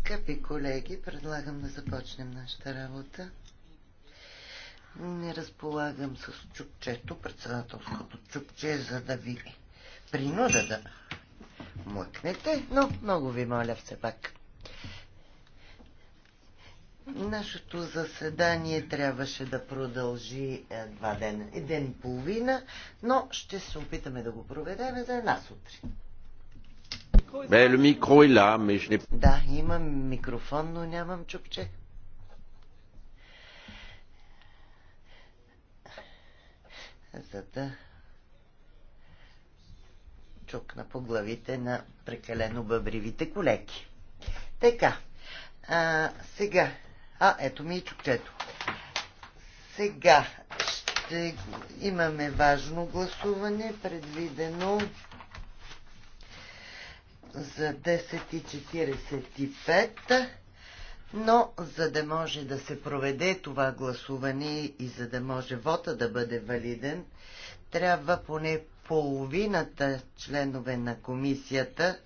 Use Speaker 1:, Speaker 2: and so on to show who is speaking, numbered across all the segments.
Speaker 1: Скъпи колеги, предлагам да започнем нашата работа. Не разполагам с чупчето, председателското чупче, за да ви принуда да млъкнете, но много ви моля все пак. Нашето заседание трябваше да продължи е, два дена, ден и половина, но ще се опитаме да го проведем за една сутрин.
Speaker 2: Бе, Да,
Speaker 1: имам микрофон, но нямам чупче. За да чукна по главите на прекалено бъбривите колеки. Така, а, сега а, ето ми и чукчето. Сега ще имаме важно гласуване, предвидено за 10.45, но за да може да се проведе това гласуване и за да може вота да бъде валиден, трябва поне половината членове на комисията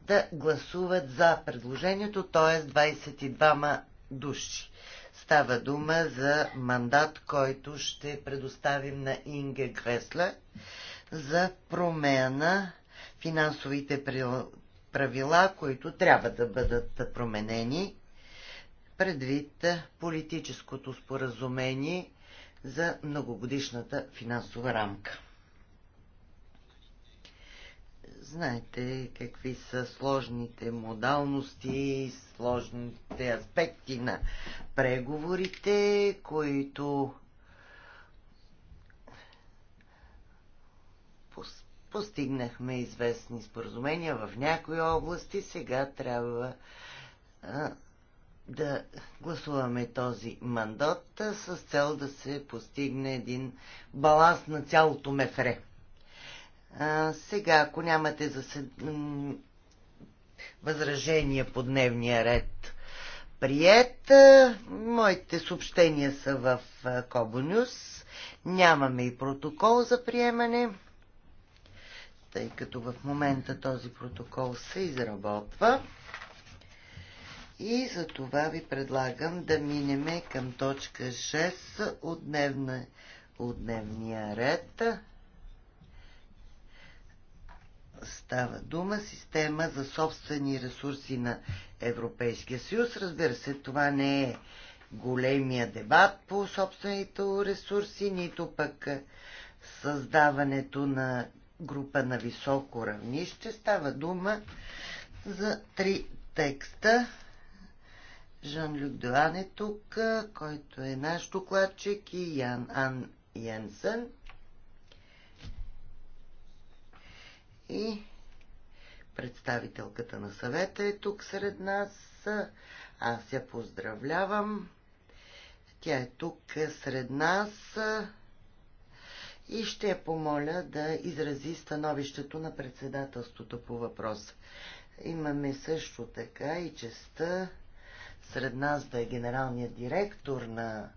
Speaker 1: да гласуват за предложението, т.е. 22 души. Става дума за мандат, който ще предоставим на Инге Гресла за промена финансовите правила, които трябва да бъдат променени предвид политическото споразумение за многогодишната финансова рамка. Знаете какви са сложните модалности сложните аспекти на преговорите, които постигнахме известни споразумения в някои области. Сега трябва да гласуваме този мандат с цел да се постигне един баланс на цялото мефре. А, сега, ако нямате засед... възражения по дневния ред, прият. Моите съобщения са в Кобонюс. Нямаме и протокол за приемане, тъй като в момента този протокол се изработва. И за това ви предлагам да минеме към точка 6 от, дневна, от дневния ред става дума система за собствени ресурси на Европейския съюз. Разбира се, това не е големия дебат по собствените ресурси, нито пък създаването на група на високо равнище. Става дума за три текста. Жан-Люк Дуан е тук, който е наш докладчик и Ян Ан Янсен – И представителката на съвета е тук сред нас. Аз я поздравлявам. Тя е тук сред нас и ще я помоля да изрази становището на председателството по въпрос. Имаме също така и честа сред нас да е генералният директор на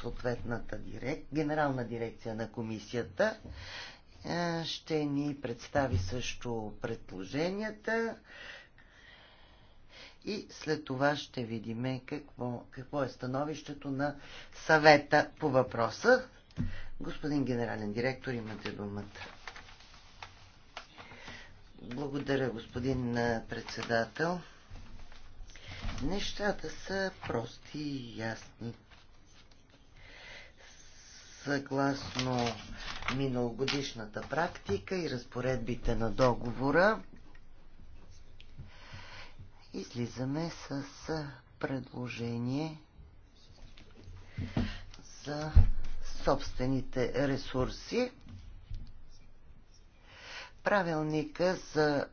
Speaker 1: съответната дирек... генерална дирекция на комисията е, ще ни представи също предположенията и след това ще видим какво, какво е становището на съвета по въпроса. Господин генерален директор, имате думата. Благодаря, господин е, председател. Нещата са прости и ясни съгласно миналогодишната практика и разпоредбите на договора. Излизаме с предложение за собствените ресурси. Правилника за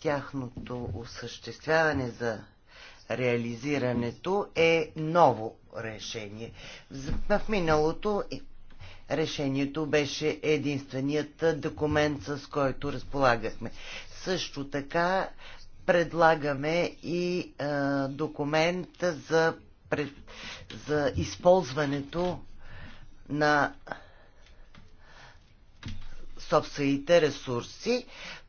Speaker 1: тяхното осъществяване за реализирането е ново решение. В миналото решението беше единственият документ, с който разполагахме. Също така предлагаме и е, документ за, пред, за използването на собствените ресурси.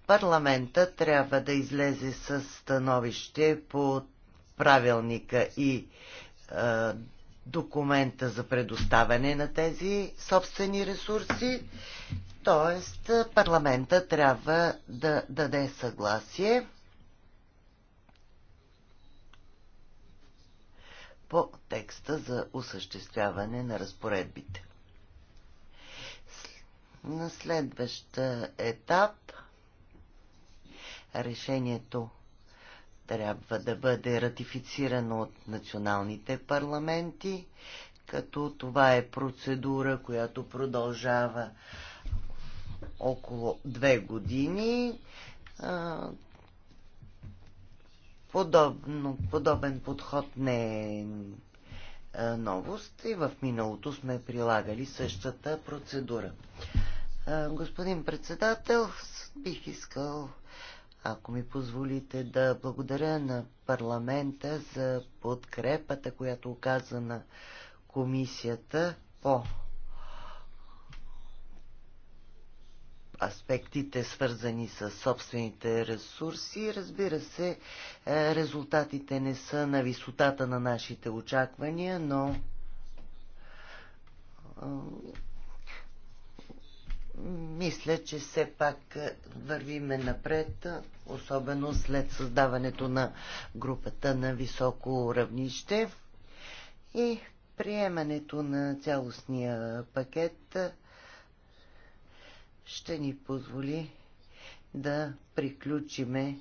Speaker 1: Парламента трябва да излезе с становище по правилника и а, е, документа за предоставяне на тези собствени ресурси. Тоест, парламента трябва да даде съгласие по текста за осъществяване на разпоредбите. На следващ етап решението трябва да бъде ратифицирано от националните парламенти, като това е процедура, която продължава около две години. Подобно, подобен подход не е новост и в миналото сме прилагали същата процедура. Господин председател, бих искал ако ми позволите да благодаря на парламента за подкрепата, която оказа на комисията по аспектите, свързани с собствените ресурси. Разбира се, е, резултатите не са на висотата на нашите очаквания, но е, мисля, че все пак е, вървиме напред, е, особено след създаването на групата на високо равнище и приемането на цялостния пакет е, ще ни позволи да приключиме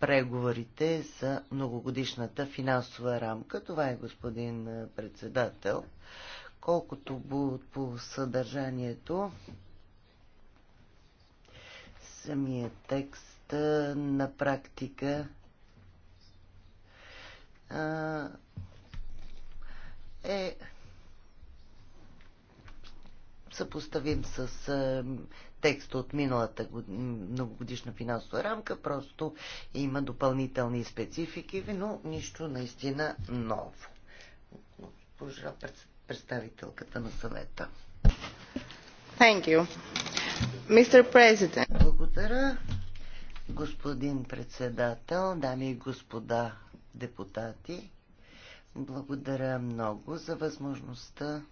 Speaker 1: преговорите за многогодишната финансова рамка. Това е господин председател. Колкото по съдържанието, самия текст на практика е съпоставим с текста от миналата многогодишна финансова рамка, просто има допълнителни специфики, но нищо наистина ново. Госпожа представителката на съвета. Thank you. Благодаря, господин председател, дами и господа депутати. Благодаря много за възможността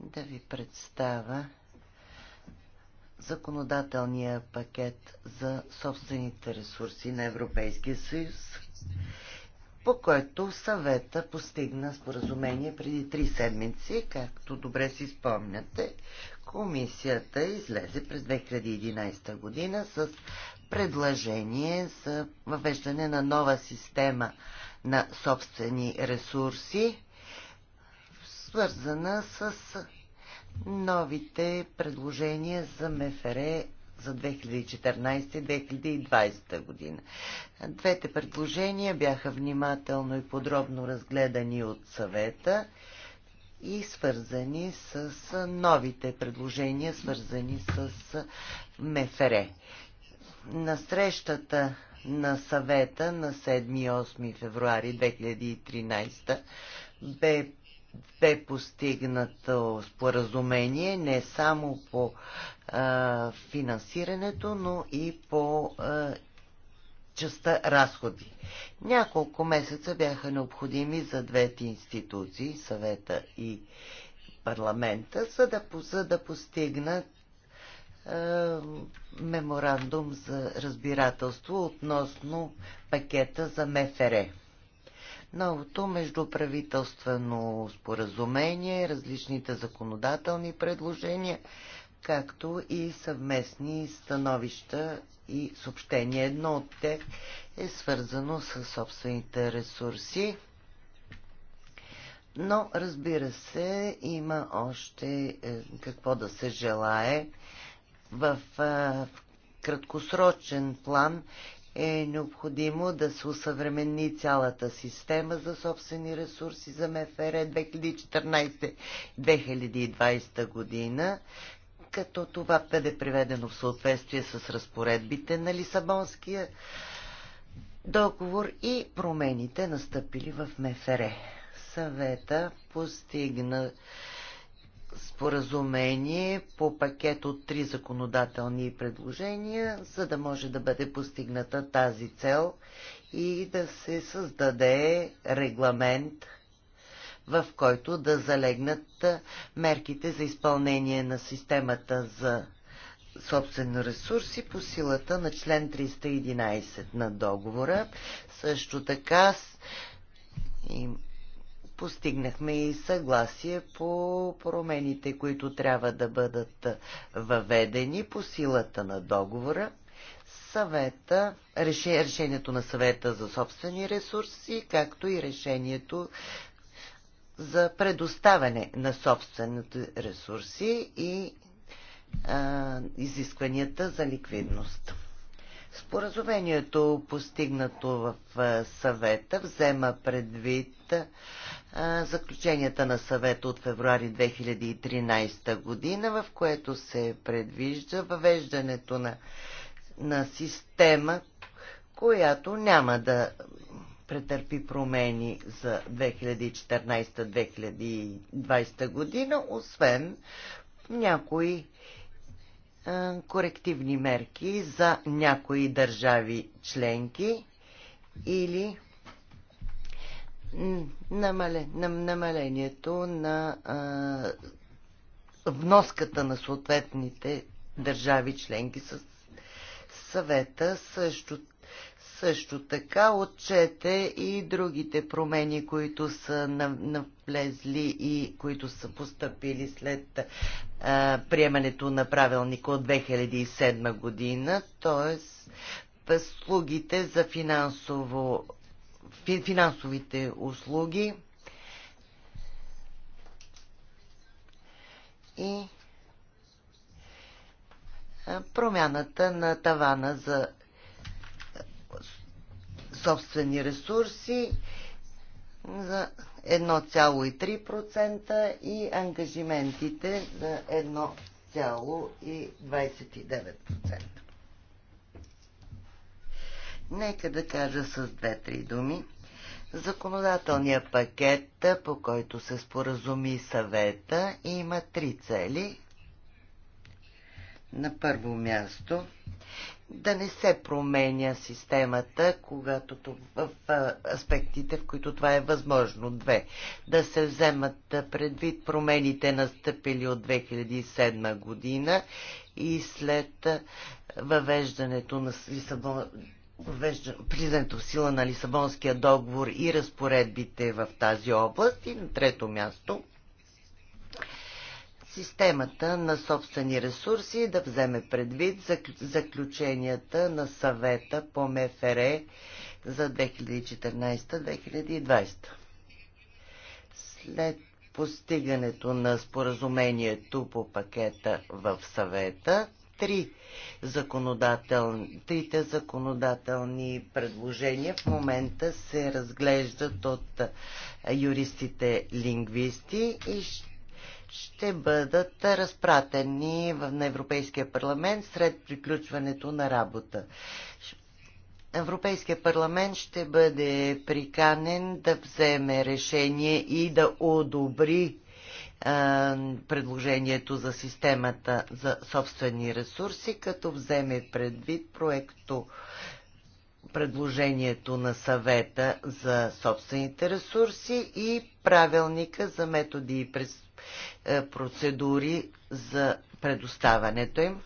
Speaker 1: да ви представя законодателния пакет за собствените ресурси на Европейския съюз, по който съвета постигна споразумение преди три седмици, както добре си спомняте. Комисията излезе през 2011 година с предложение за въвеждане на нова система на собствени ресурси, свързана с новите предложения за МФР за 2014-2020 година. Двете предложения бяха внимателно и подробно разгледани от съвета и свързани с новите предложения, свързани с МФР. На срещата на съвета на 7-8 февруари 2013 бе, бе постигнато споразумение не само по а, финансирането, но и по а, частта разходи. Няколко месеца бяха необходими за двете институции, съвета и парламента, за да, за да постигнат е, меморандум за разбирателство относно пакета за МФР. Новото междуправителствено споразумение, различните законодателни предложения както и съвместни становища и съобщения. Едно от тях е свързано с собствените ресурси. Но, разбира се, има още е, какво да се желае. В, е, в краткосрочен план е необходимо да се усъвремени цялата система за собствени ресурси за МФР 2014-2020 година, като това бъде приведено в съответствие с разпоредбите на Лисабонския договор и промените настъпили в МФР. Съвета постигна споразумение по пакет от три законодателни предложения, за да може да бъде постигната тази цел и да се създаде регламент – в който да залегнат мерките за изпълнение на системата за собствени ресурси по силата на член 311 на договора. Също така и постигнахме и съгласие по промените, които трябва да бъдат въведени по силата на договора. Съвета, решението на съвета за собствени ресурси, както и решението за предоставяне на собствените ресурси и а, изискванията за ликвидност. Споразумението, постигнато в съвета, взема предвид заключенията на съвета от февруари 2013 година, в което се предвижда въвеждането на, на система, която няма да претърпи промени за 2014-2020 година, освен някои корективни мерки за някои държави членки или намалението на вноската на съответните държави членки с съвета също също така отчете и другите промени, които са навлезли и които са поступили след а, приемането на правилника от 2007 година, т.е. слугите за финансово, финансовите услуги и промяната на тавана за собствени ресурси за 1,3% и ангажиментите за 1,29%. Нека да кажа с две-три думи. Законодателният пакет, по който се споразуми съвета, има три цели. На първо място – да не се променя системата, когато в аспектите, в които това е възможно. Две, да се вземат предвид промените настъпили от 2007 година и след въвеждането на Лисабон, влизането в сила на Лисабонския договор и разпоредбите в тази област. И на трето място – системата на собствени ресурси да вземе предвид заключенията на съвета по МФР за 2014-2020. След постигането на споразумението по пакета в съвета, три законодател... трите законодателни предложения в момента се разглеждат от юристите-лингвисти и ще бъдат разпратени на Европейския парламент сред приключването на работа. Европейския парламент ще бъде приканен да вземе решение и да одобри предложението за системата за собствени ресурси, като вземе предвид проекто предложението на съвета за собствените ресурси и правилника за методи и предстоянието е, процедури за предоставането им.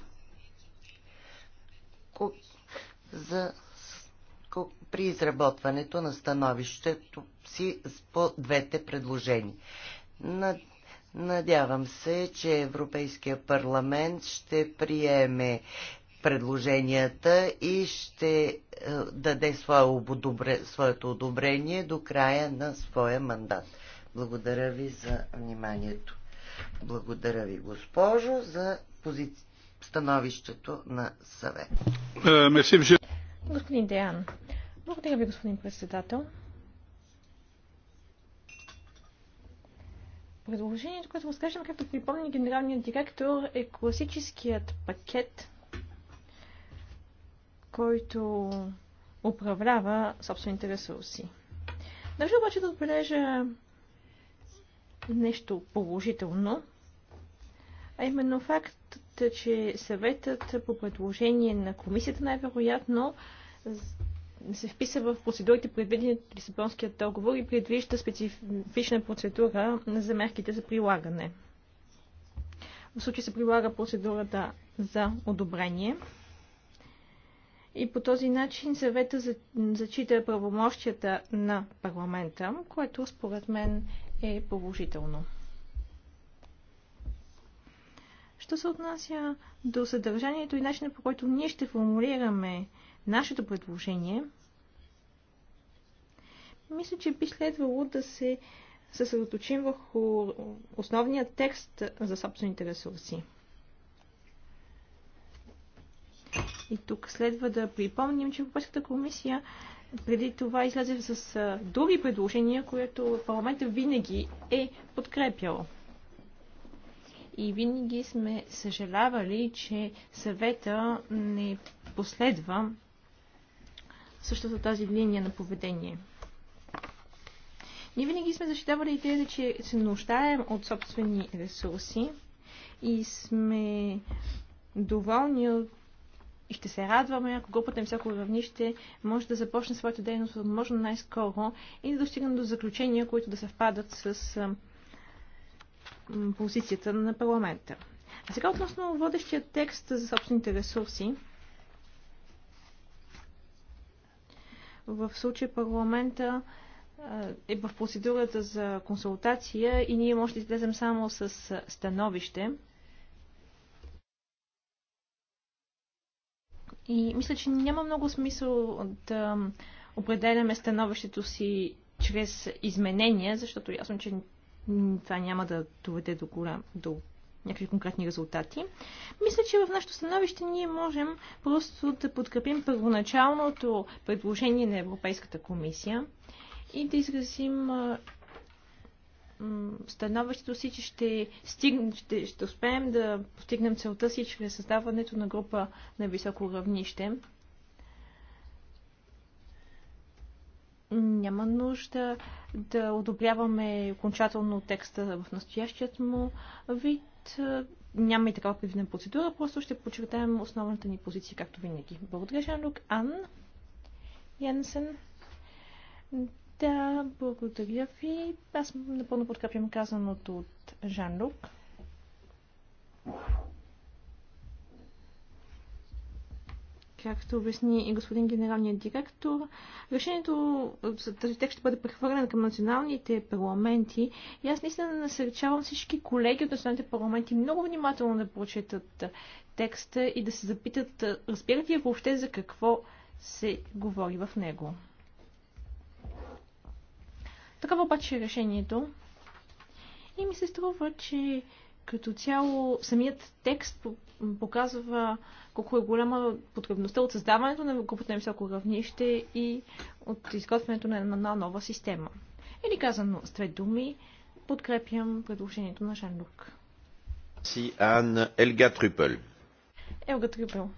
Speaker 1: За при изработването на становището си по двете предложения. Надявам се, че Европейския парламент ще приеме предложенията и ще е, даде своето одобрение до края на своя мандат. Благодаря ви за вниманието. Благодаря ви, госпожо, за пози... становището на съвет.
Speaker 3: Е, господин Деян, благодаря ви, господин председател. Предложението, което разкажем, както припомня генералният директор, е класическият пакет, който управлява собствените ресурси. Държа обаче да отбележа нещо положително, а именно фактът, че съветът по предложение на комисията най-вероятно се вписа в процедурите, предвидени от Лисабонския договор и предвижда специфична процедура за мерките за прилагане. В случай се прилага процедурата за одобрение. И по този начин съвета зачита правомощията на парламента, което според мен е положително. Що се отнася до съдържанието и начина по който ние ще формулираме нашето предложение, мисля, че би следвало да се съсредоточим върху основния текст за собствените ресурси. И тук следва да припомним, че Европейската комисия преди това излезе с а, други предложения, които парламента винаги е подкрепял. И винаги сме съжалявали, че съвета не последва същата тази линия на поведение. Ние винаги сме защитавали идеята, че се нуждаем от собствени ресурси и сме доволни от и ще се радваме, ако групата на всяко равнище може да започне своята дейност възможно най-скоро и да достигне до заключения, които да съвпадат с позицията на парламента. А сега относно водещия текст за собствените ресурси. В случай парламента е в процедурата за консултация и ние може да излезем само с становище. И мисля, че няма много смисъл да определяме становището си чрез изменения, защото ясно, че това няма да доведе до, голям, до някакви конкретни резултати. Мисля, че в нашето становище ние можем просто да подкрепим първоначалното предложение на Европейската комисия и да изразим становището си, че ще, стиг... ще, ще успеем да постигнем целта си чрез създаването на група на високо равнище. Няма нужда да одобряваме окончателно текста в настоящият му вид. Няма и такава предвидена процедура, просто ще подчертаем основната ни позиция, както винаги. Благодаря, Жан-Люк. Ан Янсен. Да, благодаря ви. Аз напълно подкрепям казаното от Жан Лук. както обясни и господин генералният директор, решението за този текст ще бъде прехвърлен към националните парламенти. И аз наистина насърчавам всички колеги от националните парламенти много внимателно да прочетат текста и да се запитат, разбирате ли въобще за какво се говори в него. Такава обаче е решението. И ми се струва, че като цяло самият текст показва колко е голяма потребността от създаването на групата на високо равнище и от изготвянето на една нова система. Или казано с две думи, подкрепям предложението на Жан Лук.
Speaker 2: Си Ан Елга Трюпел.
Speaker 3: Елга Трюпел.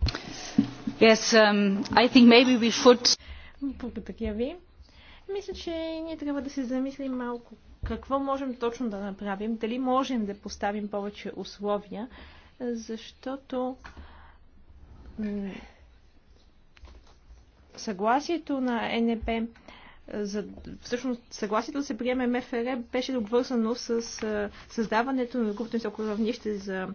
Speaker 3: Yes, um, I think maybe we should... Благодаря ви мисля, че ние трябва да се замислим малко какво можем точно да направим, дали можем да поставим повече условия, защото съгласието на НП за, всъщност съгласието да се приеме МФР беше обвързано с създаването на групата високо равнище за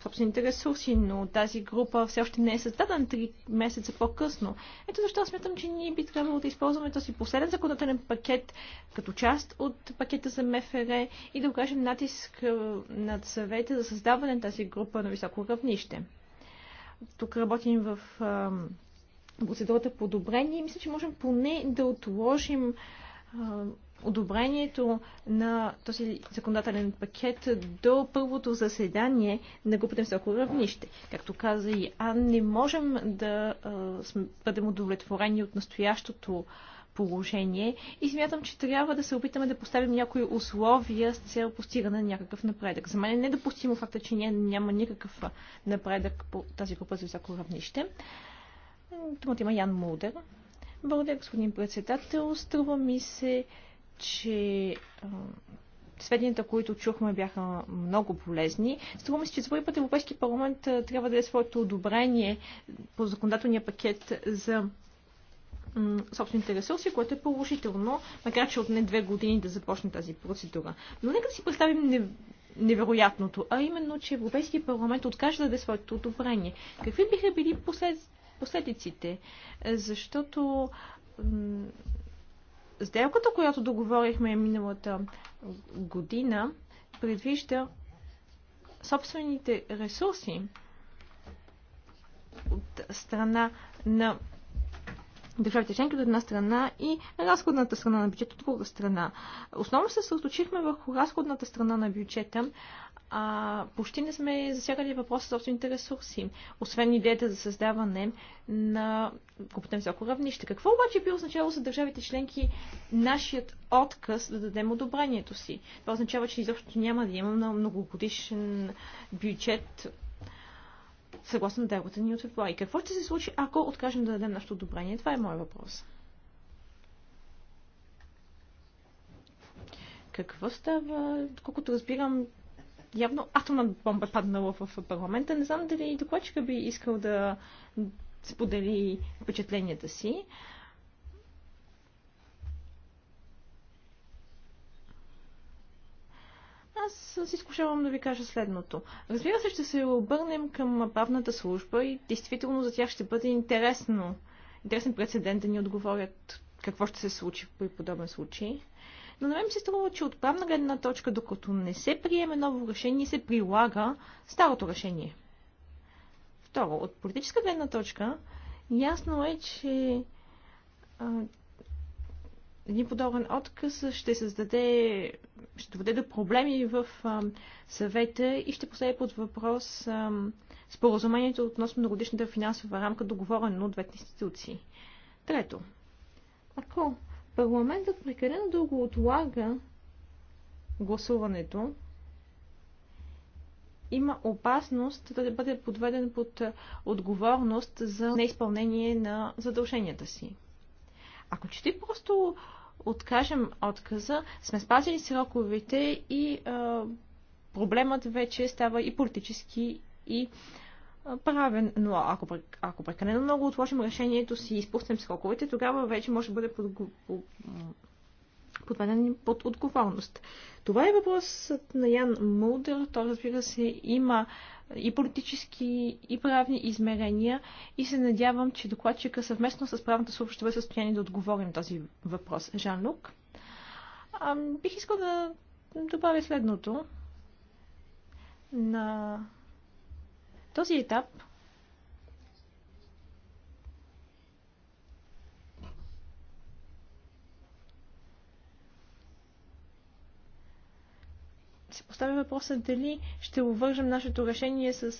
Speaker 3: собствените ресурси, но тази група все още не е създадена три месеца по-късно. Ето защо смятам, че ние би трябвало да използваме този последен законодателен пакет като част от пакета за МФР и да окажем натиск над съвета за създаване на тази група на високо равнище. Тук работим в процедурата по одобрение. Мисля, че можем поне да отложим одобрението на този законодателен пакет до първото заседание на групата високо равнище. Както каза и Ан, не можем да бъдем удовлетворени от настоящото положение и смятам, че трябва да се опитаме да поставим някои условия с цел постигане на някакъв напредък. За мен е недопустимо факта, че ние няма никакъв напредък по тази група за високо равнище. Думата има Ян Мудър. Благодаря, господин председател. Струва ми се, че сведенията, които чухме, бяха много полезни. Струва ми се, че за първи път Европейски парламент трябва да даде своето одобрение по законодателния пакет за собствените ресурси, което е положително, макар че отне две години да започне тази процедура. Но нека да си представим невероятното, а именно, че Европейския парламент откаже да даде своето одобрение. Какви биха били послед последиците, защото сделката, която договорихме миналата година, предвижда собствените ресурси от страна на държавите членки от една страна и разходната страна на бюджета от друга страна. Основно се съсредоточихме върху разходната страна на бюджета, а почти не сме засягали въпроса за собствените ресурси, освен идеята за създаване на компетентно високо равнище. Какво обаче би означало за държавите членки нашият отказ да дадем одобрението си? Това означава, че изобщо няма да имаме многогодишен бюджет съгласно делата ни от февруари. Какво ще се случи, ако откажем да дадем нашето одобрение? Това е моят въпрос. Какво става? Колкото разбирам, явно атомна бомба е паднала в парламента. Не знам дали докладчика би искал да сподели впечатленията си. аз се изкушавам да ви кажа следното. Разбира се, ще се обърнем към правната служба и действително за тях ще бъде интересно, интересен прецедент да ни отговорят какво ще се случи при подобен случай. Но на мен се струва, че от правна гледна точка, докато не се приеме ново решение, се прилага старото решение. Второ, от политическа гледна точка, ясно е, че а, един подобен отказ ще създаде, ще доведе до проблеми в а, съвета и ще поставя под въпрос а, споразумението относно многодишната финансова рамка, договорено от двете институции. Трето, ако Парламентът прекалено дълго отлага гласуването. Има опасност да бъде подведен под отговорност за неизпълнение на задълженията си. Ако че просто откажем отказа, сме спазили сроковете и а, проблемът вече става и политически, и правен, но ако, ако прекалено много отложим решението си и изпуснем сроковете, тогава вече може да бъде под, подведен под отговорност. Това е въпросът на Ян Мулдер. Той, разбира се, има и политически, и правни измерения и се надявам, че докладчика съвместно с правната служба ще бъде състояние да отговорим този въпрос. Жан Лук. бих искал да добавя следното на този етап се поставя въпроса дали ще увържем нашето решение с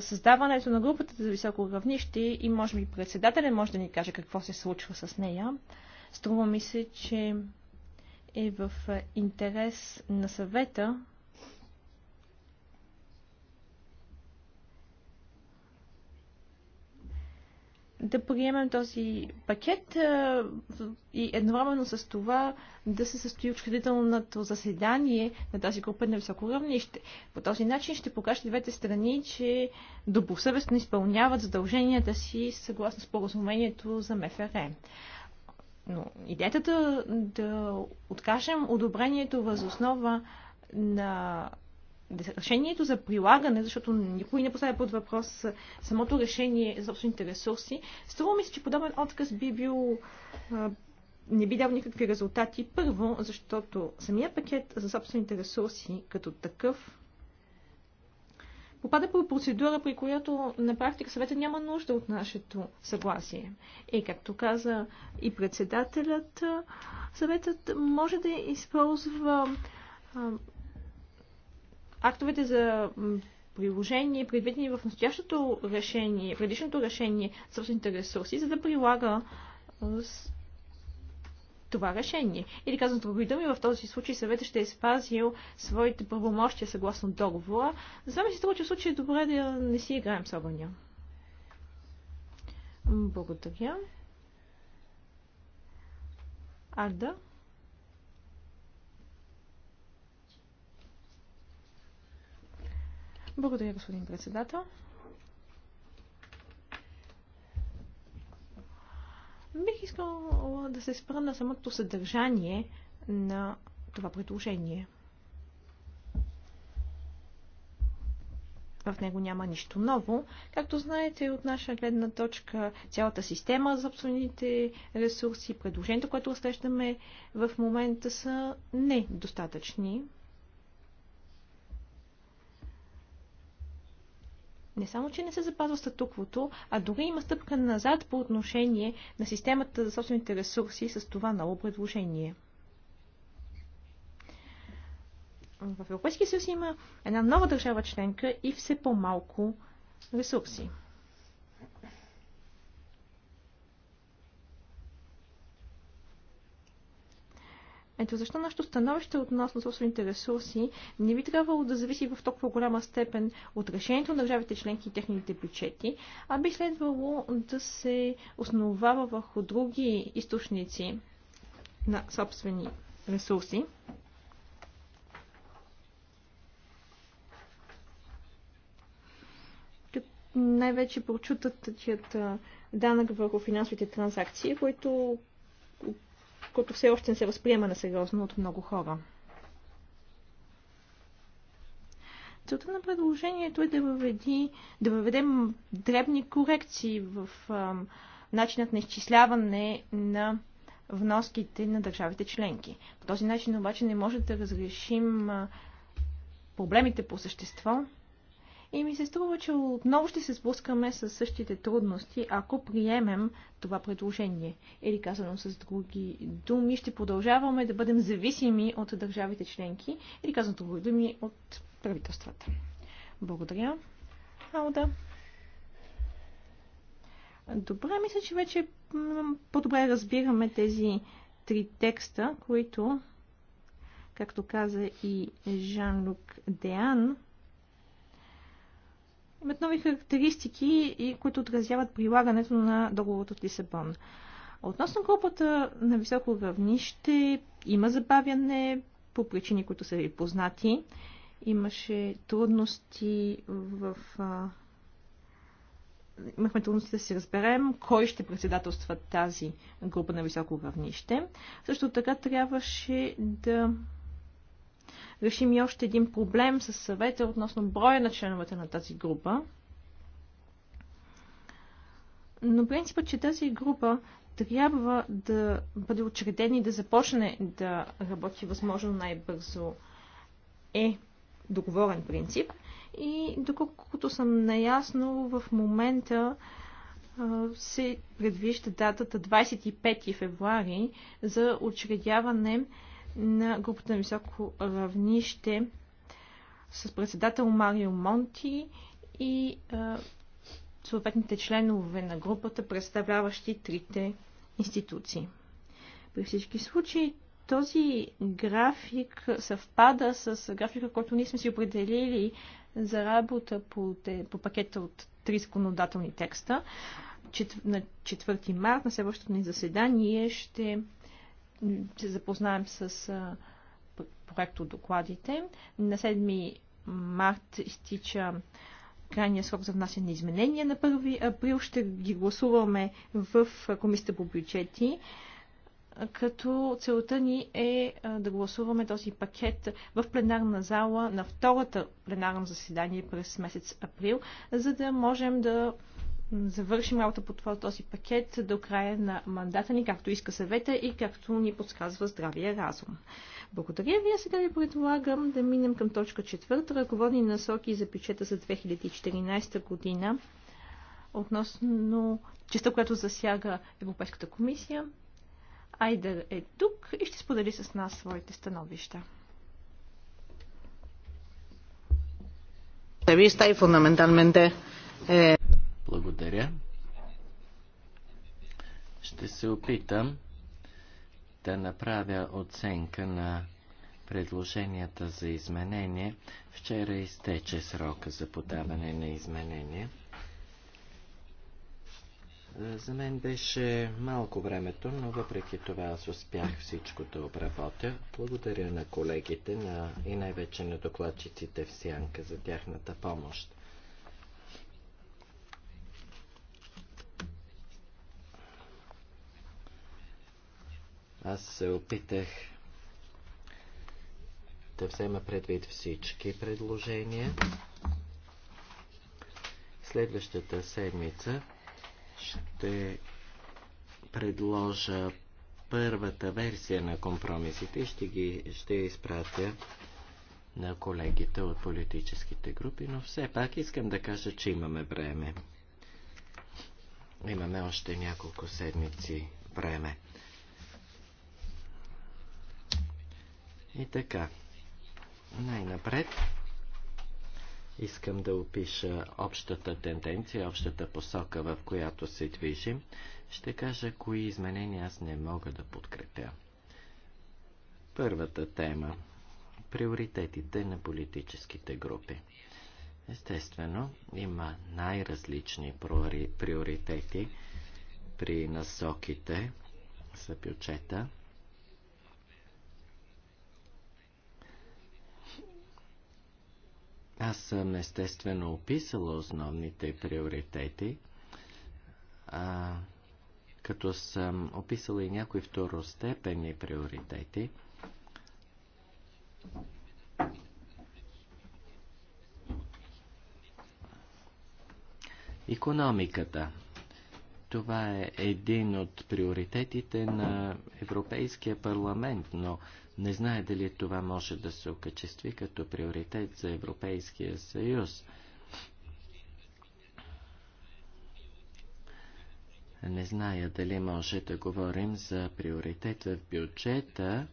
Speaker 3: създаването на групата за високо равнище и може би председателя може да ни каже какво се случва с нея. Струва ми се, че е в интерес на съвета да приемем този пакет и едновременно с това да се състои учредителното заседание на тази група на високо равнище. По този начин ще покажат двете страни, че добросъвестно изпълняват задълженията си съгласно споразумението за МФР. Но идеята да, да откажем одобрението възоснова на решението за прилагане, защото никой не поставя под въпрос самото решение за собствените ресурси, струва ми се, че подобен отказ би бил не би дал никакви резултати. Първо, защото самия пакет за собствените ресурси като такъв попада по процедура, при която на практика съвета няма нужда от нашето съгласие. И както каза и председателят, съветът може да използва актовете за приложение, предвидени в настоящото решение, предишното решение собствените ресурси, за да прилага това решение. Или казвам с други думи, в този случай съветът ще е спазил своите правомощия съгласно договора. ми се струва, че в случай е добре да не си играем с огъня. Благодаря. Арда? Благодаря, господин председател. Бих искала да се спра на самото съдържание на това предложение. в него няма нищо ново. Както знаете, от наша гледна точка цялата система за собствените ресурси, предложението, което срещаме в момента са недостатъчни. не само, че не се запазва статуквото, а дори има стъпка назад по отношение на системата за собствените ресурси с това ново предложение. В Европейския съюз има една нова държава членка и все по-малко ресурси. Ето защо нашето становище относно собствените ресурси не би трябвало да зависи в толкова голяма степен от решението на държавите членки и техните бюджети, а би следвало да се основава върху други източници на собствени ресурси. Най-вече прочутат данък върху финансовите транзакции, който което все още не се възприема на сериозно от много хора. Целта на предложението е да, въведи, да въведем дребни корекции в начинът на изчисляване на вноските на държавите членки. По този начин обаче не може да разрешим проблемите по същество, и ми се струва, че отново ще се сблъскаме с същите трудности, ако приемем това предложение. Или казано с други думи, ще продължаваме да бъдем зависими от държавите членки, или казано други думи, от правителствата. Благодаря. Алда. Добре, мисля, че вече по-добре разбираме тези три текста, които, както каза и Жан-Люк Деан, имат нови характеристики и които отразяват прилагането на договорът от Лисабон. Относно групата на високо равнище има забавяне по причини, които са ви познати. Имаше трудности в имахме трудности да се разберем кой ще председателства тази група на високо равнище. Също така трябваше да решим и още един проблем с съвета относно броя на членовете на тази група. Но принципът, че тази група трябва да бъде учредена и да започне да работи възможно най-бързо е договорен принцип. И доколкото съм наясно, в момента се предвижда датата 25 февруари за учредяване на групата на високо равнище с председател Марио Монти и а, съответните членове на групата, представляващи трите институции. При всички случаи този график съвпада с графика, който ние сме си определили за работа по, те, по пакета от три законодателни текста. Чет, на 4 март на следващото ни заседание ще се запознаем с проекто докладите. На 7 март изтича крайния срок за внасяне на изменения. На 1 април ще ги гласуваме в Комисията по бюджети, като целта ни е да гласуваме този пакет в пленарна зала на втората пленарно заседание през месец април, за да можем да завършим работа по този пакет до края на мандата ни, както иска съвета и както ни подсказва здравия разум. Благодаря ви. Сега ви предлагам да минем към точка четвърта. Ръководни насоки за бюджета за 2014 година относно частта, която засяга Европейската комисия. Айдер е тук и ще сподели с нас своите становища.
Speaker 1: Vista y fundamentalmente eh...
Speaker 2: Благодаря. Ще се опитам да направя оценка на предложенията за изменение. Вчера изтече срока за подаване на изменение. За мен беше малко времето, но въпреки това аз успях всичко да обработя. Благодаря на колегите на, и най-вече на докладчиците в Сянка за тяхната помощ. Аз се опитах да взема предвид всички предложения. Следващата седмица ще предложа първата версия на компромисите и ще ги ще изпратя на колегите от политическите групи, но все пак искам да кажа, че имаме време. Имаме още няколко седмици време. И така, най-напред искам да опиша общата тенденция, общата посока, в която се движим. Ще кажа кои изменения аз не мога да подкрепя. Първата тема – приоритетите на политическите групи. Естествено, има най-различни приоритети при насоките за бюджета – Аз съм естествено описала основните приоритети, а, като съм описала и някои второстепени приоритети. Економиката. Това е един от приоритетите на Европейския парламент, но не знае дали това може да се окачестви като приоритет за Европейския съюз. Не зная дали може да говорим за приоритет в бюджета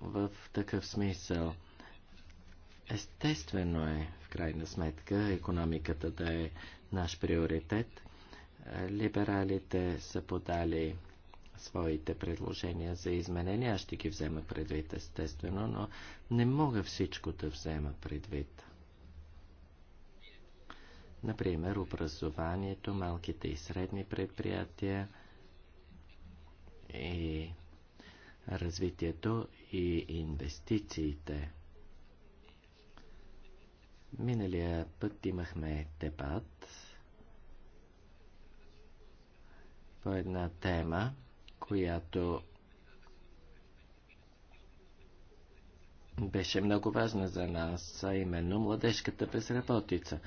Speaker 2: в такъв смисъл. Естествено е, в крайна сметка, економиката да е наш приоритет. Либералите са подали своите предложения за изменения. Аз ще ги взема предвид, естествено, но не мога всичко да взема предвид. Например, образованието, малките и средни предприятия и развитието и инвестициите. Миналия път имахме дебат по една тема която беше много важна за нас, а именно младежката безработица.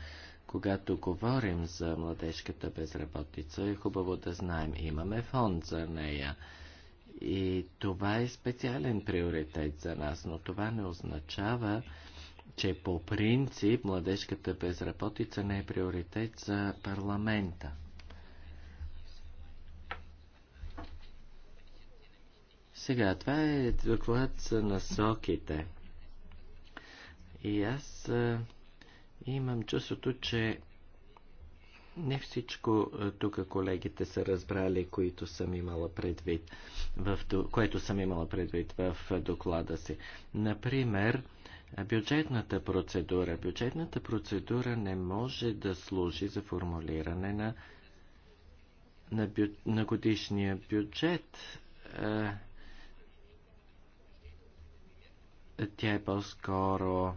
Speaker 2: Когато говорим за младежката безработица, е хубаво да знаем, имаме фонд за нея. И това е специален приоритет за нас, но това не означава, че по принцип младежката безработица не е приоритет за парламента. Сега, това е доклад за насоките. И аз а, имам чувството, че не всичко тук колегите са разбрали, които съм имала предвид, в, което съм имала предвид в доклада си. Например, бюджетната процедура. Бюджетната процедура не може да служи за формулиране на, на, бю, на годишния бюджет. Тя е по-скоро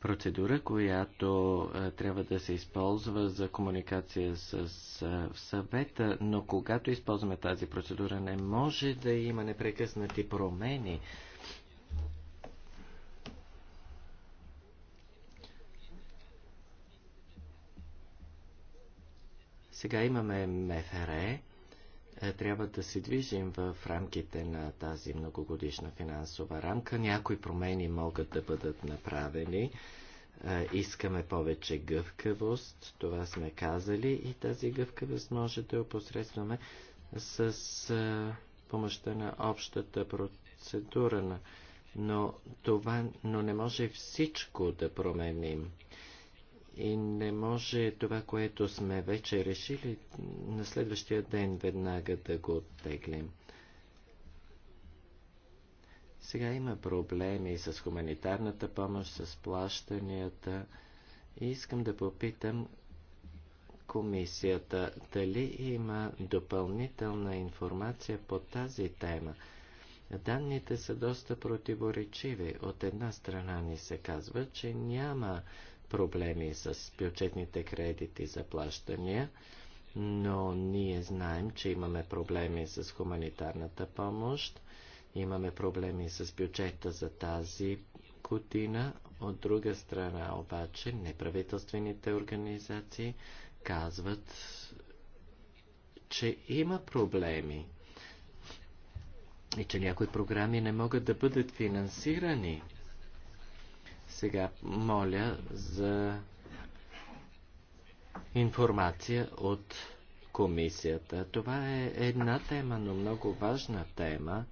Speaker 2: процедура, която е, трябва да се използва за комуникация с, е, съвета, но когато използваме тази процедура, не може да има непрекъснати промени. Сега имаме МФР, е, трябва да се движим в рамките на тази многогодишна финансова рамка. Някои промени могат да бъдат направени. Е, искаме повече гъвкавост, това сме казали, и тази гъвкавост може да опосредстваме с е, помощта на общата процедура. Но, това, но не може всичко да променим и не може това, което сме вече решили, на следващия ден веднага да го оттеглим. Сега има проблеми с хуманитарната помощ, с плащанията и искам да попитам комисията дали има допълнителна информация по тази тема. Данните са доста противоречиви. От една страна ни се казва, че няма проблеми с бюджетните кредити за плащания, но ние знаем, че имаме проблеми с хуманитарната помощ, имаме проблеми с бюджета за тази година. От друга страна обаче неправителствените организации казват, че има проблеми и че някои програми не могат да бъдат финансирани сега моля за информация от комисията. Това е една тема, но много важна тема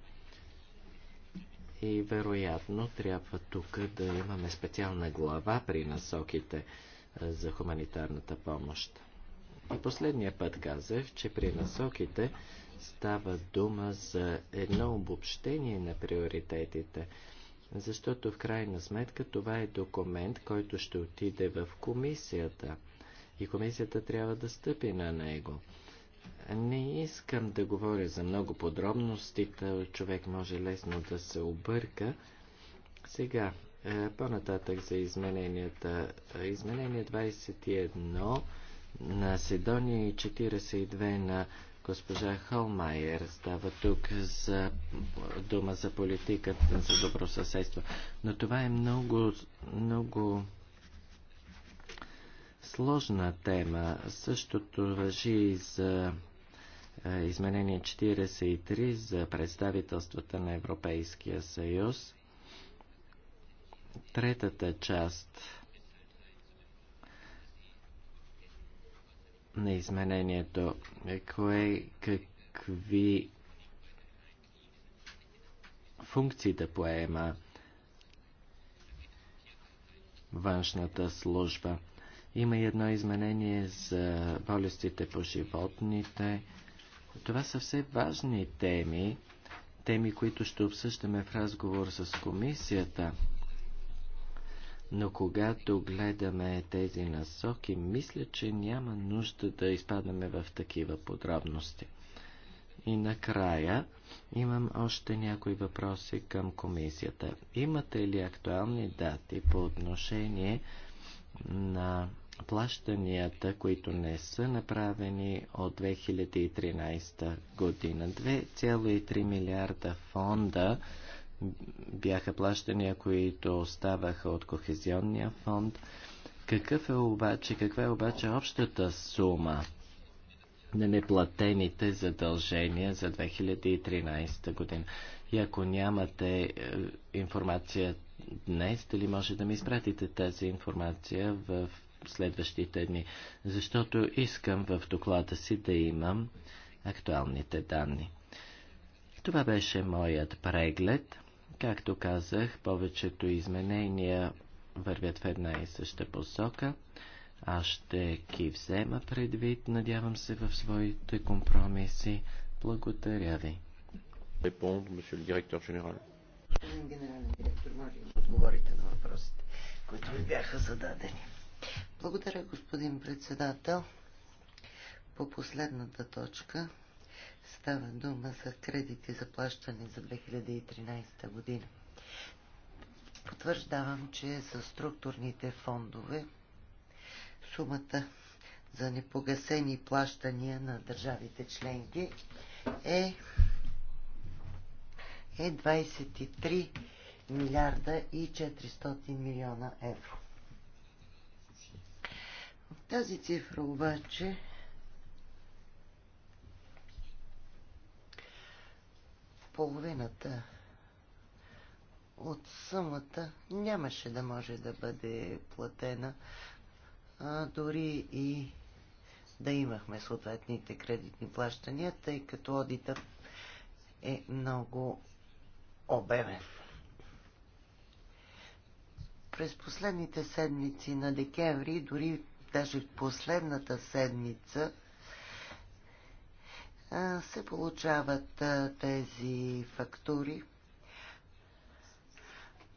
Speaker 2: и вероятно трябва тук да имаме специална глава при насоките за хуманитарната помощ. И последния път казах, че при насоките става дума за едно обобщение на приоритетите – защото в крайна сметка това е документ, който ще отиде в комисията и комисията трябва да стъпи на него. Не искам да говоря за много подробности, човек може лесно да се обърка. Сега, е, по-нататък за измененията. Изменение 21 на Седония и 42 на госпожа Холмайер става тук за дума за политиката за добро съседство. Но това е много, много сложна тема. Същото въжи и за е, изменение 43 за представителствата на Европейския съюз. Третата част – на изменението. Кое, какви функции да поема външната служба. Има и едно изменение за болестите по животните. Това са все важни теми, теми, които ще обсъждаме в разговор с комисията но когато гледаме тези насоки, мисля, че няма нужда да изпадаме в такива подробности. И накрая имам още някои въпроси към комисията. Имате ли актуални дати по отношение на плащанията, които не са направени от 2013 година? 2,3 милиарда фонда бяха плащания, които оставаха от Кохезионния фонд. Какъв е обаче, каква е обаче общата сума на неплатените задължения за 2013 година? И ако нямате е, информация днес, дали може да ми изпратите тази информация в следващите дни? Защото искам в доклада си да имам актуалните данни. Това беше моят преглед. Както казах, повечето изменения вървят в една и съща посока. Аз ще ги взема предвид, надявам се, в своите компромиси. Благодаря ви. Репонд, месье директор генерал.
Speaker 1: Генерален директор, може да отговорите на въпросите, които ви бяха зададени. Благодаря, господин председател. По последната точка Става дума за кредити за плащане за 2013 година. Потвърждавам, че за структурните фондове сумата за непогасени плащания на държавите членки е, е 23 милиарда и 400 милиона евро. Тази цифра обаче половината от сумата нямаше да може да бъде платена, а дори и да имахме съответните кредитни плащания, тъй като одитът е много обемен. През последните седмици на декември, дори даже в последната седмица, се получават тези фактури.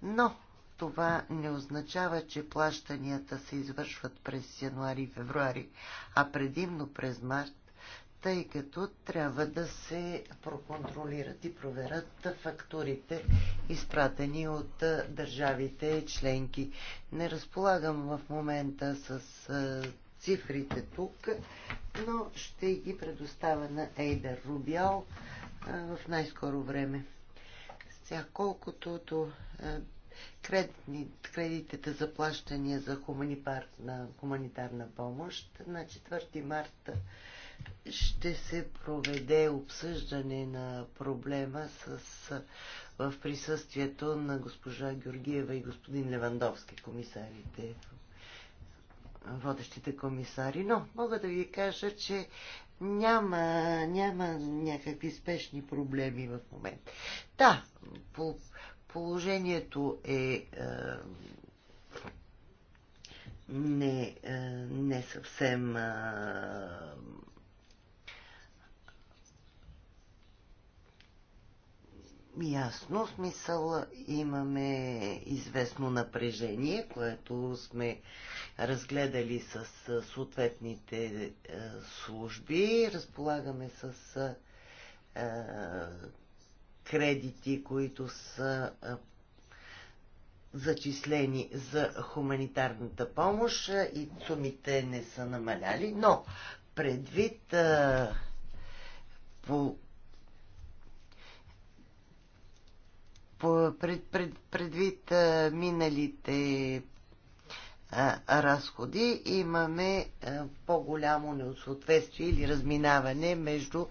Speaker 1: Но това не означава, че плащанията се извършват през януари и февруари, а предимно през март, тъй като трябва да се проконтролират и проверят фактурите, изпратени от държавите членки. Не разполагам в момента с цифрите тук, но ще ги предоставя на Ейдер а, в най-скоро време. Сега, колкото до кредитни, кредитите за плащания за на хуманитарна помощ, на 4 марта ще се проведе обсъждане на проблема с, в присъствието на госпожа Георгиева и господин Левандовски, комисарите водещите комисари, но мога да ви кажа, че няма, няма някакви спешни проблеми в момента. Да, по, положението е, е не, е, не съвсем е, Ясно, смисъл имаме известно напрежение, което сме разгледали с съответните служби. Разполагаме с кредити, които са зачислени за хуманитарната помощ и сумите не са намаляли, но предвид по пред, пред, предвид миналите разходи, имаме по-голямо неосъответствие или разминаване между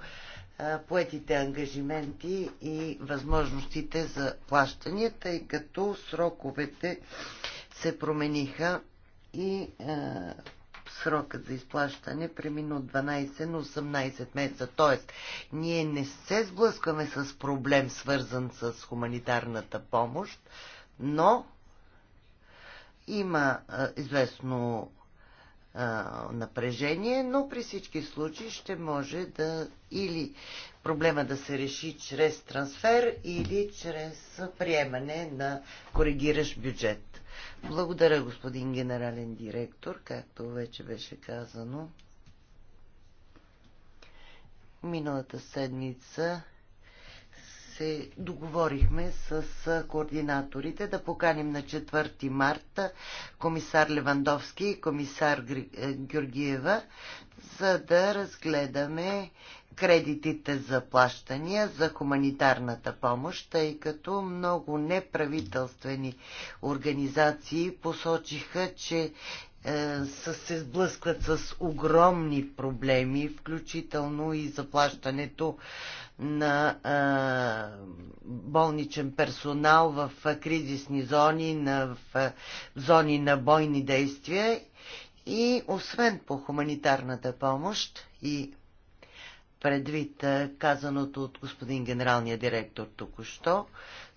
Speaker 1: поетите ангажименти и възможностите за плащания, тъй като сроковете се промениха и срокът за изплащане премина от 12 на 18 месеца. Тоест, ние не се сблъскваме с проблем, свързан с хуманитарната помощ, но има а, известно а, напрежение, но при всички случаи ще може да или проблема да се реши чрез трансфер или чрез приемане на коригиращ бюджет. Благодаря, господин генерален директор, както вече беше казано. Миналата седмица се договорихме с координаторите да поканим на 4 марта комисар Левандовски и комисар Георгиева, за да разгледаме кредитите за плащания за хуманитарната помощ, тъй като много неправителствени организации посочиха, че е, се сблъскват с огромни проблеми, включително и заплащането на е, болничен персонал в е, кризисни зони, на, в зони на бойни действия. И освен по хуманитарната помощ и предвид казаното от господин генералния директор току-що,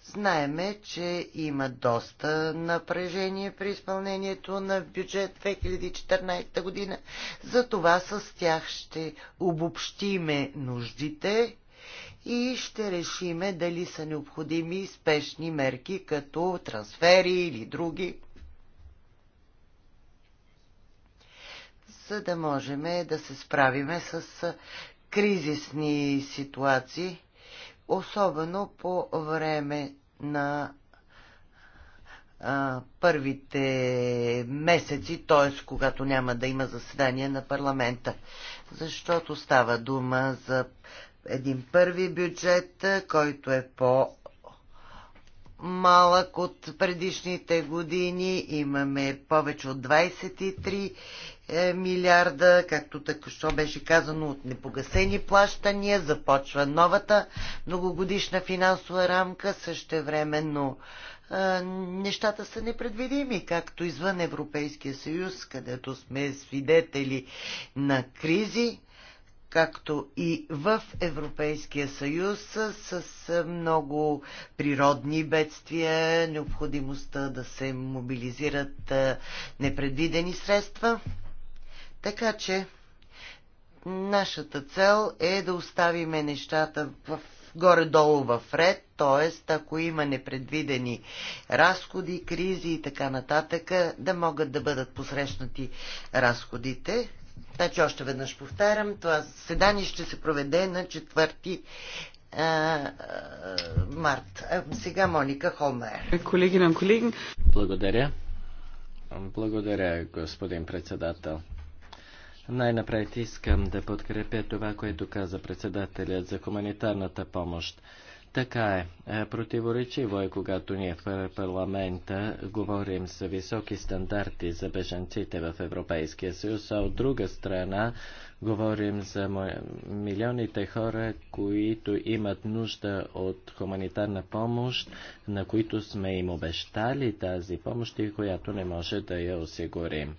Speaker 1: Знаеме, че има доста напрежение при изпълнението на бюджет 2014 година. За това с тях ще обобщиме нуждите и ще решиме дали са необходими спешни мерки, като трансфери или други, за да можем да се справиме с кризисни ситуации особено по време на а, първите месеци, т.е. когато няма да има заседание на парламента. Защото става дума за един първи бюджет, който е по по-малък от предишните години. Имаме повече от 23 е, милиарда, както така беше казано, от непогасени плащания. Започва новата многогодишна финансова рамка. Същевременно е, нещата са непредвидими, както извън Европейския съюз, където сме свидетели на кризи както и в Европейския съюз с много природни бедствия, необходимостта да се мобилизират е, непредвидени средства. Така че нашата цел е да оставиме нещата в горе-долу в ред, т.е. ако има непредвидени разходи, кризи и така нататък, да могат да бъдат посрещнати разходите. Значи още веднъж повтарям, това заседание ще се проведе на 4 а, а, март. А, сега Моника Холмер.
Speaker 2: Колеги на колеги. Благодаря. Благодаря, господин председател. Най-напред искам да подкрепя това, което каза председателят за хуманитарната помощ. Така е. е. Противоречиво е, когато ние в парламента говорим за високи стандарти за бежанците в Европейския съюз, а от друга страна говорим за милионите хора, които имат нужда от хуманитарна помощ, на които сме им обещали тази помощ и която не може да я осигурим.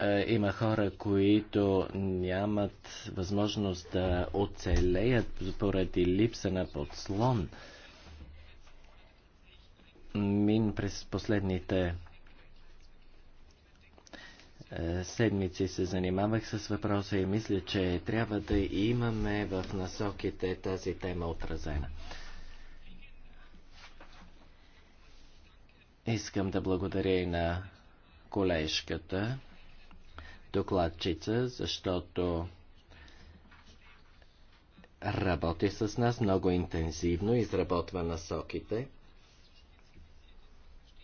Speaker 2: Е, има хора, които нямат възможност да оцелеят поради липса на подслон. Мин през последните е, седмици се занимавах с въпроса и мисля, че трябва да имаме в насоките тази тема отразена. Искам да благодаря и на колежката докладчица, защото работи с нас много интензивно, изработва насоките.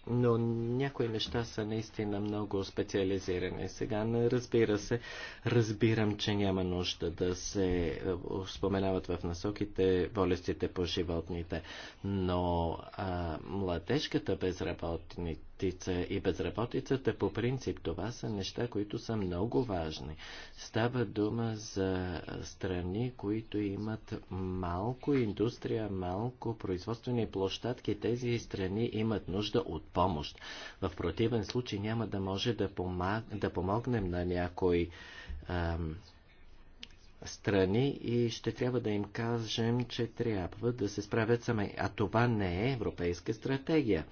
Speaker 2: Но някои неща са наистина много специализирани. Сега, разбира се, разбирам, че няма нужда да се е, споменават в насоките болестите по животните, но а, младежката безработница безработица и безработицата по принцип това са неща, които са много важни. Става дума за страни, които имат малко индустрия, малко производствени площадки. Тези страни имат нужда от помощ. В противен случай няма да може да, помаг... да помогнем на някой ам, страни и ще трябва да им кажем, че трябва да се справят сами. А това не е европейска стратегия.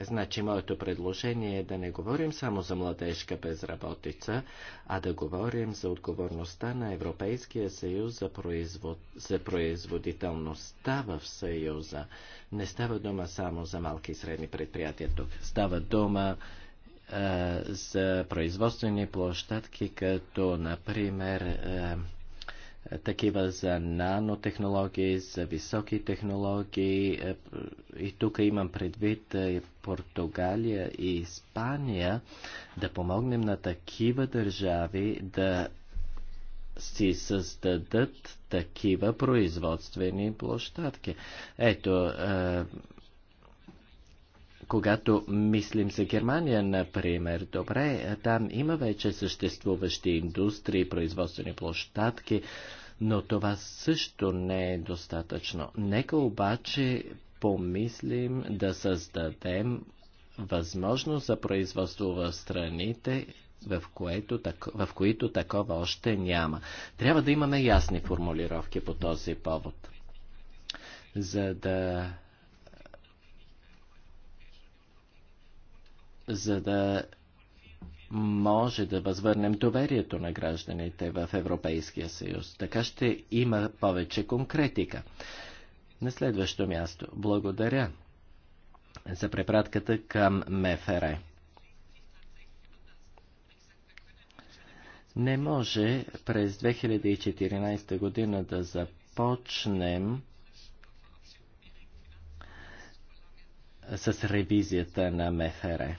Speaker 2: Значи, моето предложение е да не говорим само за младежка безработица, а да говорим за отговорността на Европейския съюз за, производ... за производителността в съюза. Не става дума само за малки и средни предприятия тук. Става дума е, за производствени площадки, като, например, е, е, такива за нанотехнологии, за високи технологии. Е, и тук имам предвид и е, Португалия и Испания да помогнем на такива държави да си създадат такива производствени площадки. Ето, когато мислим за Германия, например, добре, там има вече съществуващи индустрии, производствени площадки, но това също не е достатъчно. Нека обаче помислим да създадем възможност за производство в страните, в, което, в които такова още няма. Трябва да имаме ясни формулировки по този повод, за да за да може да възвърнем доверието на гражданите в Европейския съюз. Така ще има повече конкретика. На следващо място, благодаря за препратката към МФР. Не може през 2014 година да започнем с ревизията на МФР.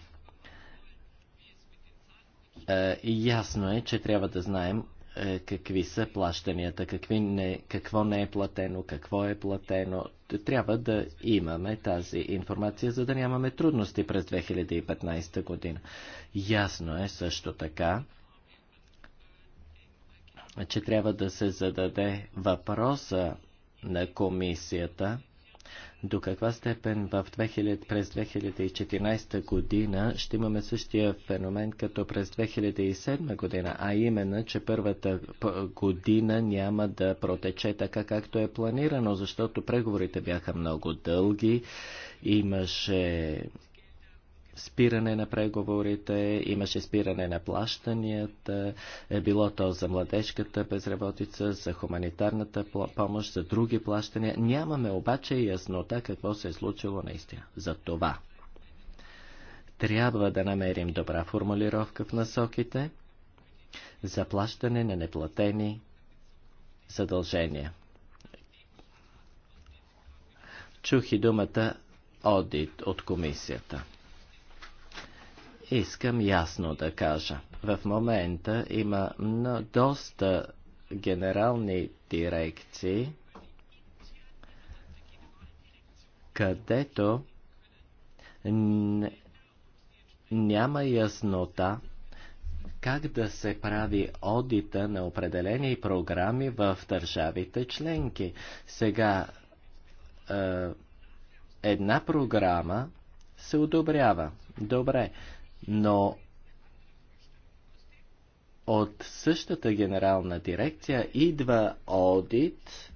Speaker 2: Е, ясно е, че трябва да знаем е, какви са плащанията, какви не, какво не е платено, какво е платено. Трябва да имаме тази информация, за да нямаме трудности през 2015 година. Ясно е също така, че трябва да се зададе въпроса на комисията – до каква степен в 2000, през 2014 година ще имаме същия феномен като през 2007 година, а именно, че първата година няма да протече така както е планирано, защото преговорите бяха много дълги, имаше спиране на преговорите, имаше спиране на плащанията, е било то за младежката безработица, за хуманитарната помощ, за други плащания. Нямаме обаче яснота какво се е случило наистина. За това трябва да намерим добра формулировка в насоките за плащане на неплатени задължения. Чух и думата одит от комисията. Искам ясно да кажа. В момента има доста генерални дирекции, където няма яснота как да се прави одита на определени програми в държавите членки. Сега е, една програма се одобрява. Добре, но от същата генерална дирекция идва одит,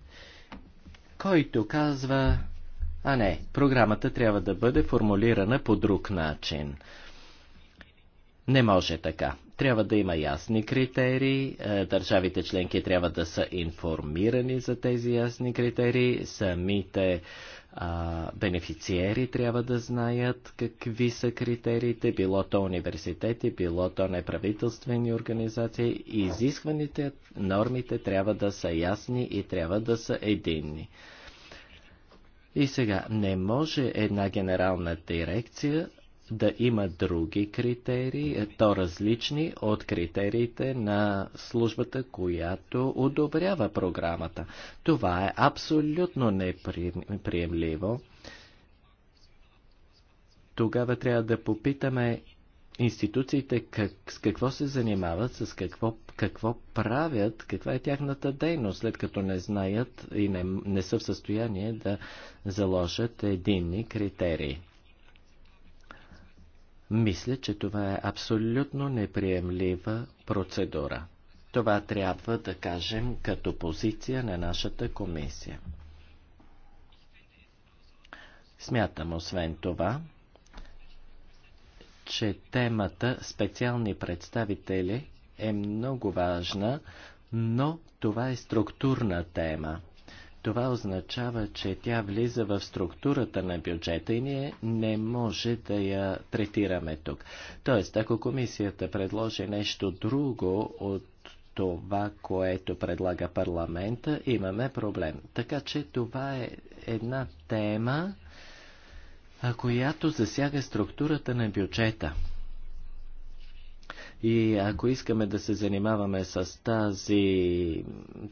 Speaker 2: който казва, а не, програмата трябва да бъде формулирана по друг начин. Не може така. Трябва да има ясни критерии, е, държавите членки трябва да са информирани за тези ясни критерии, самите а, бенефициери трябва да знаят какви са критериите, било то университети, било то неправителствени организации. Изискваните нормите трябва да са ясни и трябва да са единни. И сега, не може една генерална дирекция да има други критерии, е, то различни от критериите на службата, която одобрява програмата. Това е абсолютно неприемливо. Тогава трябва да попитаме институциите как, с какво се занимават, с какво, какво правят, каква е тяхната дейност, след като не знаят и не, не са в състояние да заложат единни критерии. Мисля, че това е абсолютно неприемлива процедура. Това трябва да кажем като позиция на нашата комисия. Смятам освен това, че темата специални представители е много важна, но това е структурна тема. Това означава, че тя влиза в структурата на бюджета и ние не може да я третираме тук. Тоест, ако комисията предложи нещо друго от това, което предлага парламента, имаме проблем. Така че това е една тема, която засяга структурата на бюджета. И ако искаме да се занимаваме с тази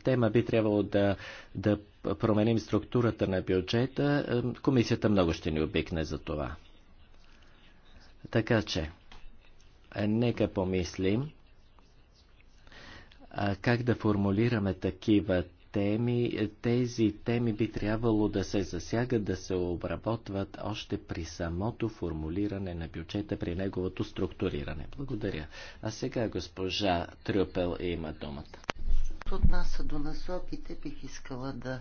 Speaker 2: тема, би трябвало да, да променим структурата на бюджета, комисията много ще ни обикне за това. Така че, е, нека помислим как да формулираме такива теми. Е, тези теми би трябвало да се засягат, да се обработват още при самото формулиране на бюджета, при неговото структуриране. Благодаря. А сега госпожа Трюпел има думата.
Speaker 1: От нас до насоките бих искала да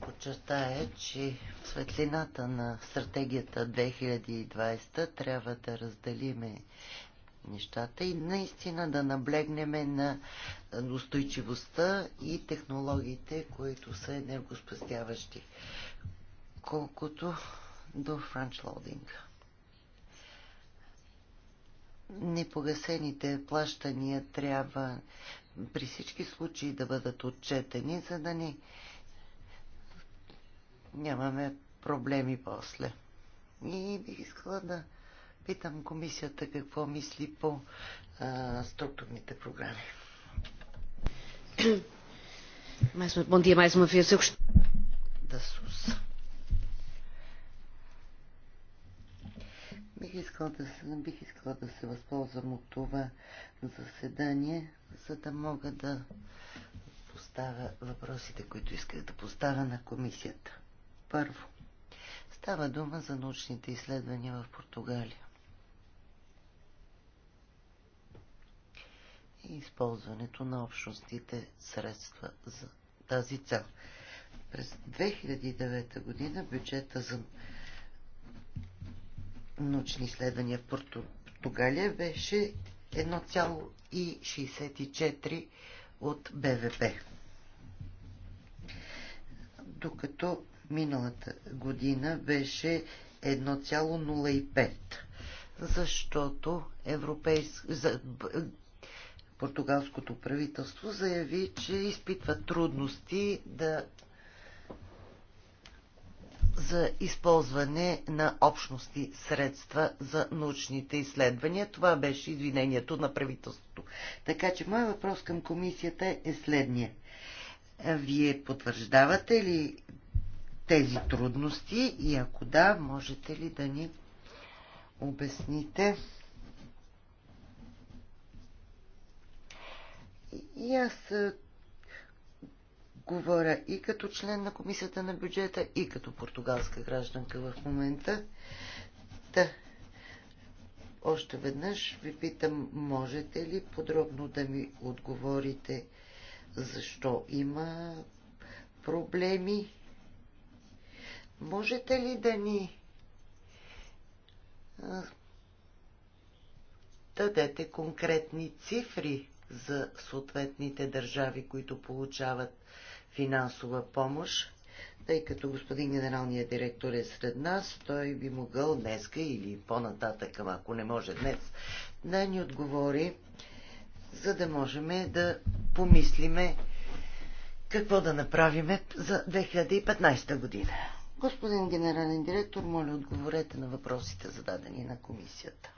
Speaker 1: подчертая, че в светлината на стратегията 2020 трябва да разделиме нещата и наистина да наблегнем на устойчивостта и технологиите, които са енергоспастяващи. Колкото до франчлоудинга. Непогасените плащания трябва при всички случаи да бъдат отчетени, за да не ни нямаме проблеми после. И бих искала да питам комисията какво мисли по а, структурните програми.
Speaker 3: Bom dia mais uma vez.
Speaker 1: Бих искала, да се, бих искала да се възползвам от това заседание, за да мога да поставя въпросите, които исках да поставя на комисията. Първо, става дума за научните изследвания в Португалия. и използването на общностите средства за тази цел. През 2009 година бюджета за научни изследвания в Португалия беше 1,64 от БВП. Докато миналата година беше 1,05, защото европейск... за... португалското правителство заяви, че изпитва трудности да за използване на общности средства за научните изследвания. Това беше извинението на правителството. Така че моят въпрос към комисията е следния. Вие потвърждавате ли тези трудности и ако да, можете ли да ни обясните? И аз е, говоря и като член на комисията на бюджета, и като португалска гражданка в момента. Да. Още веднъж ви питам, можете ли подробно да ми отговорите защо има проблеми Можете ли да ни дадете конкретни цифри за съответните държави, които получават финансова помощ, тъй като господин генералният директор е сред нас, той би могъл днеска или по-нататък, ако не може днес, да ни отговори, за да можем да помислиме какво да направим за 2015 година. Господин генерален директор, моля отговорете на въпросите зададени на комисията.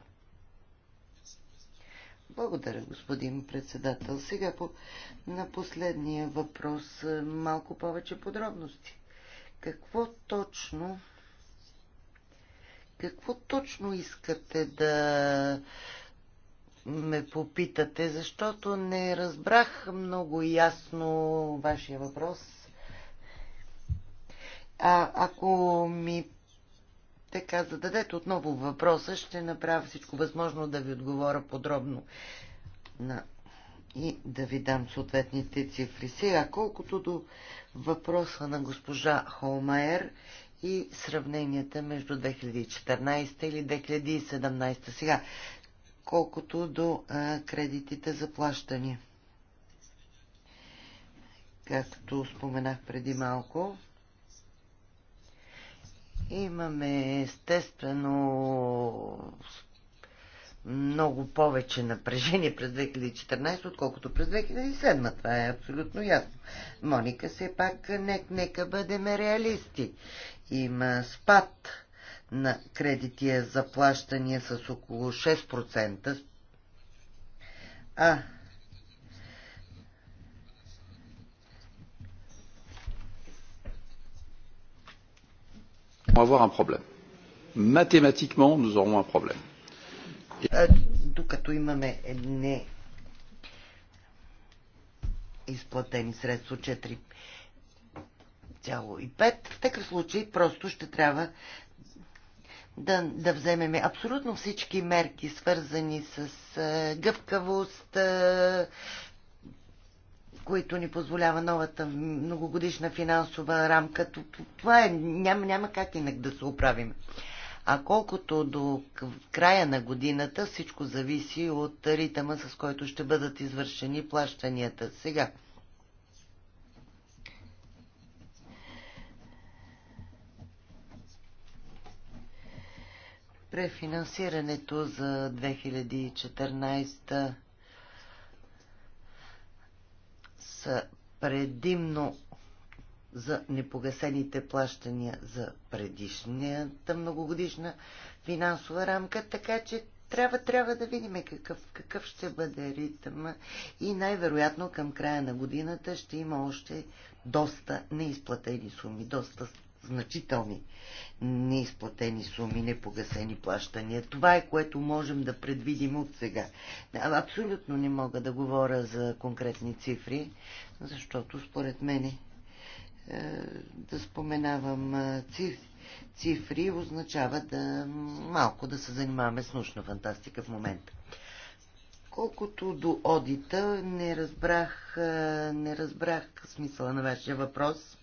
Speaker 1: Благодаря, господин председател. Сега по, на последния въпрос е, малко повече подробности. Какво точно какво точно искате да ме попитате, защото не разбрах много ясно вашия въпрос а, ако ми така зададете отново въпроса, ще направя всичко възможно да ви отговоря подробно на... и да ви дам съответните цифри. Сега, колкото до въпроса на госпожа Холмайер и сравненията между 2014 или 2017. Сега, колкото до а, кредитите за плащане. Както споменах преди малко, Имаме естествено много повече напрежение през 2014, отколкото през 2007. Това е абсолютно ясно. Моника, все пак, нек, нека бъдем реалисти. Има спад на кредития за плащания с около 6%. А
Speaker 3: Математикмон, nous aurons un problème.
Speaker 1: Е, докато имаме не изплатени средства 4,5, в такъв случай просто ще трябва да, да вземем абсолютно всички мерки, свързани с е, гъвкавост, е, които ни позволява новата многогодишна финансова рамка. Това е, няма, няма как инак да се оправим. А колкото до края на годината, всичко зависи от ритъма, с който ще бъдат извършени плащанията. Сега. Префинансирането за 2014 са предимно за непогасените плащания за предишната многогодишна финансова рамка, така че трябва, трябва да видим какъв, какъв ще бъде ритъм и най-вероятно към края на годината ще има още доста неизплатени суми, доста значителни неизплатени суми, непогасени плащания. Това е което можем да предвидим от сега. Абсолютно не мога да говоря за конкретни цифри, защото според е, да споменавам е, цифри, цифри означава да малко да се занимаваме с научна фантастика в момента. Колкото до одита, не разбрах, е, не разбрах смисъла на вашия въпрос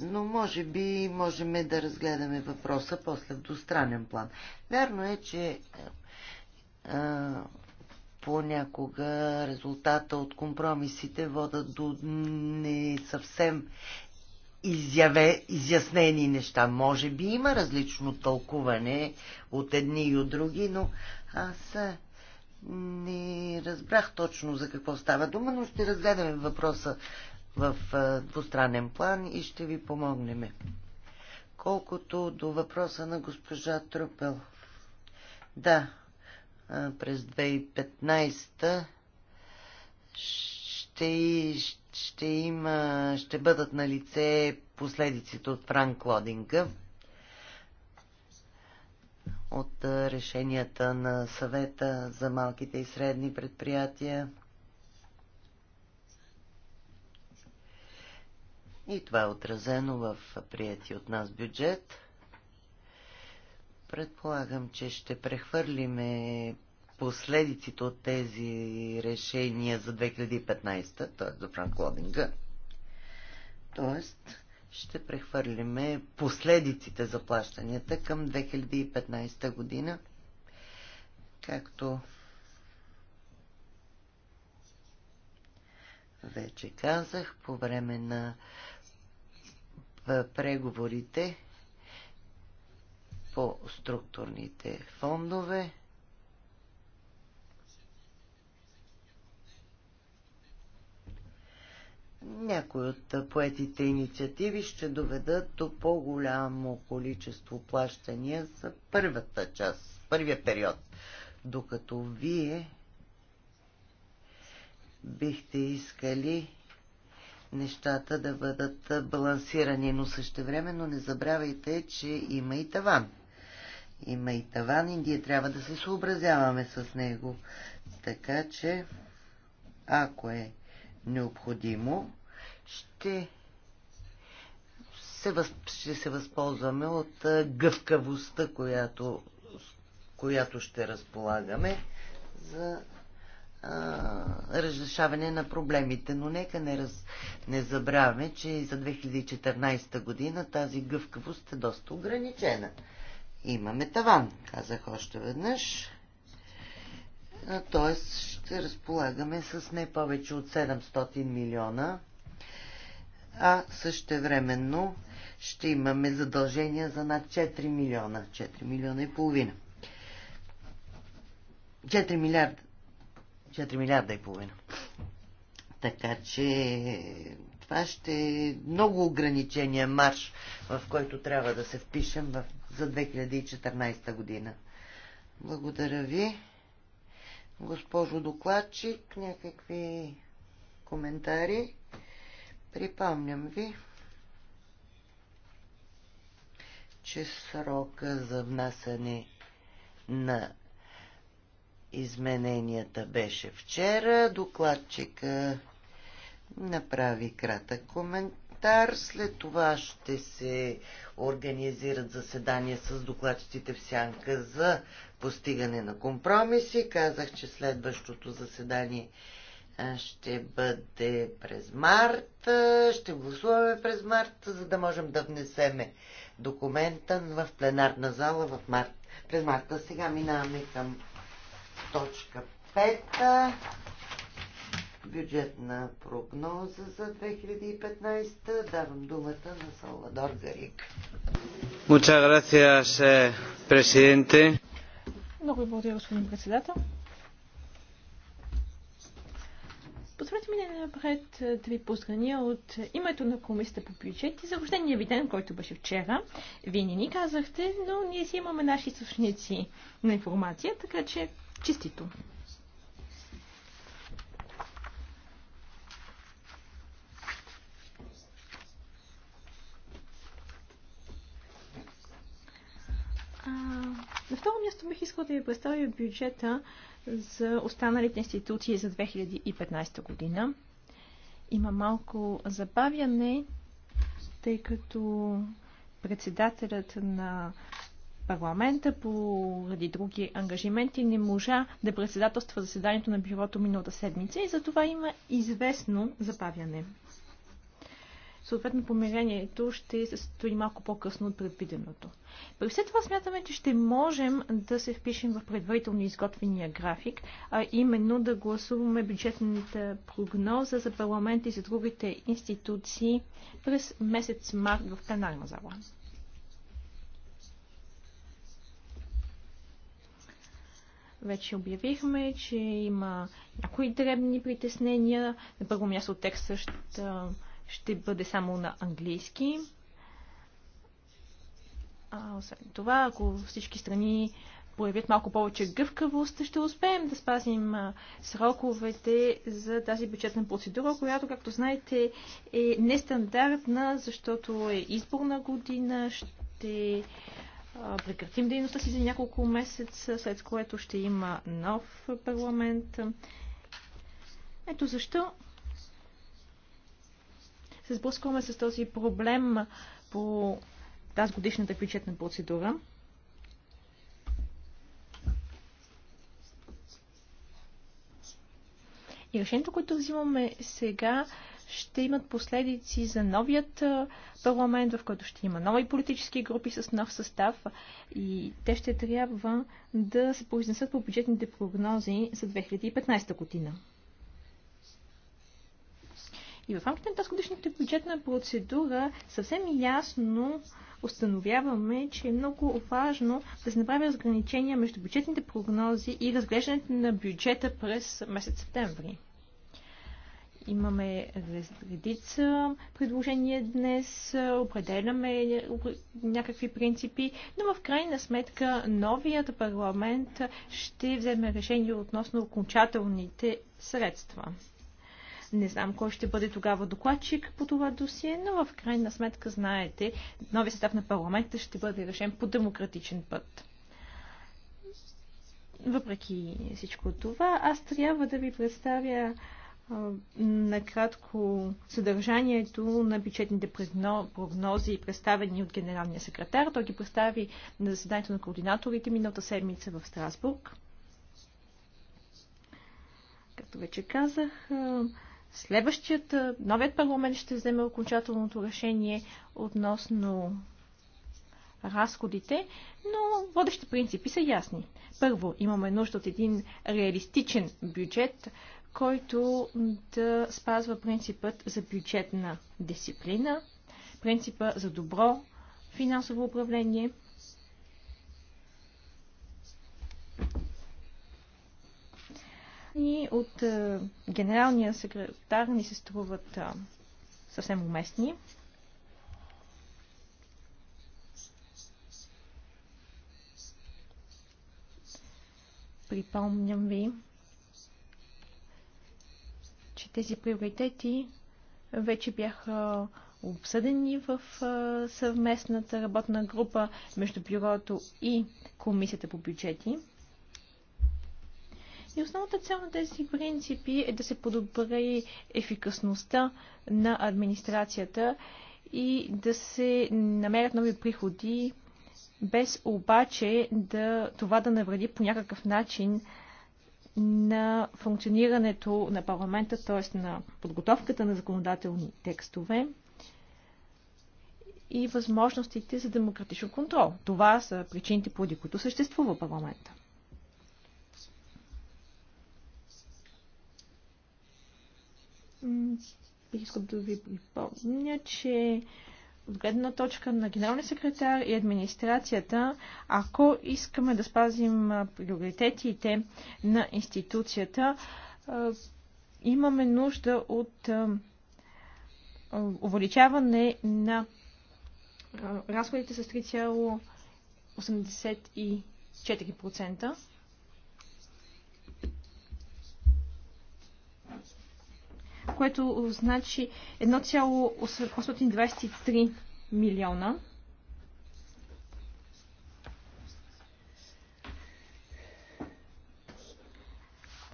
Speaker 1: но може би можем да разгледаме въпроса после в достранен план. Вярно е, че а, е, е, понякога резултата от компромисите водат до не съвсем изяве, изяснени неща. Може би има различно тълкуване от едни и от други, но аз е, не разбрах точно за какво става дума, но ще разгледаме въпроса в двустранен план и ще ви помогнем. Колкото до въпроса на госпожа Трупел. Да, през 2015 ще, ще, има, ще бъдат на лице последиците от Франк Лодинга от решенията на съвета за малките и средни предприятия. И това е отразено в прияти от нас бюджет. Предполагам, че ще прехвърлиме последиците от тези решения за 2015, т.е. за франклодинга. Т.е. ще прехвърлиме последиците за плащанията към 2015 година, както вече казах, по време на преговорите по структурните фондове. Някои от поетите инициативи ще доведат до по-голямо количество плащания за първата част, първия период, докато вие бихте искали нещата да бъдат балансирани, но същевременно не забравяйте, че има и таван. Има и таван и ние трябва да се съобразяваме с него. Така че, ако е необходимо, ще се, въз... ще се възползваме от гъвкавостта, която, която ще разполагаме за разрешаване на проблемите. Но нека не, раз, не забравяме, че и за 2014 година тази гъвкавост е доста ограничена. Имаме таван, казах още веднъж. Тоест ще разполагаме с не повече от 700 милиона, а същевременно ще имаме задължения за над 4 милиона, 4 милиона и половина. 4 милиарда, 4 милиарда и половина. Така че това ще е много ограничения марш, в който трябва да се впишем в, за 2014 година. Благодаря ви. Госпожо докладчик, някакви коментари. Припомням ви, че срока за внасяне на измененията беше вчера. Докладчика направи кратък коментар. След това ще се организират заседания с докладчиците в сянка за постигане на компромиси. Казах, че следващото заседание ще бъде през март. Ще гласуваме през март, за да можем да внесеме документа в пленарна зала в март. През марта сега минаваме към Точка 5. Бюджетна прогноза за 2015. Давам думата на Салвадор Гарик.
Speaker 2: Muchas gracias, eh, presidente.
Speaker 1: Много
Speaker 3: ви благодаря, господин председател. Позволете ми да напред е, да ви поздравя от името на Комисията по бюджет и за рождения ви ден, който беше вчера. Вие не ни казахте, но ние си имаме наши източници на информация, така че Честито! На второ място бих искала да ви представя бюджета за останалите институции за 2015 година. Има малко забавяне, тъй като председателят на парламента поради други ангажименти не можа да председателства заседанието на бюрото миналата седмица и затова има известно забавяне. Съответно, помирението ще се стои малко по-късно от предвиденото. При все това смятаме, че ще можем да се впишем в предварително изготвения график, а именно да гласуваме бюджетната прогноза за парламент и за другите институции през месец март в пленарна зала. Вече обявихме, че има някои дребни притеснения. На първо място текста ще, ще бъде само на английски. А, освен това, ако всички страни проявят малко повече гъвкавост, ще успеем да спазим сроковете за тази бюджетна процедура, която, както знаете, е нестандартна, защото е изборна година, ще прекратим дейността си за няколко месеца, след което ще има нов парламент. Ето защо се сблъскваме с този проблем по тази годишната бюджетна процедура. И решението, което взимаме сега, ще имат последици за новият парламент, в който ще има нови политически групи с нов състав и те ще трябва да се произнесат по бюджетните прогнози за 2015 година. И в рамките на тази годишната бюджетна процедура съвсем ясно установяваме, че е много важно да се направи разграничения между бюджетните прогнози и разглеждането на бюджета през месец септември. Имаме редица предложения днес, определяме някакви принципи, но в крайна сметка новият парламент ще вземе решение относно окончателните средства. Не знам кой ще бъде тогава докладчик по това досие, но в крайна сметка знаете, новият състав на парламента ще бъде решен по демократичен път. Въпреки всичко това, аз трябва да ви представя накратко съдържанието на бюджетните прогнози, представени от генералния секретар. Той ги представи на заседанието на координаторите миналата седмица в Страсбург. Както вече казах, следващият, новият парламент ще вземе окончателното решение относно разходите, но водещите принципи са ясни. Първо, имаме нужда от един реалистичен бюджет, който да спазва принципът за бюджетна дисциплина, принципа за добро финансово управление. И от е, генералния секретар ни се струват е, съвсем уместни. Припомням ви, че тези приоритети вече бяха обсъдени в съвместната работна група между бюрото и комисията по бюджети. И основната цел на тези принципи е да се подобри ефикасността на администрацията и да се намерят нови приходи, без обаче да, това да навреди по някакъв начин на функционирането на парламента, т.е. на подготовката на законодателни текстове и възможностите за демократичен контрол. Това са причините, поради които съществува парламента. Бих искал да ви припомня, че от гледна точка на генералния секретар и администрацията, ако искаме да спазим приоритетите на институцията, имаме нужда от увеличаване на разходите с 3,84%. което значи 1,823 милиона.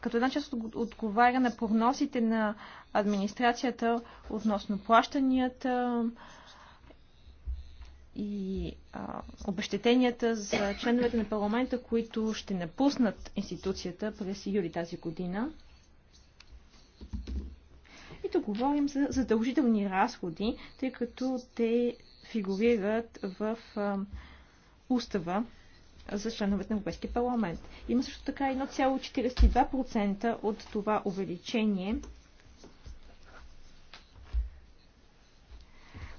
Speaker 3: като една част отговаря на прогнозите на администрацията относно плащанията и а, обещетенията за членовете на парламента, които ще напуснат институцията през юли тази година да говорим за задължителни разходи, тъй като те фигурират в устава за членовете на Европейския парламент. Има също така 1,42% от това увеличение,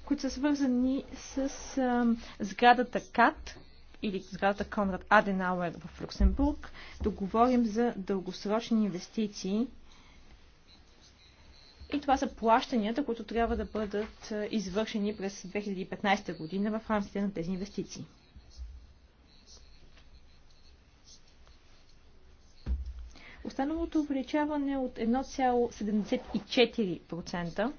Speaker 3: които са свързани с а, сградата КАТ или сградата Конрад Аденауер в Люксембург. Договорим за дългосрочни инвестиции и това са плащанията, които трябва да бъдат извършени през 2015 година в рамките на тези инвестиции. Останалото увеличаване е от 1,74%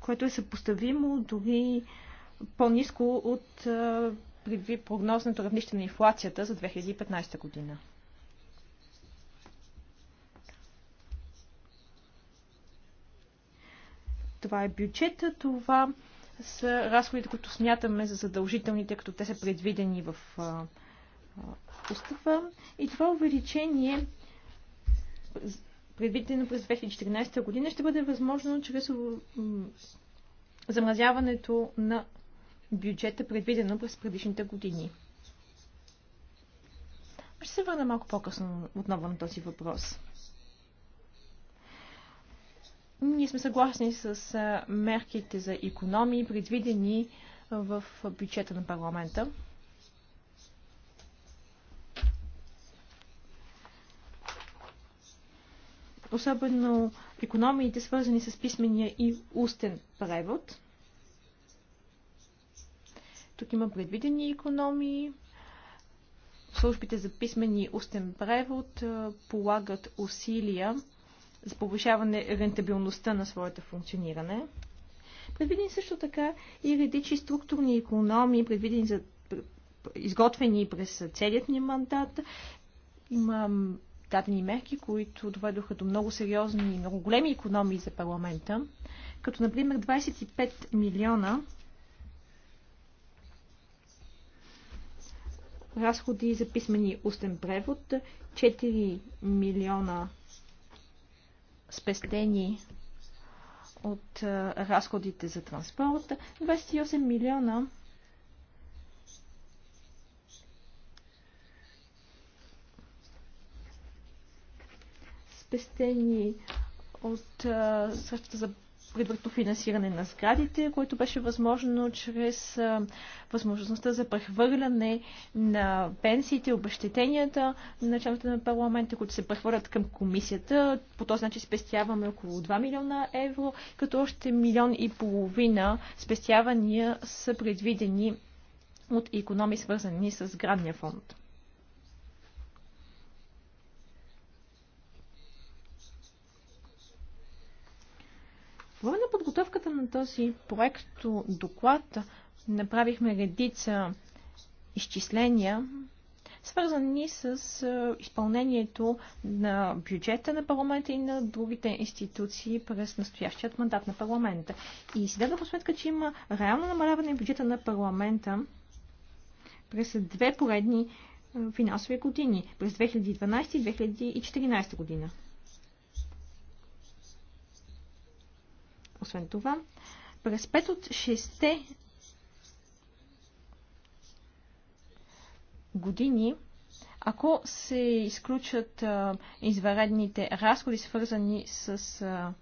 Speaker 3: което е съпоставимо дори по-низко от предвид прогнозното равнище на инфлацията за 2015 година. Това е бюджета, това са разходите, които смятаме за задължителните, като те са предвидени в устава. И това увеличение предвидено през 2014 година ще бъде възможно чрез замразяването на бюджета, е предвидено през предишните години. Ще се върна малко по-късно отново на този въпрос. Ние сме съгласни с мерките за економии, предвидени в бюджета на парламента. Особено економиите, свързани с писмения и устен превод – тук има предвидени економии. Службите за писмен и устен превод полагат усилия за повишаване рентабилността на своето функциониране. Предвидени също така и редичи структурни економии, предвидени за изготвени през целият ни мандат. Има дадени мерки, които доведоха до много сериозни и много големи економии за парламента, като например 25 милиона разходи за писмени устен превод, 4 милиона спестени от разходите за транспорт, 28 милиона спестени от средства за прибърто финансиране на сградите, което беше възможно чрез възможността за прехвърляне на пенсиите, обещетенията на членовете на парламента, които се прехвърлят към комисията. По този начин спестяваме около 2 милиона евро, като още милион и половина спестявания са предвидени от економи, свързани с градния фонд. време на подготовката на този проект доклад направихме редица изчисления, свързани с изпълнението на бюджета на парламента и на другите институции през настоящият мандат на парламента. И си дадох сметка, че има реално намаляване на бюджета на парламента през две поредни финансови години, през 2012 и 2014 година. Освен това, през 5 от 6 години, ако се изключат а, изваредните разходи, свързани с а,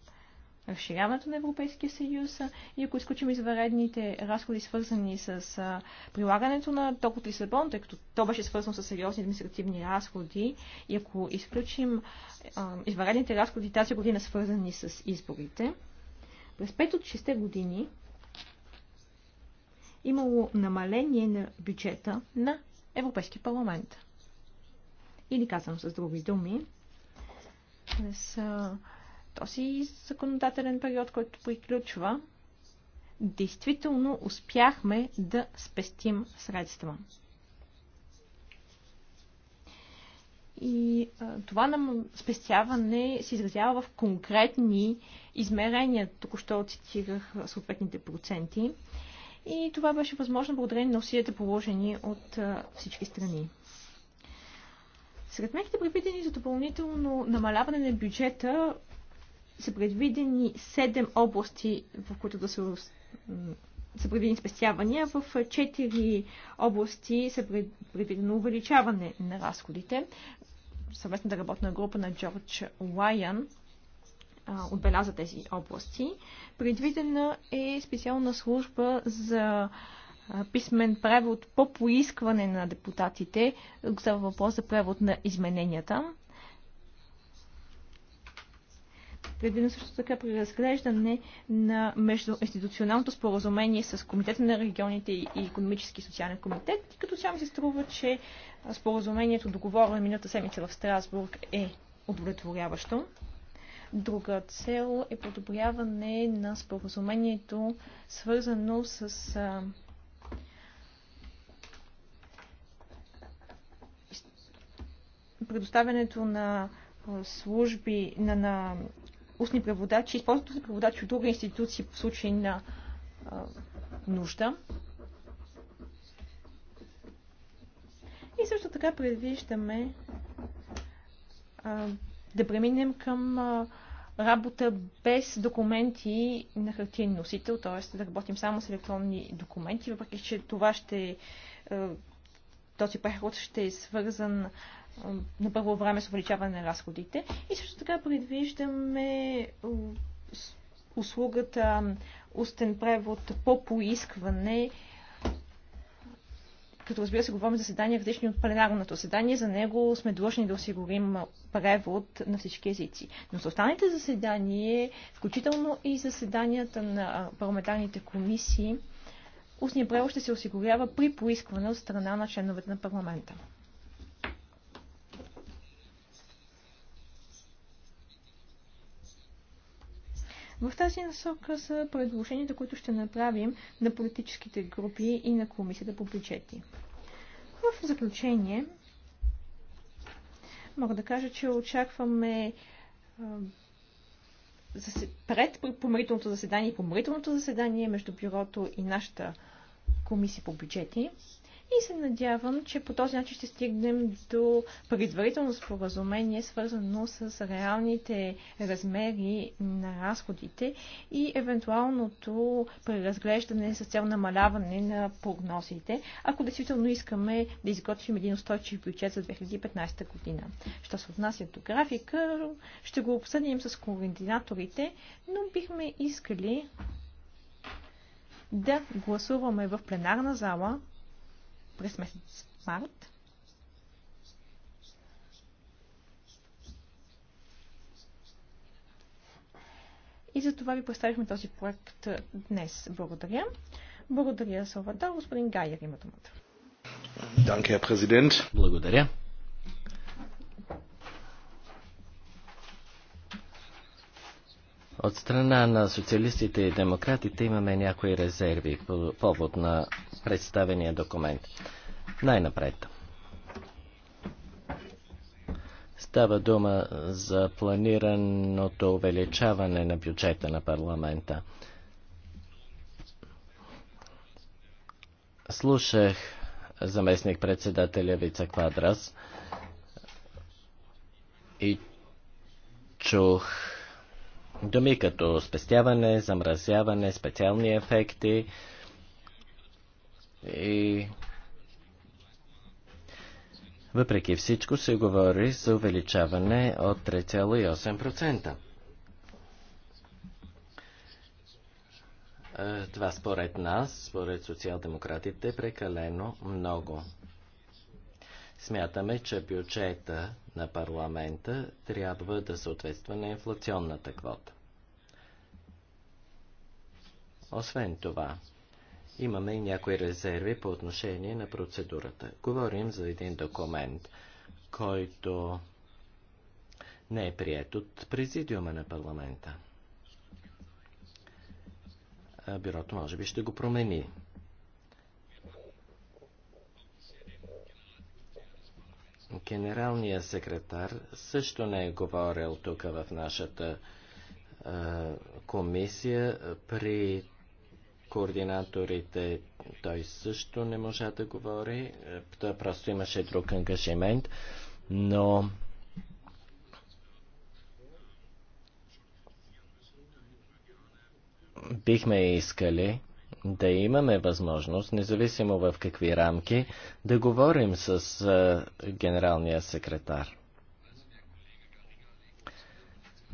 Speaker 3: разширяването на Европейския съюз и ако изключим изваредните разходи, свързани с а, прилагането на ток от Лисабон, тъй като то беше свързано с сериозни административни разходи, и ако изключим а, изваредните разходи тази година, свързани с изборите, през 5 от 6 години имало намаление на бюджета на Европейския парламент. Или казвам с други думи, през този законодателен период, който приключва, действително успяхме да спестим средства. И а, това нам спестяване се изразява в конкретни измерения. Току-що цитирах съответните проценти. И това беше възможно благодарение на усилията положени от а, всички страни. Сред мерките, предвидени за допълнително намаляване на бюджета, са предвидени 7 области, в които да се са предвидени спестявания, в четири области са предвидено увеличаване на разходите. Съвместната работна група на Джордж Лайан отбеляза тези области. Предвидена е специална служба за писмен превод по поискване на депутатите. Става въпрос за превод на измененията. предвидено също така при разглеждане на междуинституционалното споразумение с Комитета на регионите и Економически и социален комитет. И като цяло се струва, че споразумението договорено миналата седмица в Страсбург е удовлетворяващо. Друга цел е подобряване на споразумението, свързано с а, предоставянето на служби на, на устни преводачи, използват устни преводачи от други институции в случай на а, нужда. И също така предвиждаме а, да преминем към а, работа без документи на хартиен носител, т.е. да работим само с електронни документи, въпреки че това ще този преход ще е свързан на първо време с увеличаване на разходите. И също така предвиждаме услугата устен превод по поискване като разбира се говорим за седания, различни от пленарното седание, за него сме длъжни да осигурим превод на всички езици. Но с останалите заседания, включително и заседанията на парламентарните комисии, устният превод ще се осигурява при поискване от страна на членовете на парламента. В тази насока са предложенията, които ще направим на политическите групи и на комисията по бюджети. В заключение, мога да кажа, че очакваме пред помирителното заседание и помирителното заседание между бюрото и нашата комисия по бюджети и се надявам, че по този начин ще стигнем до предварително споразумение, свързано с реалните размери на разходите и евентуалното преразглеждане с цел намаляване на прогнозите, ако действително искаме да изготвим един устойчив бюджет за 2015 година. Що се отнася до графика, ще го обсъдим с координаторите, но бихме искали да гласуваме в пленарна зала през месец март. И за това ви представихме този проект днес. Благодаря. Благодаря, Салвадор. Господин Гайер има думата.
Speaker 2: Благодаря. От страна на социалистите и демократите имаме някои резерви по повод на представения документ. Най-напред. Става дума за планираното увеличаване на бюджета на парламента. Слушах заместник председателя Вица Квадрас и чух Думи като спестяване, замразяване, специални ефекти и въпреки всичко се говори за увеличаване от 3,8%. Е, това според нас, според социал-демократите, е прекалено много. Смятаме, че бюджета на парламента трябва да съответства на инфлационната квота. Освен това, имаме и някои резерви по отношение на процедурата. Говорим за един документ, който не е прият от президиума на парламента. Бюрото може би ще го промени. Генералният секретар също не е говорил тук в нашата е, комисия. При координаторите той също не може да говори. Той просто имаше друг ангажимент. Но бихме искали да имаме възможност, независимо в какви рамки, да говорим с генералния секретар.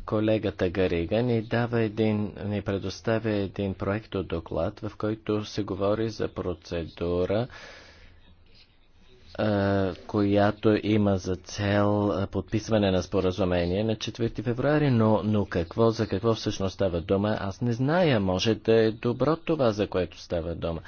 Speaker 2: Колегата Гарига ни, дава един, ни предоставя един проект от доклад, в който се говори за процедура е, която има за цел е, подписване на споразумение на 4 февруари, но, но какво, за какво всъщност става дума, аз не зная. Може да е добро това, за което става дума.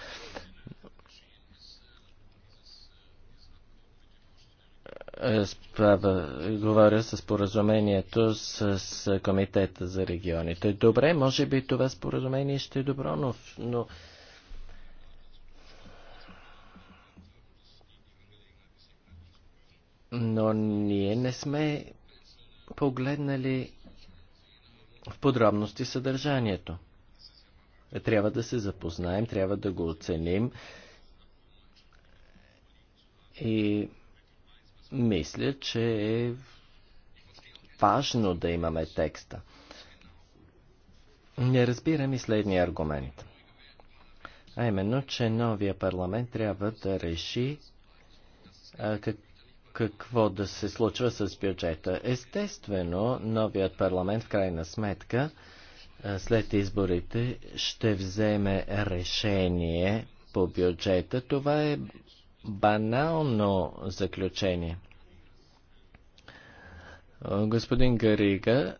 Speaker 2: Е, справа, говоря с споразумението с, с Комитета за регионите. Добре, може би това споразумение ще е добро, но, но но ние не сме погледнали в подробности съдържанието. Трябва да се запознаем, трябва да го оценим и мисля, че е важно да имаме текста. Не разбирам и следния аргумент. А именно, че новия парламент трябва да реши а, как, какво да се случва с бюджета. Естествено, новият парламент в крайна сметка след изборите ще вземе решение по бюджета. Това е банално заключение. Господин Гарига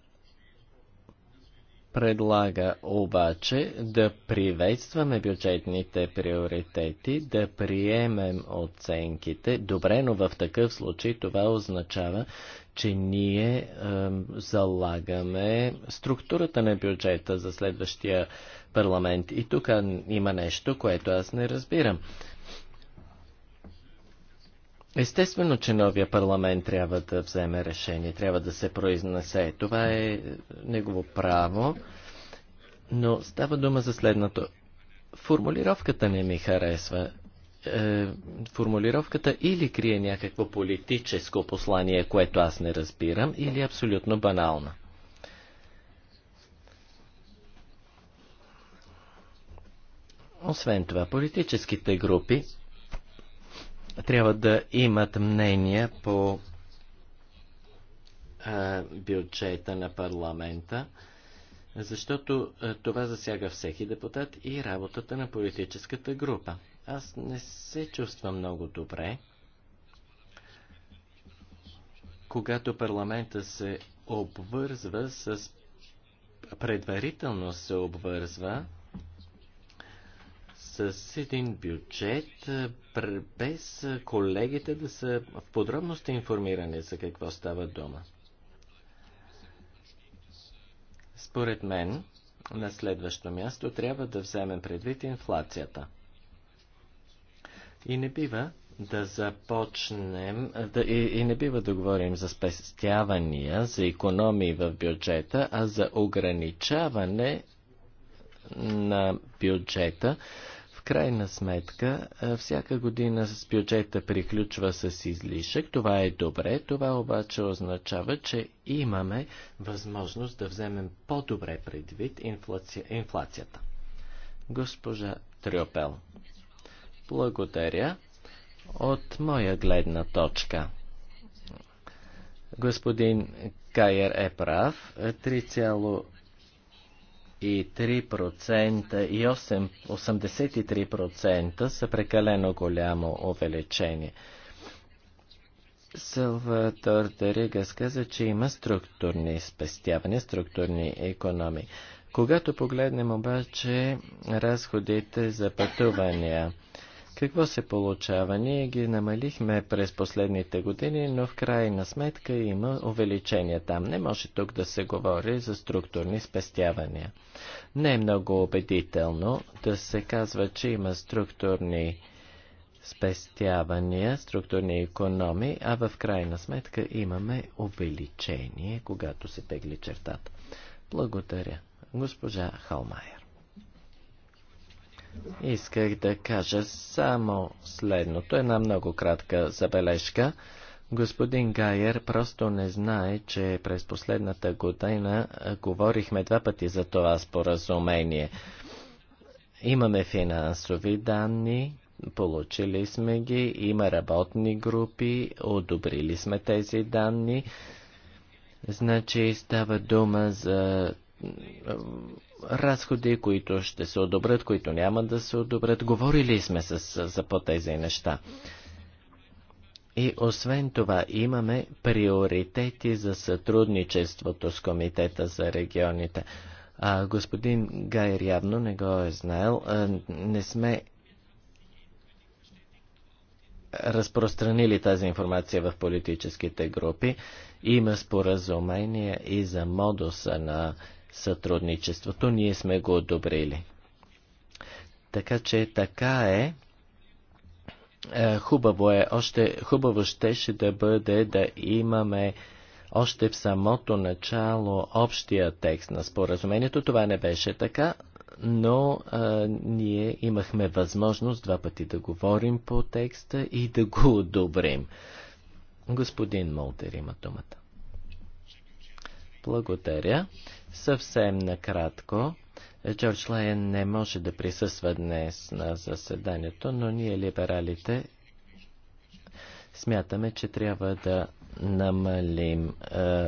Speaker 2: предлага обаче да приветстваме бюджетните приоритети, да приемем оценките. Добре, но в такъв случай това означава, че ние е, залагаме структурата на бюджета за следващия парламент. И тук има нещо, което аз не разбирам. Естествено, че новия парламент трябва да вземе решение, трябва да се произнесе. Това е негово право, но става дума за следното. Формулировката не ми харесва. Е, формулировката или крие някакво политическо послание, което аз не разбирам, или е абсолютно банална. Освен това, политическите групи трябва да имат мнение по бюджета на парламента, защото това засяга всеки депутат и работата на политическата група. Аз не се чувствам много добре, когато парламента се обвързва с предварително се обвързва с един бюджет, без колегите да са в подробности информирани за какво става дума. Според мен, на следващо място трябва да вземем предвид инфлацията. И не бива да започнем, да, и, и не бива да говорим за спестявания, за економии в бюджета, а за ограничаване на бюджета крайна сметка, всяка година с бюджета приключва с излишък. Това е добре, това обаче означава, че имаме възможност да вземем по-добре предвид инфлация, инфлацията. Госпожа Трюпел, благодаря. От моя гледна точка, господин Кайер е прав и 8, 83% са прекалено голямо увеличение. Салватор Дерига каза, че има структурни спестявания, структурни економии. Когато погледнем обаче разходите за пътувания, какво се получава? Ние ги намалихме през последните години, но в крайна сметка има увеличение там. Не може тук да се говори за структурни спестявания. Не е много убедително да се казва, че има структурни спестявания, структурни економи, а в крайна сметка имаме увеличение, когато се тегли чертата. Благодаря. Госпожа Халмая. Исках да кажа само следното. Една много кратка забележка. Господин Гайер просто не знае, че през последната година говорихме два пъти за това споразумение. Имаме финансови данни, получили сме ги, има работни групи, одобрили сме тези данни. Значи става дума за разходи, които ще се одобрят, които няма да се одобрят. Говорили сме с, за по тези неща. И освен това имаме приоритети за сътрудничеството с Комитета за регионите. А, господин Гайер явно не го е знаел. А, не сме разпространили тази информация в политическите групи. Има споразумение и за модуса на сътрудничеството. Ние сме го одобрили. Така че така е. е. Хубаво е, още хубаво щеше да бъде да имаме още в самото начало общия текст на споразумението. Това не беше така, но а, е, ние имахме възможност два пъти да говорим по текста и да го одобрим. Господин Молтер има думата. Благодаря. Съвсем накратко, Джордж Лайен не може да присъства днес на заседанието, но ние либералите смятаме, че трябва да намалим е,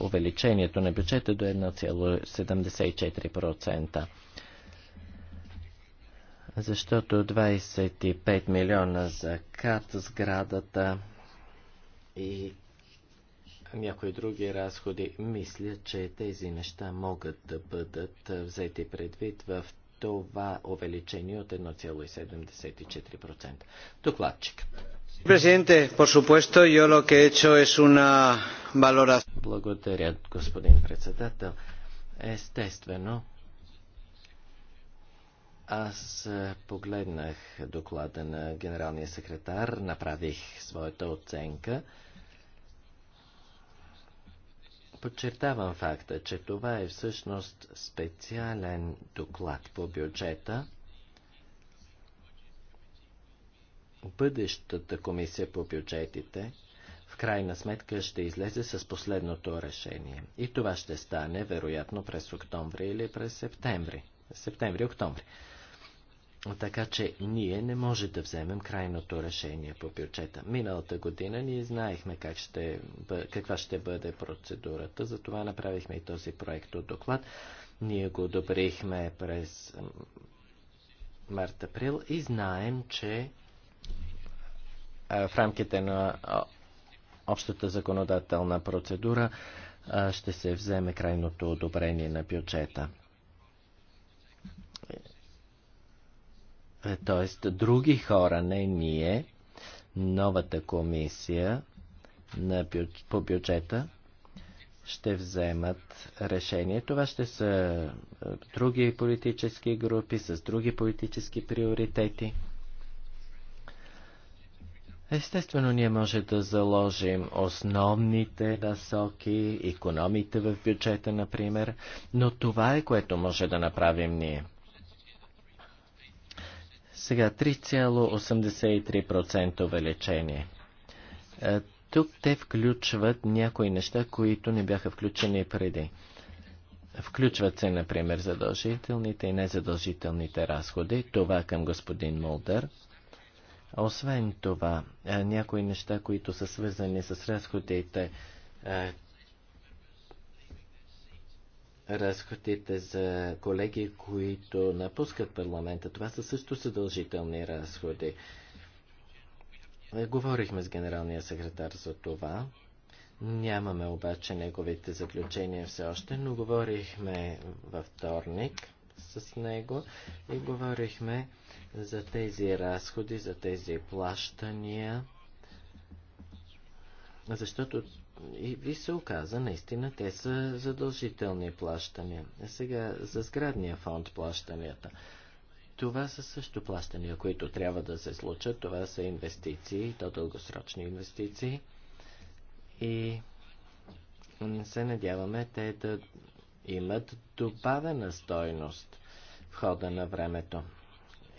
Speaker 2: увеличението на бюджета до 1,74%. Защото 25 милиона за кат сградата и някои други разходи, мисля, че тези неща могат да бъдат взети предвид в това увеличение от 1,74%. Докладчик. Президенте, по supuesto, yo lo que he hecho es una valoración. Благодаря, господин председател. Естествено, аз погледнах доклада на генералния секретар, направих своята оценка. Подчертавам факта, че това е всъщност специален доклад по бюджета. Бъдещата комисия по бюджетите в крайна сметка ще излезе с последното решение. И това ще стане, вероятно, през октомври или през септември. Септември-октомври. Така че ние не може да вземем крайното решение по бюджета. Миналата година ние знаехме как ще, каква ще бъде процедурата, затова направихме и този проект от доклад. Ние го одобрихме през март-април и знаем, че в рамките на общата законодателна процедура ще се вземе крайното одобрение на бюджета. т.е. други хора, не ние, новата комисия на бю... по бюджета ще вземат решение. Това ще са е, други политически групи с други политически приоритети. Естествено, ние може да заложим основните насоки, економите в бюджета, например, но това е което може да направим ние. Сега 3,83% увеличение. Е, тук те включват някои неща, които не бяха включени преди. Включват се, например, задължителните и незадължителните разходи. Това към господин Молдър. Освен това, е, някои неща, които са свързани с разходите е, разходите за колеги, които напускат парламента. Това са също съдължителни разходи. Е, говорихме с генералния секретар за това. Нямаме обаче неговите заключения все още, но говорихме във вторник с него и говорихме за тези разходи, за тези плащания, защото и ви се оказа, наистина, те са задължителни плащания. Сега, за сградния фонд плащанията. Това са също плащания, които трябва да се случат. Това са инвестиции, то дългосрочни инвестиции. И се надяваме те да имат добавена стойност в хода на времето.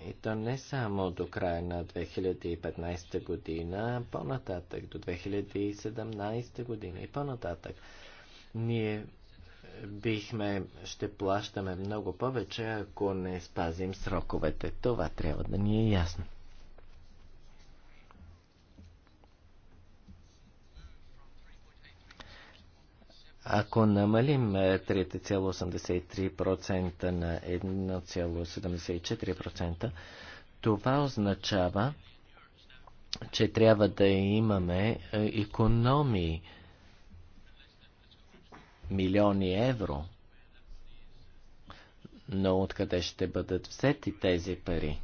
Speaker 2: И то не само до края на 2015 година, а по-нататък, до 2017 година и по-нататък. Ние е, бихме, ще плащаме много повече, ако не спазим сроковете. Това трябва да ни е ясно. Ако намалим 3,83% е, на 1,74%, това означава, че трябва да имаме економии милиони евро. Но откъде ще бъдат взети тези пари?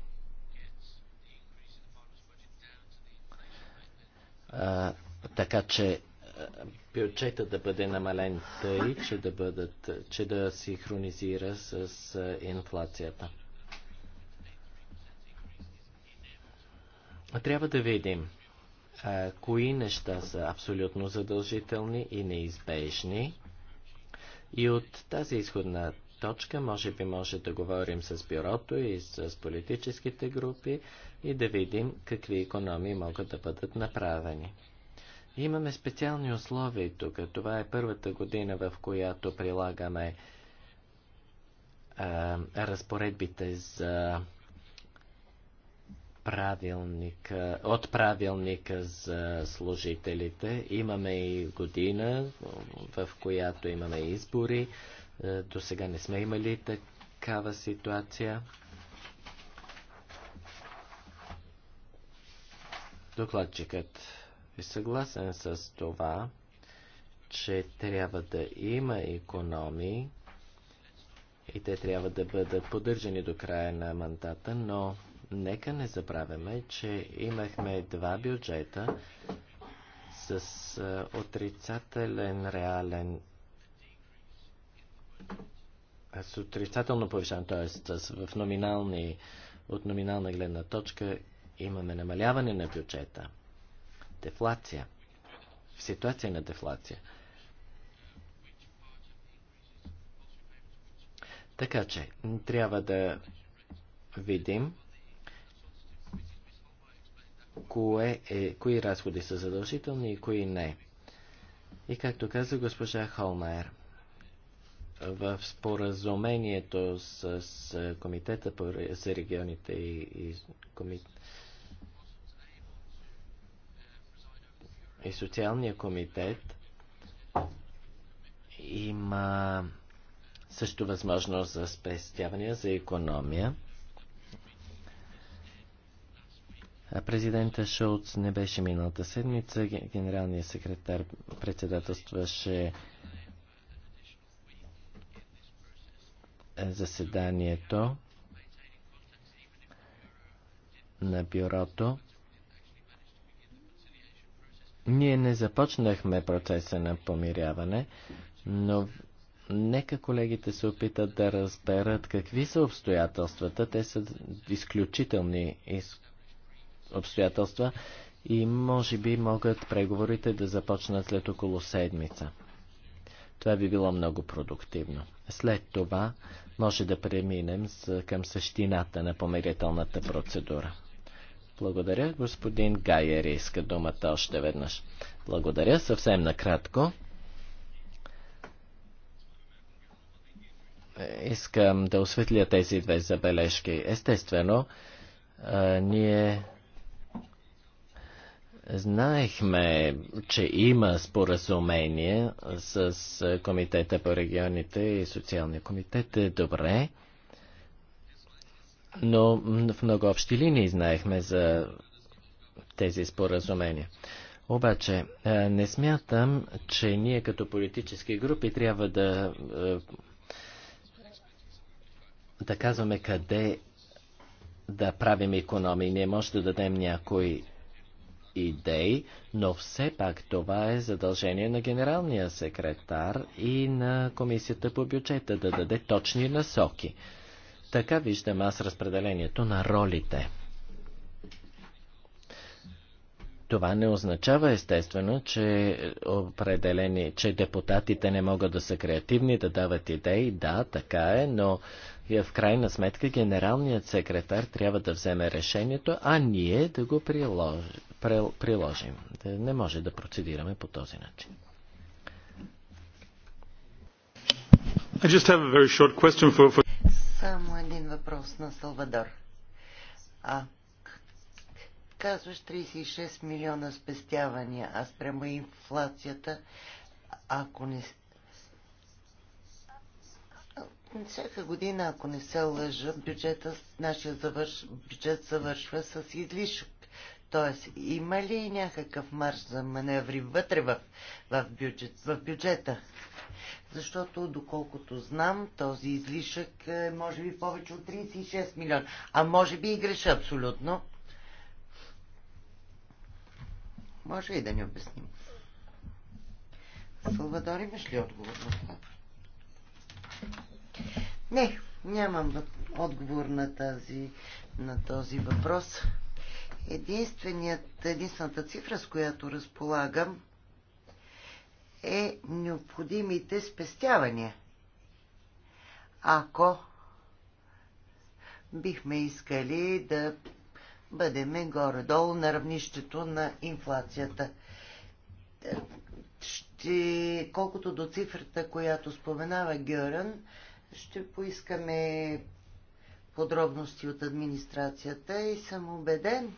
Speaker 2: А, така че е, бюджета да бъде намален тъй, че да, бъдат, че да синхронизира с инфлацията. Трябва да видим а, кои неща са абсолютно задължителни и неизбежни. И от тази изходна точка може би може да говорим с бюрото и с политическите групи и да видим какви економии могат да бъдат направени. Имаме специални условия тук. Това е първата година, в която прилагаме а, разпоредбите за правилника, от правилника за служителите. Имаме и година, в която имаме избори. До сега не сме имали такава ситуация. Докладчикът е съгласен с това, че трябва да има економии и те трябва да бъдат поддържани до края на мандата, но нека не забравяме, че имахме два бюджета с отрицателен реален с отрицателно повишаване, т.е. в номинални, от номинална гледна точка имаме намаляване на бюджета дефлация, в ситуация на дефлация. Така че, трябва да видим кое е, кои разходи са задължителни и кои не. И както каза госпожа Холмайер, в споразумението с, с Комитета за регионите и, и комит... и социалния комитет има също възможност за спестявания, за економия. Президента Шоуц не беше миналата седмица, генералният секретар председателстваше заседанието на бюрото. Ние не започнахме процеса на помиряване, но нека колегите се опитат да разберат какви са обстоятелствата. Те са изключителни обстоятелства и може би могат преговорите да започнат след около седмица. Това би било много продуктивно. След това може да преминем към същината на помирителната процедура. Благодаря. Господин Гайер иска думата още веднъж. Благодаря. Съвсем накратко. Искам да осветля тези две забележки. Естествено, ние Знаехме, че има споразумение с Комитета по регионите и Социалния комитет. Добре но в много общи линии знаехме за тези споразумения. Обаче, не смятам, че ние като политически групи трябва да, да казваме къде да правим економии. Ние може да дадем някои идеи, но все пак това е задължение на генералния секретар и на комисията по бюджета да даде точни насоки. Така виждам аз разпределението на ролите. Това не означава естествено, че, определени, че депутатите не могат да са креативни, да дават идеи. Да, така е, но в крайна сметка генералният секретар трябва да вземе решението, а ние да го приложим. Не може да процедираме по този начин.
Speaker 3: I just have a very short question for, for
Speaker 1: само един въпрос на Салвадор. А, казваш 36 милиона спестявания, а спрямо инфлацията, ако не... Всяка година, ако не се лъжа, бюджета, нашия завърш, бюджет завършва с излишък. Тоест, има ли някакъв марш за маневри вътре в, в, бюджет, в бюджета? защото доколкото знам, този излишък е може би повече от 36 милиона. А може би и греша абсолютно. Може и да ни обясним. Салвадор, имаш ли отговор на това? Не, нямам отговор на, тази, на този въпрос. Единственият, единствената цифра, с която разполагам, е необходимите спестявания. Ако бихме искали да бъдеме горе-долу на равнището на инфлацията. Ще, колкото до цифрата, която споменава Гьорън, ще поискаме подробности от администрацията и съм убеден,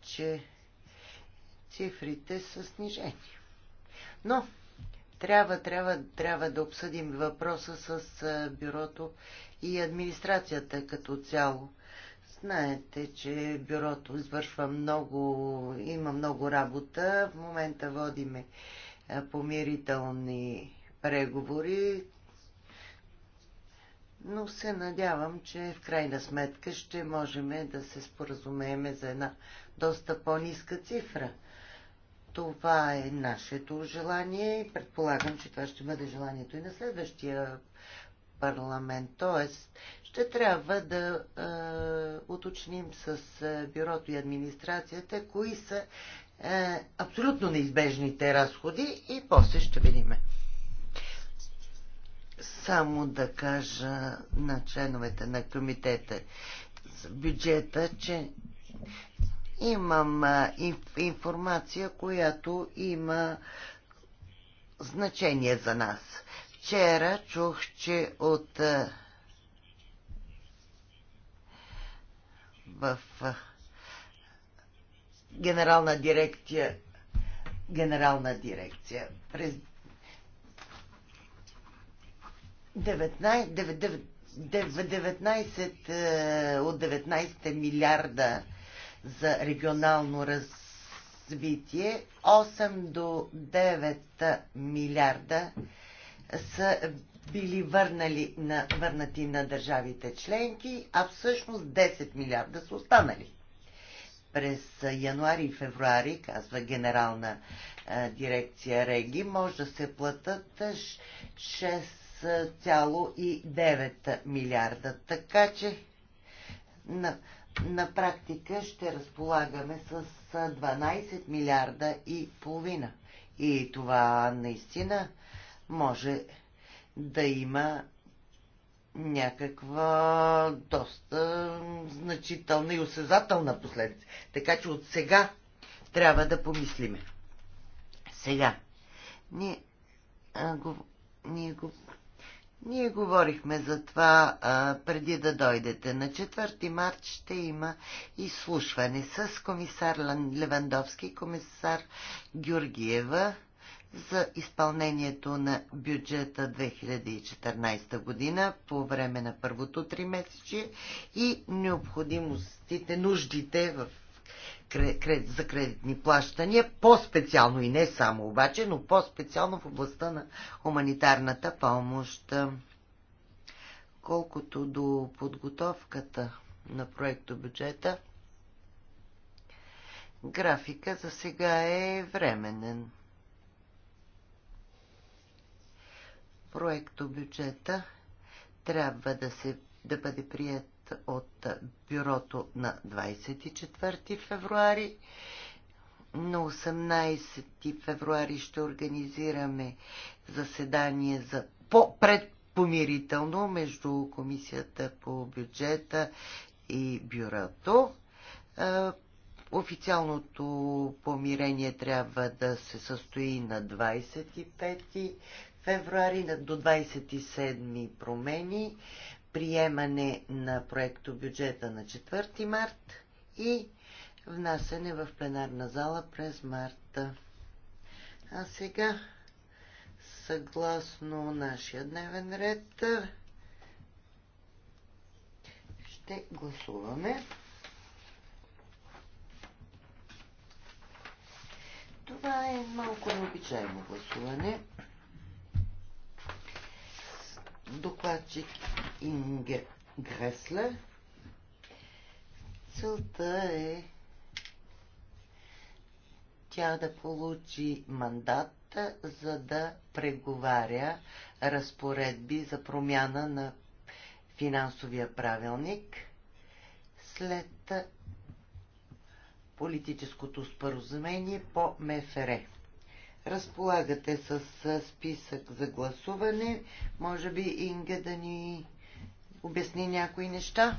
Speaker 1: че цифрите са снижени. Но трябва, трябва, трябва да обсъдим въпроса с бюрото и администрацията като цяло. Знаете, че бюрото извършва много, има много работа. В момента водиме помирителни преговори, но се надявам, че в крайна сметка ще можем да се споразумеем за една доста по-ниска цифра. Това е нашето желание и предполагам, че това ще бъде желанието и на следващия парламент. Тоест, ще трябва да е, уточним с е, бюрото и администрацията, кои са е, абсолютно неизбежните разходи и после ще видиме. Само да кажа на членовете на комитета за бюджета, че Имам информация, която има значение за нас. Вчера чух, че от в генерална дирекция генерална дирекция през 19, 19, 19 от 19 милиарда за регионално развитие. 8 до 9 милиарда са били върнали на, върнати на държавите членки, а всъщност 10 милиарда са останали. През януари и февруари, казва генерална а, дирекция Реги, може да се платат 6,9 милиарда. Така че на, на практика ще разполагаме с 12 милиарда и половина. И това наистина може да има някаква доста значителна и осезателна последица. Така че от сега трябва да помислиме. Сега. Ние, а, го, ние го ние говорихме за това а, преди да дойдете. На 4 март ще има изслушване с комисар Левандовски и комисар Георгиева за изпълнението на бюджета 2014 година по време на първото три месече и необходимостите, нуждите в за кредитни плащания, по-специално и не само обаче, но по-специално в областта на хуманитарната помощ. Колкото до подготовката на проекто бюджета, графика за сега е временен. Проекто бюджета трябва да, се, да бъде прият от бюрото на 24 февруари. На 18 февруари ще организираме заседание за по предпомирително между Комисията по бюджета и бюрото. Е, официалното помирение трябва да се състои на 25 февруари до 27 промени приемане на проекто бюджета на 4 март и внасене в пленарна зала през марта. А сега, съгласно нашия дневен ред, ще гласуваме. Това е малко необичайно гласуване. Докладчик Инге Гресле. Целта е тя да получи мандат, за да преговаря разпоредби за промяна на финансовия правилник след политическото споразумение по МФР. Разполагате с списък за гласуване. Може би Инга да ни обясни някои неща.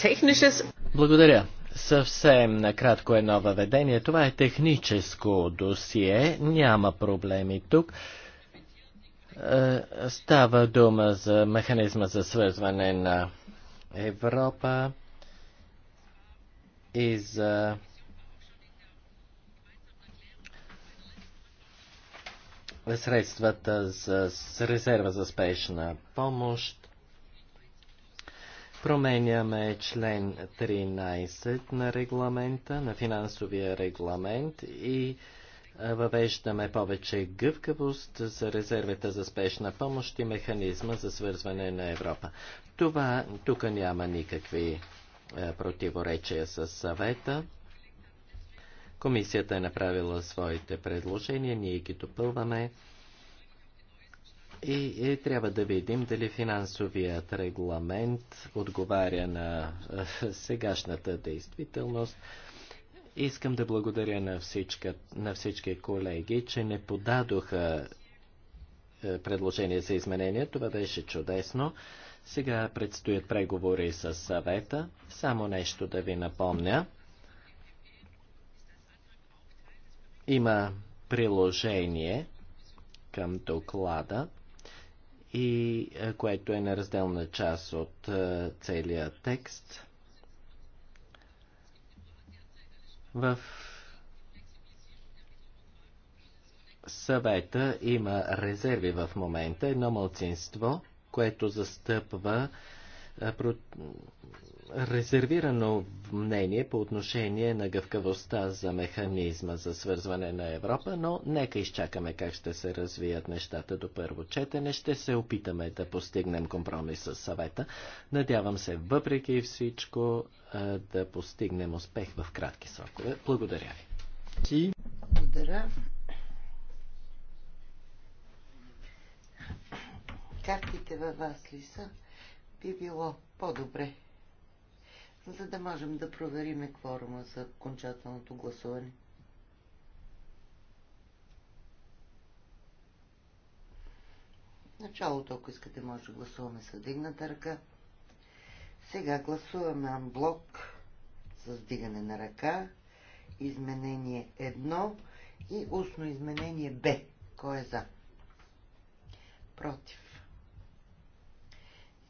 Speaker 2: Техническо. Благодаря. Съвсем накратко е ново ведение. Това е техническо досие. Няма проблеми тук. Е, става дума за механизма за свързване на Европа и за средствата за резерва за спешна помощ. Променяме член 13 на регламента, на финансовия регламент и е, въвеждаме повече гъвкавост за резервата за спешна помощ и механизма за свързване на Европа. Това тук няма никакви е, противоречия с съвета. Комисията е направила своите предложения, ние ги допълваме. И, и трябва да видим дали финансовият регламент отговаря на е, сегашната действителност. Искам да благодаря на, всичка, на всички колеги, че не подадоха е, предложение за изменение. Това беше чудесно. Сега предстоят преговори с съвета. Само нещо да ви напомня. Има приложение към доклада и е, което е неразделна част от е, целия текст. В съвета има резерви в момента, едно мълцинство, което застъпва е, резервирано мнение по отношение на гъвкавостта за механизма за свързване на Европа, но нека изчакаме как ще се развият нещата до първо четене. Ще се опитаме да постигнем компромис с съвета. Надявам се, въпреки всичко, да постигнем успех в кратки срокове. Благодаря ви.
Speaker 1: Благодаря. Картите във вас ли са? Би било по-добре за да можем да проверим кворума за окончателното гласуване. Началото, ако искате, може да гласуваме с вдигната ръка. Сега гласуваме блок с вдигане на ръка, изменение 1 и устно изменение Б. Кой е за? Против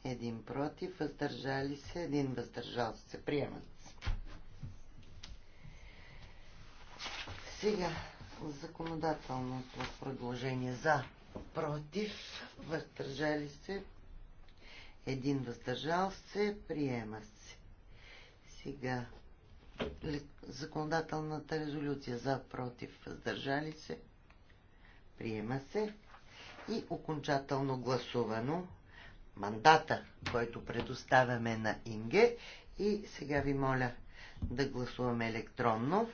Speaker 1: един против, въздържали се, един въздържал се. Приемат се. Сега законодателното предложение за против, въздържали се, един въздържал се, приема се. Сега законодателната резолюция за против, въздържали се, приема се и окончателно гласувано мандата, който предоставяме на Инге. И сега ви моля да гласуваме електронно.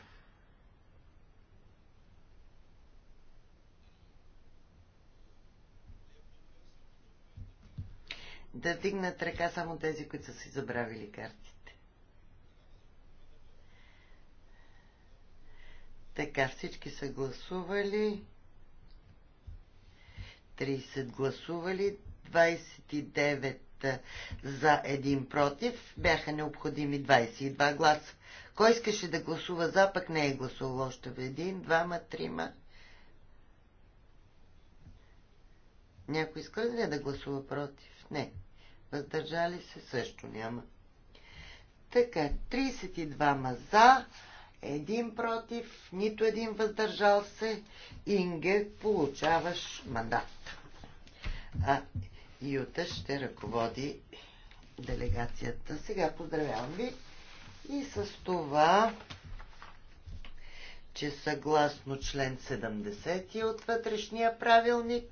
Speaker 1: Да дигнат ръка само тези, които са си забравили картите. Така, всички са гласували. 30 гласували, 29 за един против, бяха необходими 22 гласа. Кой искаше да гласува за, пък не е гласувал още в един, двама, трима. Някой иска ли да гласува против? Не. Въздържали се също няма. Така, 32 за, един против, нито един въздържал се. Инге получаваш мандат. А Юта ще ръководи делегацията. Сега поздравявам ви и с това, че съгласно член 70 от вътрешния правилник,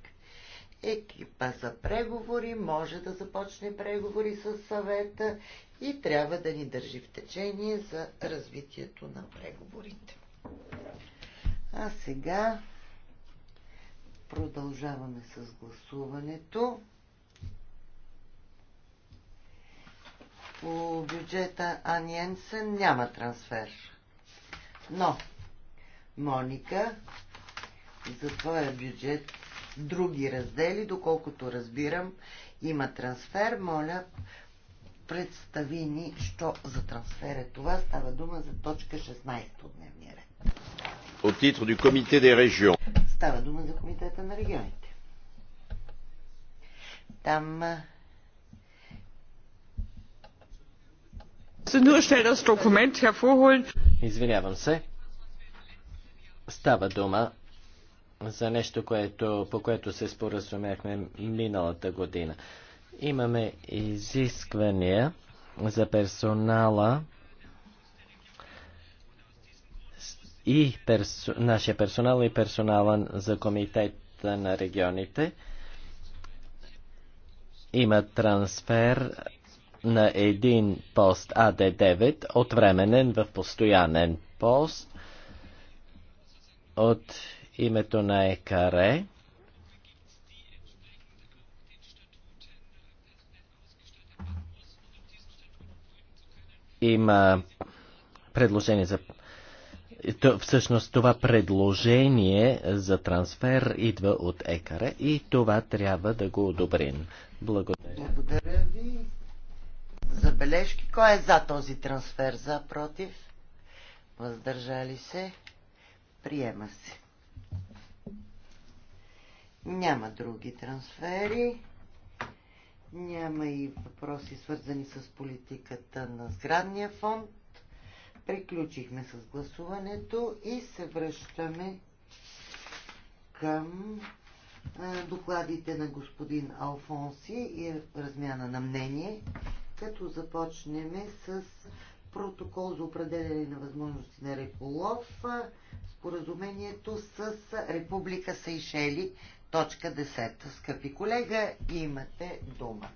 Speaker 1: екипа за преговори може да започне преговори с съвета и трябва да ни държи в течение за развитието на преговорите. А сега продължаваме с гласуването. по бюджета Аниенсен няма трансфер. Но Моника за твоя бюджет други раздели, доколкото разбирам, има трансфер. Моля, представи ни, що за трансфер е това. Става дума за точка 16 от дневния ред. От
Speaker 3: титло до Комите де регион.
Speaker 1: Става дума за Комитета на регионите. Там
Speaker 2: Извинявам се. Става дума за нещо, което, по което се споразумяхме миналата година. Имаме изисквания за персонала и персо, нашия персонал и персонала за комитета на регионите. Има трансфер на един пост АД9 от временен в постоянен пост от името на ЕКАРЕ. Има предложение за всъщност това предложение за трансфер идва от ЕКАРЕ и това трябва да го одобрим. Благодаря.
Speaker 1: Благодаря ви забележки. Кой е за този трансфер? За, против? Въздържали се? Приема се. Няма други трансфери. Няма и въпроси свързани с политиката на сградния фонд. Приключихме с гласуването и се връщаме към докладите на господин Алфонси и размяна на мнение като започнем с протокол за определение на възможности на реколов, споразумението с Република Сейшели, точка 10. Скъпи колега, имате дума.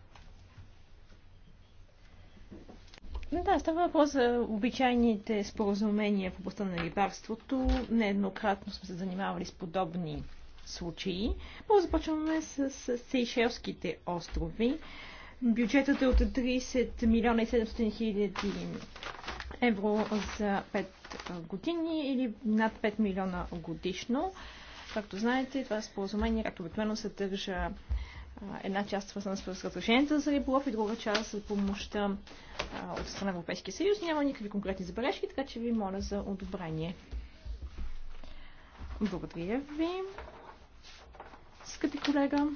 Speaker 3: Да, става въпрос за обичайните споразумения в областта на рибарството. Нееднократно сме се занимавали с подобни случаи. Първо започваме с Сейшелските острови. Бюджетът е от 30 милиона и 700 хиляди евро за 5 години или над 5 милиона годишно. Както знаете, това споразумение, както обикновено, съдържа една част свързана с разрешенията за риболов и друга част за помощта от страна Европейския съюз. Няма никакви конкретни забележки, така че ви моля за одобрение. Благодаря ви, скъпи колега.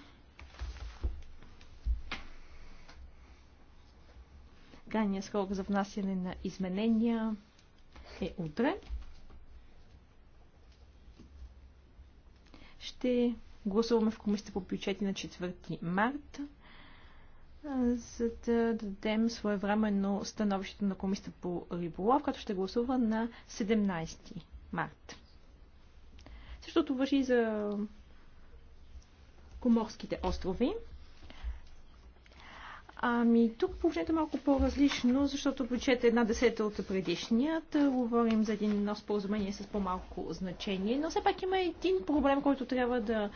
Speaker 3: Крайният срок за внасяне на изменения е утре. Ще гласуваме в комисията по бюджети на 4 март, за да дадем своевременно становището на комисията по риболов, като ще гласува на 17 март. Същото въжи за Коморските острови. Ами, тук положението е малко по-различно, защото бюджет е една десета от предишният. Е, говорим за един едно споразумение с по-малко значение, но все пак има един проблем, който трябва да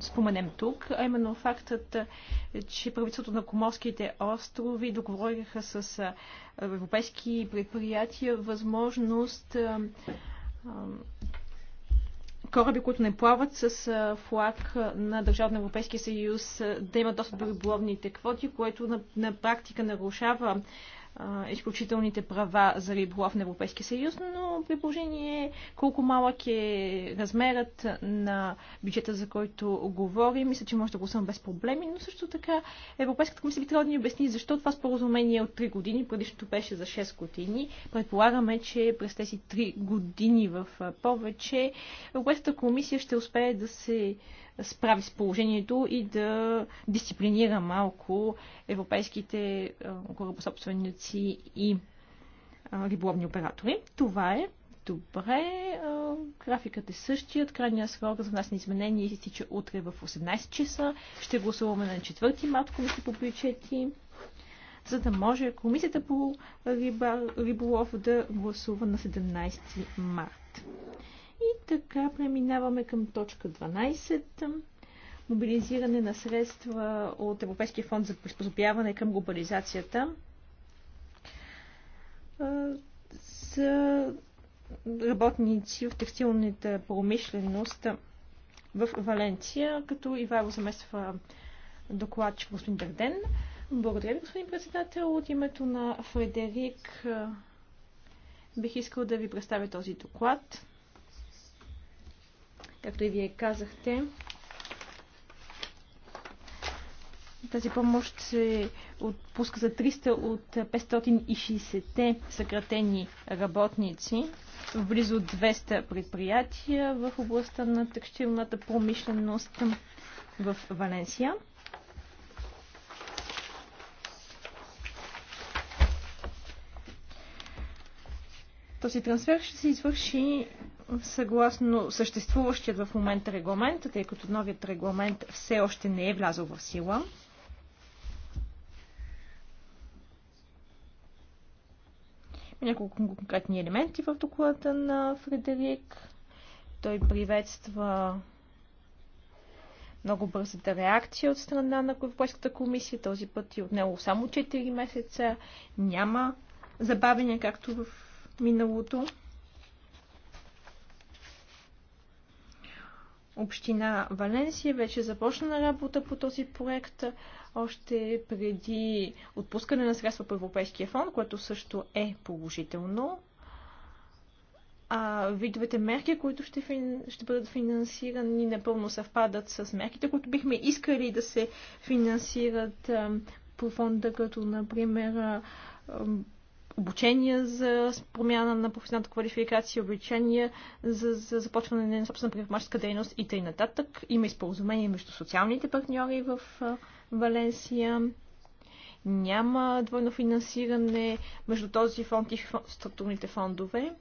Speaker 3: споменем тук, а именно фактът, че правителството на Коморските острови договориха с европейски предприятия възможност кораби, които не плават с флаг на държава на Европейския съюз, да имат достъп до риболовните квоти, което на, на практика нарушава изключителните права за риболов на Европейския съюз, но при положение колко малък е размерът на бюджета, за който говорим, мисля, че може да го съм без проблеми, но също така Европейската комисия би трябва да ни обясни защо това споразумение е от 3 години, предишното беше за 6 години. Предполагаме, че през тези 3 години в повече Европейската комисия ще успее да се справи с положението и да дисциплинира малко европейските корабособственици и риболовни оператори. Това е добре. Графикът е същият. Крайният срок за нас на изменение изтича утре в 18 часа. Ще гласуваме на 4 марта комисията по бюджети, за да може комисията по риболов да гласува на 17 март. И така преминаваме към точка 12 мобилизиране на средства от Европейския фонд за приспособяване към глобализацията за работници в текстилната промишленост в Валенция, като Ивайло замества докладчик господин Дърден. Благодаря ви, господин председател. От името на Фредерик бих искал да ви представя този доклад както и вие казахте. Тази помощ се отпуска за 300 от 560 съкратени работници в близо 200 предприятия в областта на текстилната промишленост в Валенсия. Този трансфер ще се извърши съгласно съществуващият в момента регламент, тъй като новият регламент все още не е влязъл в сила. Няколко конкретни елементи в доклада на Фредерик. Той приветства много бързата реакция от страна на Европейската комисия. Този път е отнело само 4 месеца. Няма забавения, както в миналото. Община Валенсия вече започна работа по този проект още преди отпускане на средства по Европейския фонд, което също е положително. А видовете мерки, които ще, фин... ще бъдат финансирани, напълно съвпадат с мерките, които бихме искали да се финансират по фонда, като, например, обучения за промяна на професионалната квалификация, обучения за, за започване на собствена предприемаческа дейност и т.н. Има споразумение между социалните партньори в Валенсия. Няма двойно финансиране между този фонд и структурните фондове.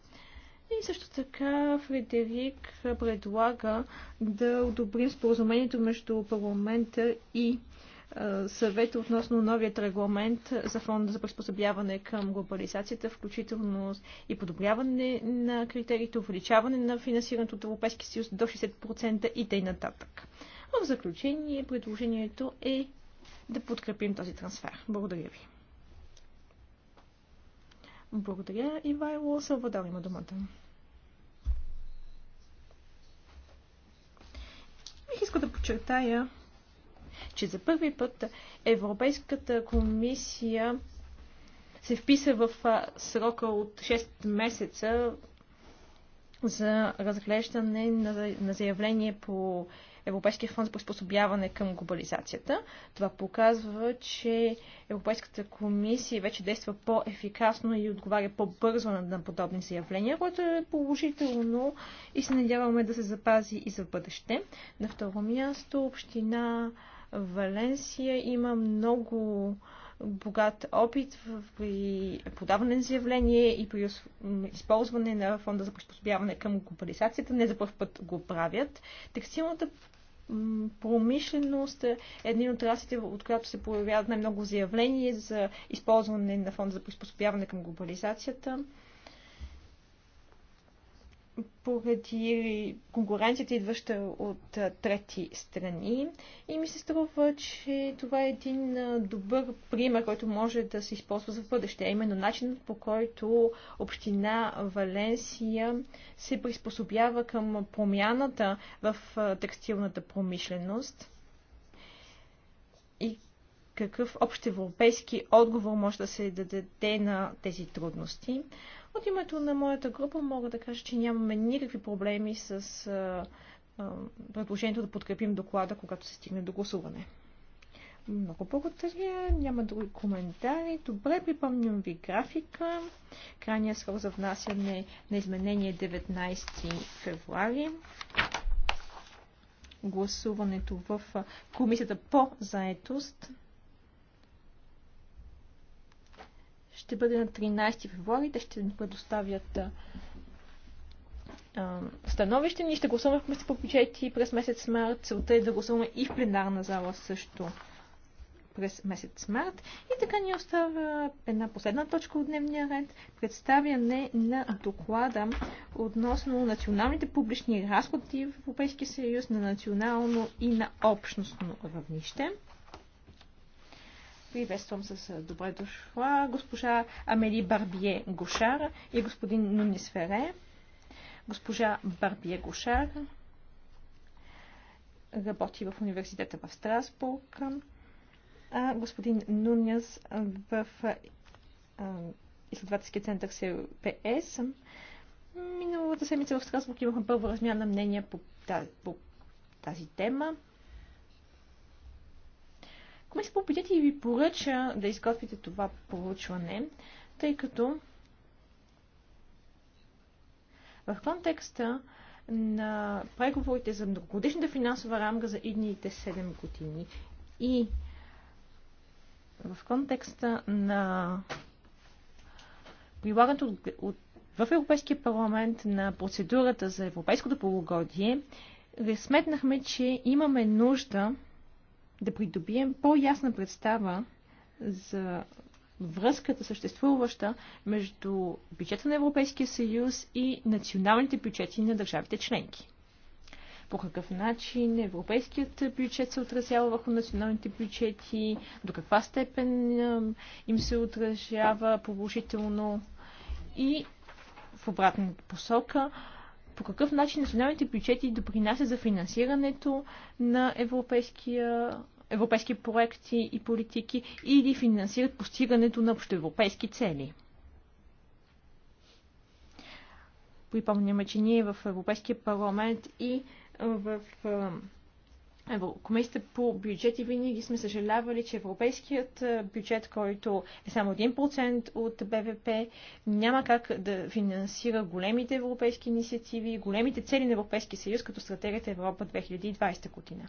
Speaker 3: И също така Фредерик предлага да одобрим споразумението между парламента и съвета относно новият регламент за фонда за приспособяване към глобализацията, включително и подобряване на критериите, увеличаване на финансирането от Европейския съюз до 60% и т.н. В заключение, предложението е да подкрепим този трансфер. Благодаря ви. Благодаря, Ивайло. Салвадор има думата. Бих искал да подчертая, че за първи път Европейската комисия се вписа в срока от 6 месеца за разглеждане на, заявление по Европейския фонд за приспособяване към глобализацията. Това показва, че Европейската комисия вече действа по-ефикасно и отговаря по-бързо на подобни заявления, което е положително и се надяваме да се запази и за бъдеще. На второ място община Валенсия има много богат опит при подаване на заявление и при използване на фонда за приспособяване към глобализацията. Не за първ път го правят. Текстилната промишленост е един от расите, от която се появяват най-много заявления за използване на фонда за приспособяване към глобализацията поради конкуренцията, идваща от трети страни. И ми се струва, че това е един добър пример, който може да се използва за бъдеще, а именно начинът по който община Валенсия се приспособява към промяната в текстилната промишленост и какъв общ европейски отговор може да се даде на тези трудности. От името на моята група мога да кажа, че нямаме никакви проблеми с а, а, предложението да подкрепим доклада, когато се стигне до гласуване. Много благодаря. Няма други коментари. Добре, припомням ви графика. Крайния срок за внасяне на изменение 19 е февруари. Гласуването в Комисията по заетост ще бъде на 13 февруари. Те ще ни предоставят становище. Ние ще гласуваме в комисията по бюджети през месец март. Целта е да гласуваме и в пленарна зала също през месец март. И така ни остава една последна точка от дневния ред. Представяне на доклада относно националните публични разходи в Европейския съюз на национално и на общностно равнище. Приветствам с добре дошла госпожа Амели Барбие Гошар и господин Нунис Фере. Госпожа Барбие Гошар работи в университета в Страсбург, а господин Нуняс в изследователския център СПС. Миналата седмица в Страсбург имахме първа размяна мнения по, по тази тема. Комисията попитате и ви поръча да изготвите това проучване, тъй като в контекста на преговорите за многогодишната финансова рамка за идните 7 години и в контекста на прилагането от, от, в Европейския парламент на процедурата за европейското полугодие, сметнахме, че имаме нужда да придобием по-ясна представа за връзката съществуваща между бюджета на Европейския съюз и националните бюджети на държавите членки. По какъв начин европейският бюджет се отразява върху националните бюджети, до каква степен им се отразява положително и в обратната посока, по какъв начин националните бюджети допринасят за финансирането на европейския европейски проекти и политики или финансират постигането на общоевропейски цели. Припомняме, че ние в Европейския парламент и в Комисията по бюджети винаги сме съжалявали, че европейският бюджет, който е само 1% от БВП, няма как да финансира големите европейски инициативи, големите цели на Европейския съюз, като стратегията Европа 2020 година.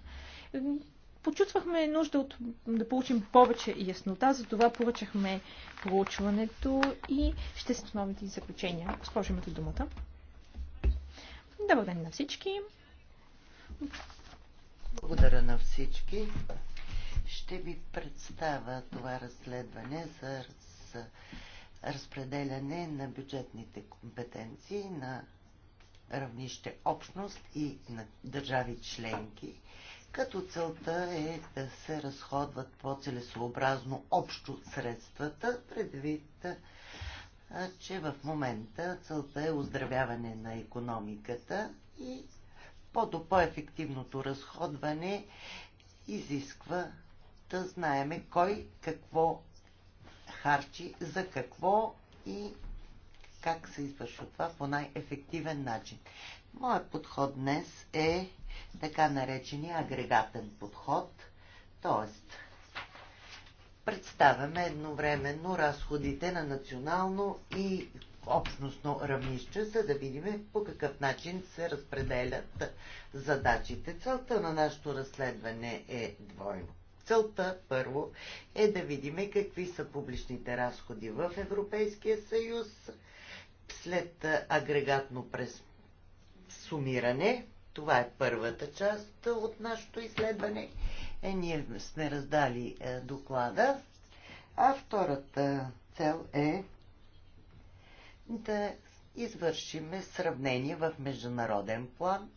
Speaker 3: Почувствахме нужда от да получим повече яснота, затова поръчахме проучването и ще се основните заключения. Госпожо, имате думата. Добър ден на всички.
Speaker 1: Благодаря на всички. Ще ви представя това разследване за разпределяне на бюджетните компетенции на равнище общност и на държави членки, като целта е да се разходват по-целесообразно общо средствата, предвид, че в момента целта е оздравяване на економиката и по-ефективното разходване изисква да знаеме кой какво харчи, за какво и как се извършва това по най-ефективен начин. Моят подход днес е така наречения агрегатен подход, т.е. представяме едновременно разходите на национално и общностно равнище, за да видим по какъв начин се разпределят задачите. Целта на нашето разследване е двойно. Целта първо е да видим какви са публичните разходи в Европейския съюз след агрегатно през сумиране. Това е първата част от нашето изследване. Е, ние сме раздали е, доклада. А втората цел е да извършиме сравнение в международен план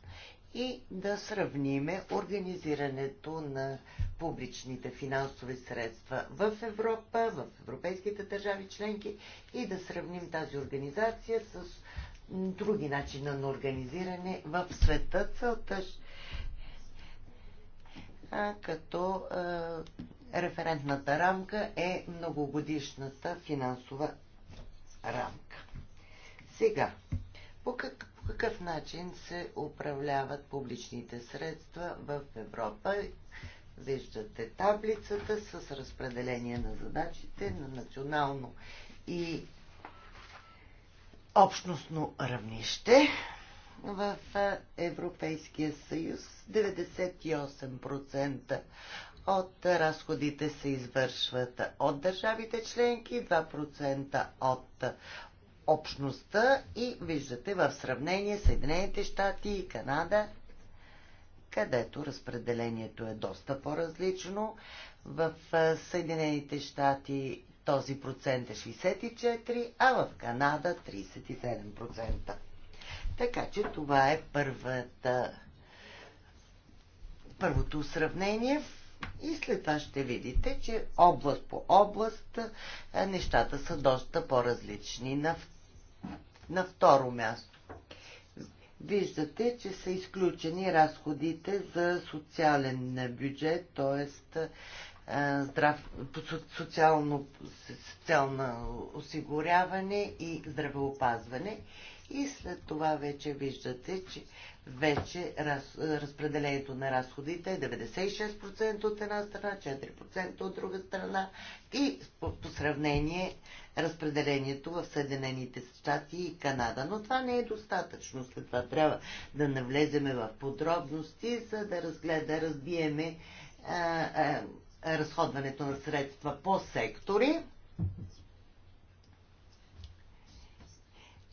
Speaker 1: и да сравниме организирането на публичните финансови средства в Европа, в европейските държави членки и да сравним тази организация с други начина на организиране в света. Целта като референтната рамка е многогодишната финансова рамка. Сега, по, как, по какъв начин се управляват публичните средства в Европа? Виждате таблицата с разпределение на задачите на национално и общностно равнище в Европейския съюз. 98% от разходите се извършват от държавите членки, 2% от общността и виждате в сравнение Съединените щати и Канада, където разпределението е доста по-различно. В Съединените щати този процент е 64, а в Канада 37%. Така че това е първата, първото сравнение. И след това ще видите, че област по област нещата са доста по-различни. На на второ място, виждате, че са изключени разходите за социален бюджет, т.е. Здрав... социално, социално осигуряване и здравеопазване. И след това вече виждате, че вече раз, разпределението на разходите е 96% от една страна, 4% от друга страна и по, по сравнение разпределението в Съединените щати и Канада. Но това не е достатъчно. След това трябва да навлеземе в подробности, за да разгледа, да разбиеме а, а, разходването на средства по сектори.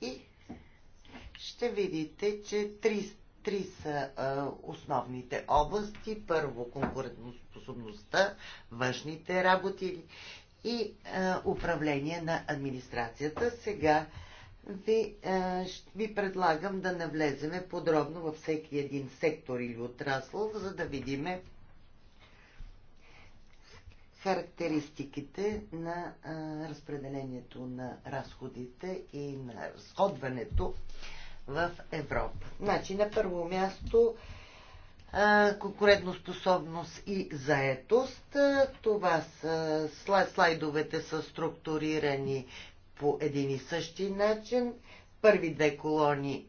Speaker 1: И ще видите, че три, три са а, основните области. Първо, конкурентоспособността, външните работи и а, управление на администрацията. Сега ви, а, ви предлагам да навлеземе подробно във всеки един сектор или отрасъл, за да видиме характеристиките на а, разпределението на разходите и на разходването в Европа. Значи, на първо място конкурентоспособност и заетост. Това са слайдовете са структурирани по един и същи начин. Първи две колони,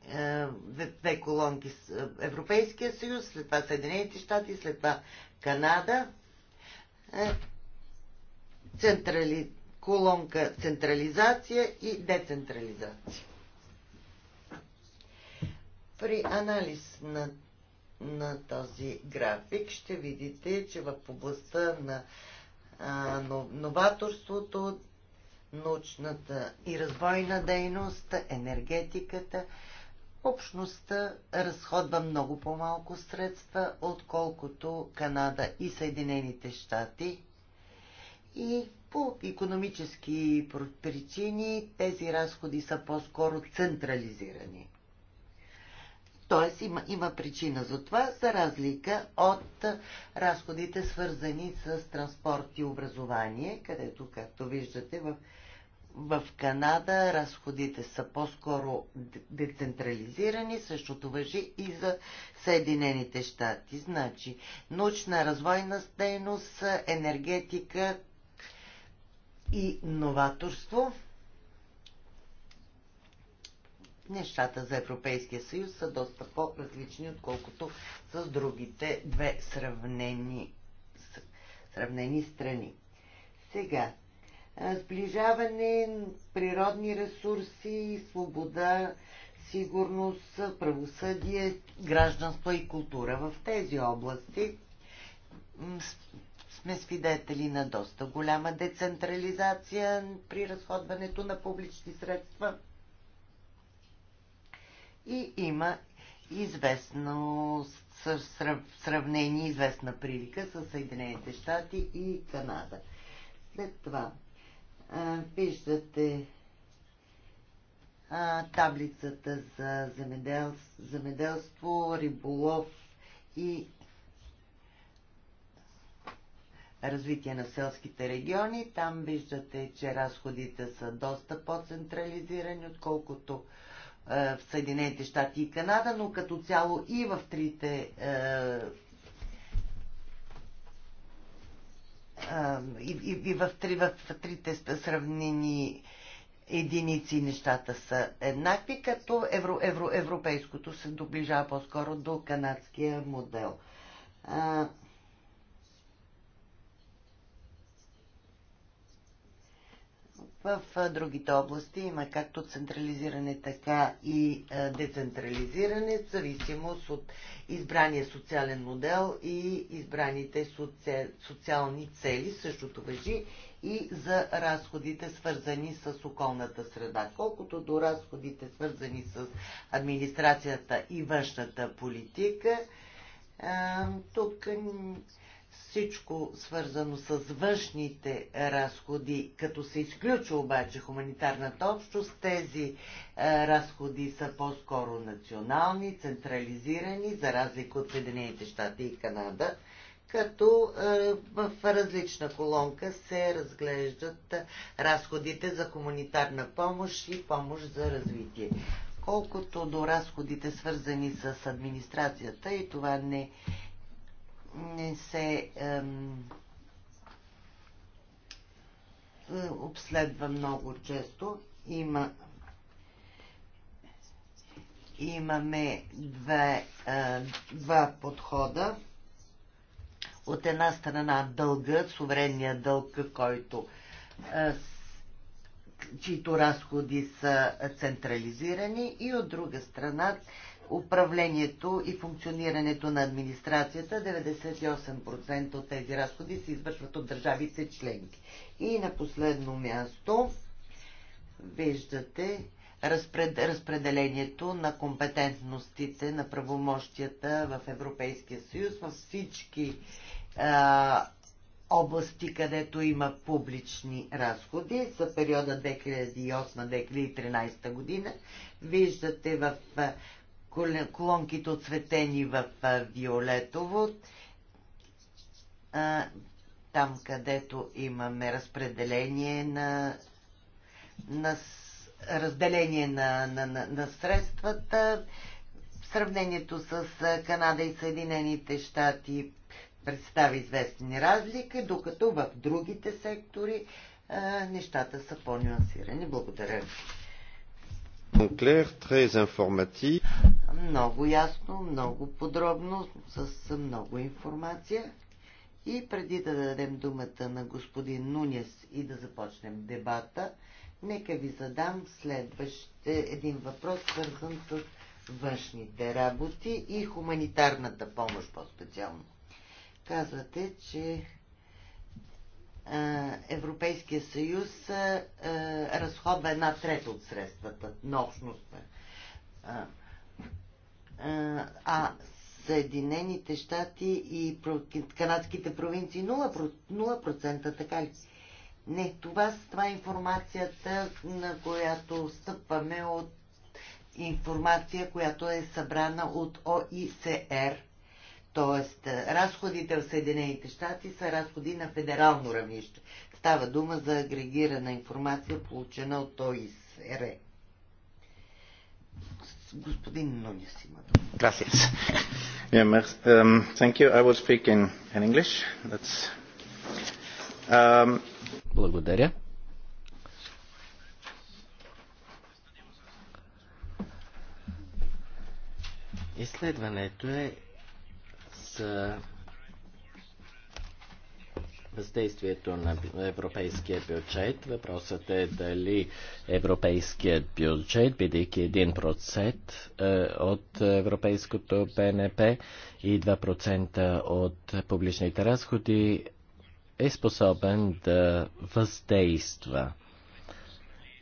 Speaker 1: две колонки с Европейския съюз, след това Съединените щати, след това Канада. Е, централи, колонка централизация и децентрализация. При анализ на на този график ще видите, че в областта на а, новаторството, научната и развойна дейност, енергетиката, общността разходва много по-малко средства, отколкото Канада и Съединените щати. И по економически причини тези разходи са по-скоро централизирани. Т.е. има, има причина за това, за разлика от разходите свързани с транспорт и образование, където, както виждате, в, в Канада разходите са по-скоро децентрализирани, същото въжи и за Съединените щати. Значи, научна развойна стейност, енергетика и новаторство – нещата за Европейския съюз са доста по-различни, отколкото с другите две сравнени, сравнени страни. Сега, сближаване, природни ресурси, свобода, сигурност, правосъдие, гражданство и култура. В тези области сме свидетели на доста голяма децентрализация при разходването на публични средства – и има известно сравнение, известна прилика с Съединените щати и Канада. След това а, виждате а, таблицата за земеделство, риболов и развитие на селските региони. Там виждате, че разходите са доста по-централизирани, отколкото е, в Съединените щати и Канада, но като цяло и в трите и, е, е, и, и в, три, в трите сравнени единици нещата са еднакви, като евро, евро, европейското се доближава по-скоро до канадския модел. А, В другите области има както централизиране, така и децентрализиране, в зависимост от избрания социален модел и избраните социални цели. Същото въжи и за разходите, свързани с околната среда. Колкото до разходите, свързани с администрацията и външната политика, тук всичко свързано с външните разходи, като се изключва обаче хуманитарната общност, тези е, разходи са по-скоро национални, централизирани, за разлика от Съединените щати и Канада, като е, в различна колонка се разглеждат разходите за хуманитарна помощ и помощ за развитие. Колкото до разходите свързани с администрацията, и това не е не се е, обследва много често. Има, имаме две, е, два подхода. От една страна дълга, суверенния дълг, който е, чието разходи са централизирани и от друга страна управлението и функционирането на администрацията. 98% от тези разходи се извършват от държавите членки. И на последно място виждате разпред, разпределението на компетентностите, на правомощията в Европейския съюз, във всички а, области, където има публични разходи за периода 2008-2013 година. Виждате в колонките оцветени в виолетово, там където имаме разпределение на, на разделение на, на, на, на средствата, в сравнението с Канада и Съединените щати представи известни разлики, докато в другите сектори а, нещата са по-нюансирани. Благодаря ви. Много ясно, много подробно, с много информация. И преди да дадем думата на господин Нунес и да започнем дебата, нека ви задам следващ един въпрос, свързан с външните работи и хуманитарната помощ по-специално. Казвате, че Европейския съюз разходва една трета от средствата на общността. А Съединените щати и канадските провинции 0%, 0% така ли? Не, това, това е информацията, на която стъпваме от информация, която е събрана от ОИСР т.е. разходите в Съединените щати са разходи на федерално равнище. Става дума за агрегирана информация, получена от ТОИС РЕ. Господин Нунис има дума. Gracias.
Speaker 2: Yeah, um, thank you. I will speak in, in English. That's... Um... Благодаря. Изследването е за въздействието на европейския бюджет. Въпросът е дали европейският бюджет, бидейки 1% е, от европейското ПНП и 2% от публичните разходи, е способен да въздейства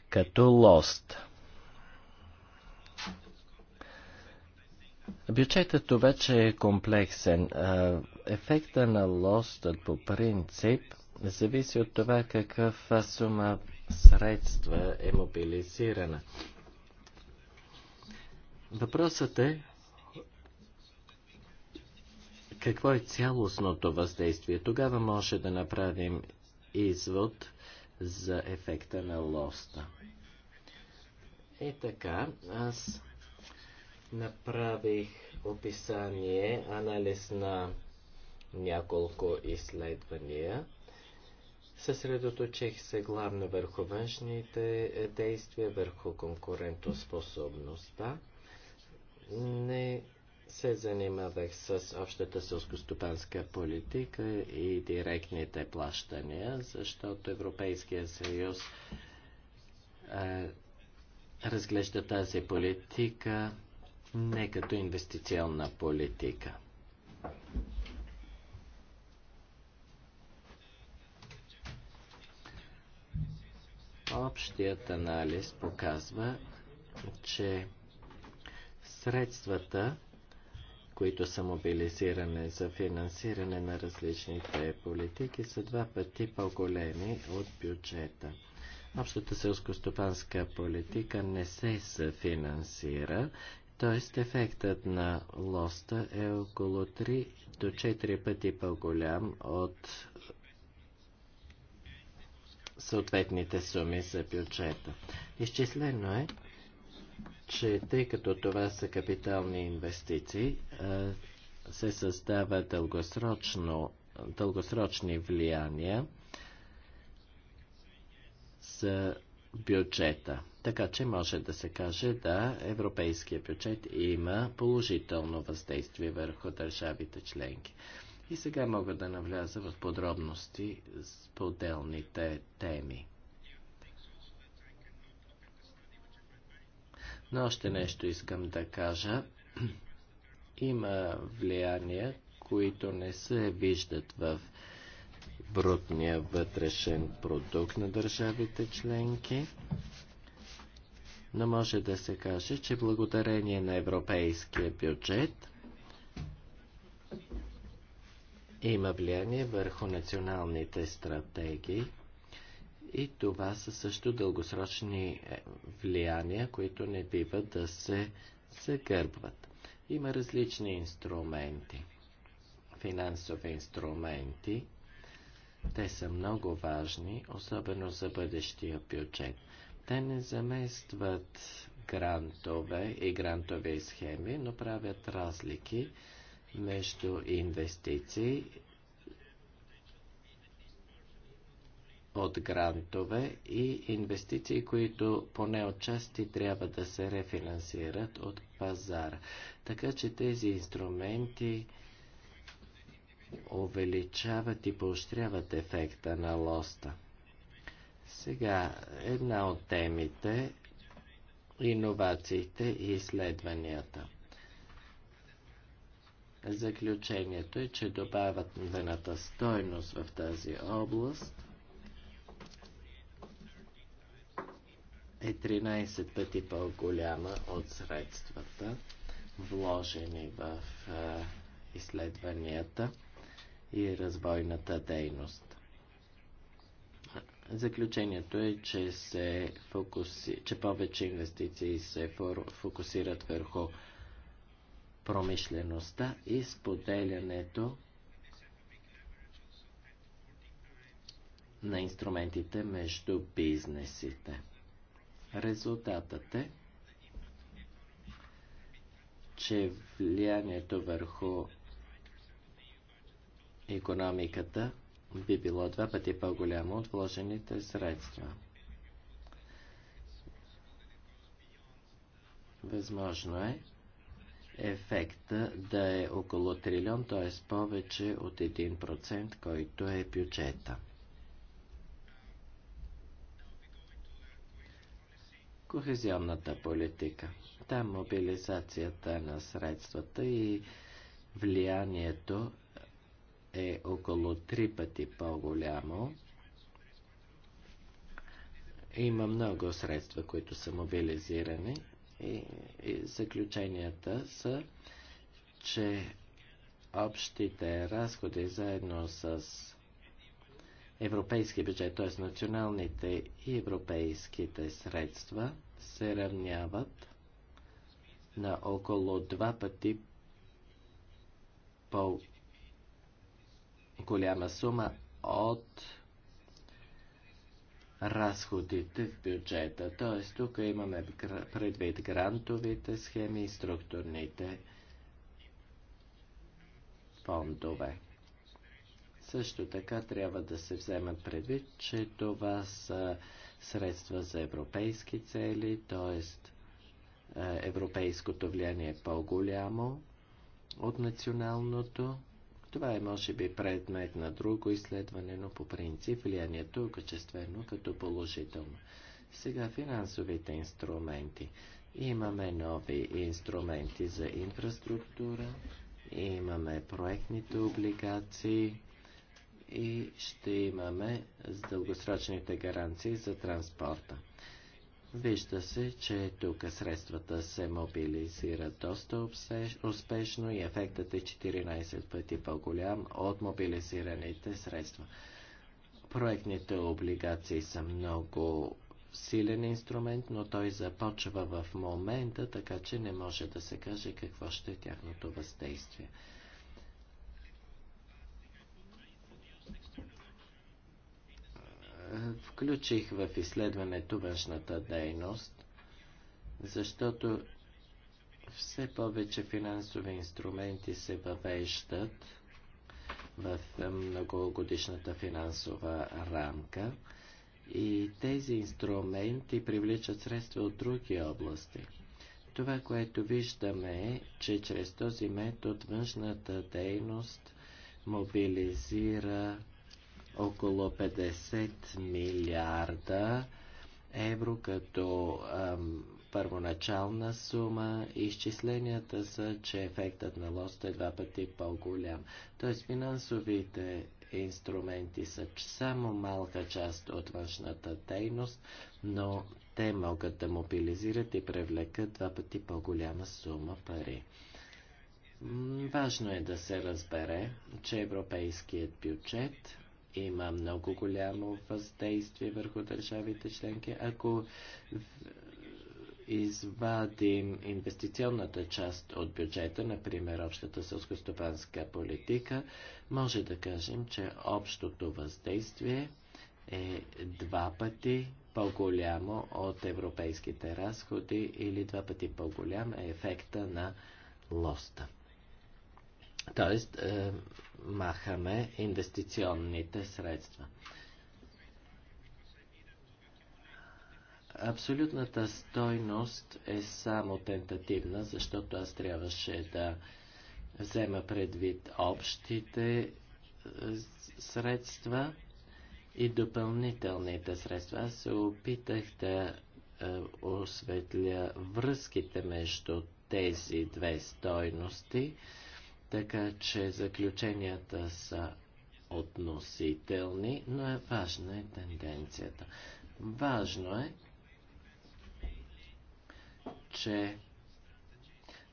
Speaker 2: като лост. Бюджетът обаче е комплексен. Ефекта на лостът по принцип зависи от това какъв сума средства е мобилизирана. Въпросът е какво е цялостното въздействие. Тогава може да направим извод за ефекта на лоста. И така, аз Направих описание, анализ на няколко изследвания. Съсредоточих се главно върху външните действия, върху конкурентоспособността. Не се занимавах с общата селскостопанска политика и директните плащания, защото Европейския съюз е, разглежда тази политика не като инвестиционна политика. Общият анализ показва, че средствата, които са мобилизирани за финансиране на различните политики, са два пъти по-големи от бюджета. Общата селско-стопанска политика не се съфинансира т.е. ефектът на лоста е около 3 до 4 пъти по-голям от съответните суми за бюджета. Изчислено е, че тъй като това са капитални инвестиции, се създава дългосрочно, дългосрочни влияния за бюджета. Така че може да се каже да, европейския бюджет има положително въздействие върху държавите членки. И сега мога да навляза в подробности с поделните теми. Но още нещо искам да кажа. Има влияния, които не се виждат в брутния вътрешен продукт на държавите членки но може да се каже, че благодарение на европейския бюджет има влияние върху националните стратегии и това са също дългосрочни е, влияния, които не бива да се загърбват. Има различни инструменти, финансови инструменти. Те са много важни, особено за бъдещия бюджет. Те не заместват грантове и грантови схеми, но правят разлики между инвестиции от грантове и инвестиции, които поне отчасти трябва да се рефинансират от пазара. Така че тези инструменти увеличават и поощряват ефекта на лоста. Сега, една от темите иновациите и изследванията. Заключението е, че добавената стойност в тази област е 13 пъти по-голяма от средствата, вложени в изследванията и развойната дейност. Заключението е, че, се фокуси, че повече инвестиции се фокусират върху промишлеността и споделянето на инструментите между бизнесите. Резултатът е, че влиянието върху економиката би било два пъти по-голямо от вложените средства. Възможно е ефекта да е около трилион, т.е. повече от 1%, който е бюджета. Кохезионната политика. Там мобилизацията на средствата и влиянието е около три пъти по-голямо. Има много средства, които са мобилизирани и, и заключенията са, че общите разходи заедно с европейски бюджет, т.е. националните и европейските средства се равняват на около два пъти по голяма сума от разходите в бюджета. Т.е. тук имаме предвид грантовите схеми и структурните фондове. Също така трябва да се вземат предвид, че това са средства за европейски цели, т.е. европейското влияние е по-голямо от националното. Това е, може би, предмет на друго изследване, но по принцип влиянието е окачествено като положително. Сега финансовите инструменти. Имаме нови инструменти за инфраструктура, имаме проектните облигации и ще имаме дългосрочните гаранции за транспорта. Вижда се, че тук средствата се мобилизират доста успешно и ефектът е 14 пъти по-голям от мобилизираните средства. Проектните облигации са много силен инструмент, но той започва в момента, така че не може да се каже какво ще е тяхното въздействие. включих в изследването външната дейност, защото все повече финансови инструменти се въвеждат в многогодишната финансова рамка и тези инструменти привличат средства от други области. Това, което виждаме е, че чрез този метод външната дейност мобилизира около 50 милиарда евро като ам, първоначална сума. Изчисленията са, че ефектът на лоста е два пъти по-голям. Тоест финансовите инструменти са само малка част от външната дейност, но те могат да мобилизират и привлекат два пъти по-голяма сума пари. Важно е да се разбере, че европейският бюджет има много голямо въздействие върху държавите членки. Ако извадим инвестиционната част от бюджета, например общата сълскостопанска политика, може да кажем, че общото въздействие е два пъти по-голямо от европейските разходи или два пъти по-голям е ефекта на лоста. Тоест, е, махаме инвестиционните средства. Абсолютната стойност е само тентативна, защото аз трябваше да взема предвид общите е, средства и допълнителните средства. Аз се опитах да е, осветля връзките между тези две стойности така че заключенията са относителни, но е важна е тенденцията. Важно е, че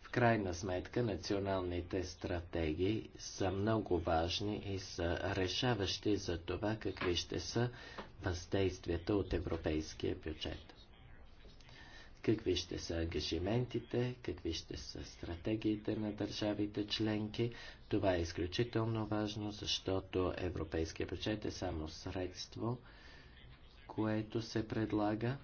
Speaker 2: в крайна сметка националните стратегии са много важни и са решаващи за това какви ще са въздействията от европейския бюджет какви ще са ангажиментите, какви ще са стратегиите на държавите членки. Това е изключително важно, защото европейския бюджет е само средство, което се предлага.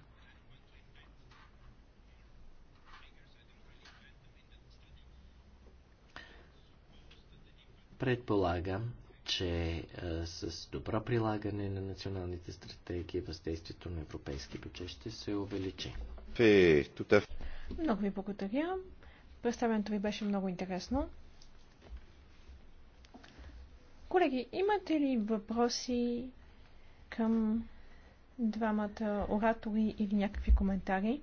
Speaker 2: Предполагам, че а, с добро прилагане на националните стратегии въздействието на европейски бюджет ще се увеличи. Е, е.
Speaker 3: Много ви благодаря. Представянето ви беше много интересно. Колеги, имате ли въпроси към двамата оратори или някакви коментари?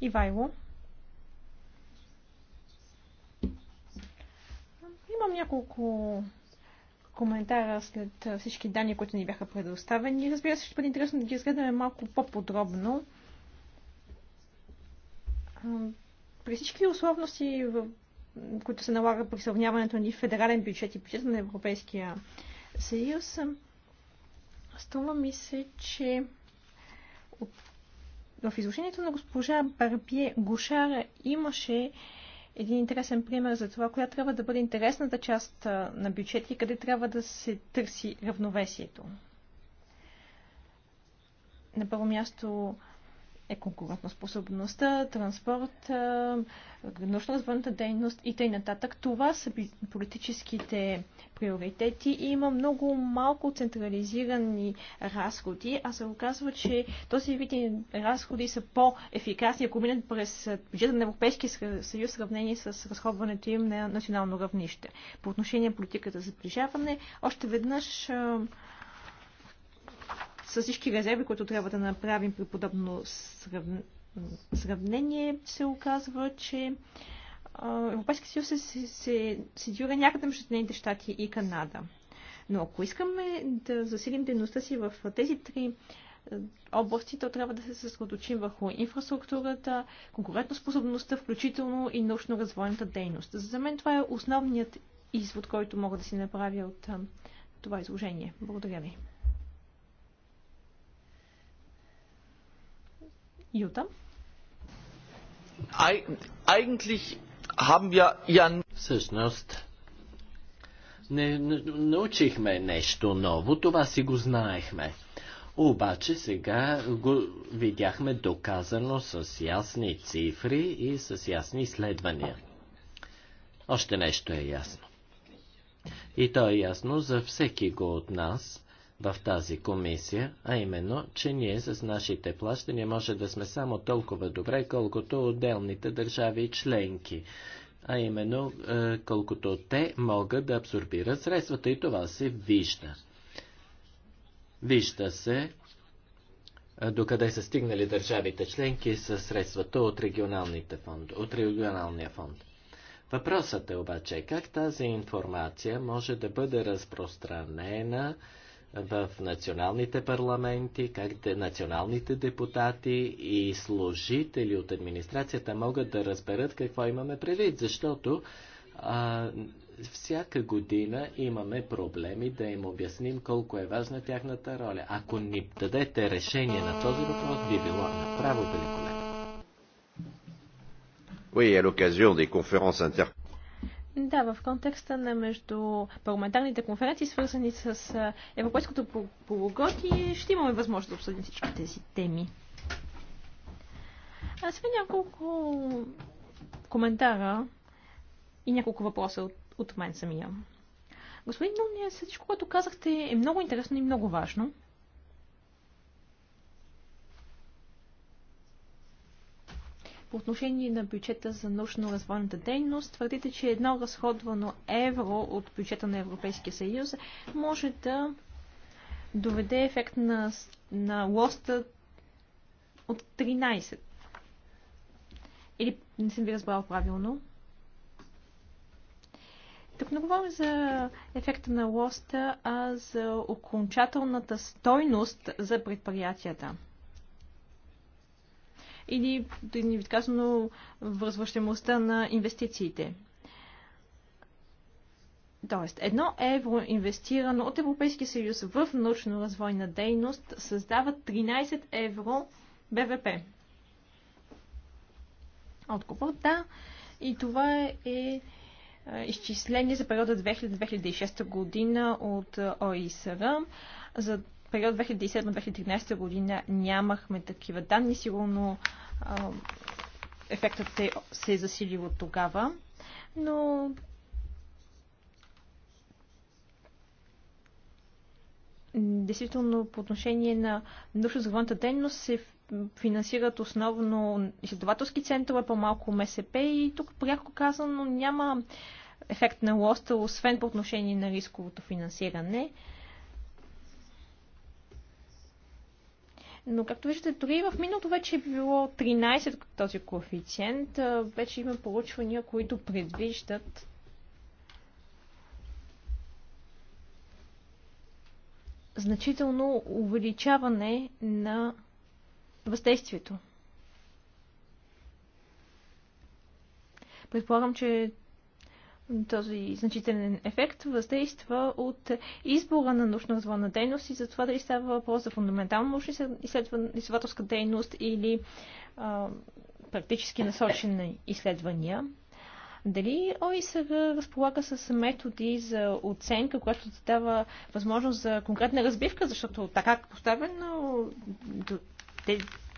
Speaker 3: Ивайло. Имам няколко коментара след всички данни, които ни бяха предоставени. Разбира се, ще бъде интересно да ги разгледаме малко по-подробно. При всички условности, които се налага при сравняването ни федерален бюджет и бюджет на Европейския съюз, струва ми се, че в изложението на госпожа Барбие Гушара имаше един интересен пример за това, коя трябва да бъде интересната част на бюджет и къде трябва да се търси равновесието. На първо място е конкурентоспособността, транспорт, научно развънната дейност и т.н. Това са политическите приоритети и има много малко централизирани разходи, а се оказва, че този вид разходи са по-ефикасни, ако минат през бюджета на Европейския съюз в сравнение с разходването им на национално равнище. По отношение на политиката за сближаване, още веднъж с всички резерви, които трябва да направим при подобно срав... сравнение, се оказва, че Европейския съюз се, се, се, ситуира някъде между Съединените щати и Канада. Но ако искаме да засилим дейността си в тези три области, то трябва да се съсредоточим върху инфраструктурата, конкурентоспособността, включително и научно-развойната дейност. За мен това е основният извод, който мога да си направя от това изложение. Благодаря ви.
Speaker 2: Всъщност, не, научихме нещо ново, това си го знаехме. Обаче сега го видяхме доказано с ясни цифри и с ясни изследвания. Още нещо е ясно. И то е ясно за всеки го от нас, в тази комисия, а именно, че ние с нашите плащания може да сме само толкова добре, колкото отделните държави и членки. А именно, е, колкото те могат да абсорбират средствата и това се вижда. Вижда се е, докъде са стигнали държавите членки с средствата от, регионалните фонд, от регионалния фонд. Въпросът е обаче как тази информация може да бъде разпространена в националните парламенти, как де, националните депутати и служители от администрацията могат да разберат какво имаме предвид, защото а, всяка година имаме проблеми да им обясним колко е важна тяхната роля. Ако ни дадете решение на този въпрос, би било направо великолепно.
Speaker 3: Oui, à l'occasion des conférences inter... Да, в контекста на между парламентарните конференции, свързани с европейското полугодие, ще имаме възможност да обсъдим всички тези теми. А сега няколко коментара и няколко въпроса от, от мен самия. Господин Нуния, всичко, което казахте, е много интересно и много важно. По отношение на бюджета за научно-развойната дейност, твърдите, че едно разходвано евро от бюджета на Европейския съюз може да доведе ефект на, на лоста от 13. Или не съм ви разбрал правилно. Тук не говорим за ефекта на лоста, а за окончателната стойност за предприятията или, да казано, връзващемостта на инвестициите. Тоест, едно евро инвестирано от Европейския съюз в научно-развойна дейност създава 13 евро БВП. Отговор да. И това е, е изчисление за периода 2000-2006 година от е, ОИСР. За период 2007-2013 година нямахме такива данни. Сигурно а, ефектът се, се е засилил от тогава. Но действително по отношение на научно-здравната дейност се финансират основно изследователски центрове, по-малко МСП и тук пряко казано няма ефект на лоста, освен по отношение на рисковото финансиране. А, Но както виждате, дори в миналото вече е било 13 този коефициент. Вече има получвания, които предвиждат значително увеличаване на въздействието. Предполагам, че този значителен ефект въздейства от избора на научно-развойна дейност и за това дали става въпрос за фундаментална научна изследователска дейност или а, практически насочени изследвания. Дали ОИСР разполага с методи за оценка, която да дава възможност за конкретна разбивка, защото така поставено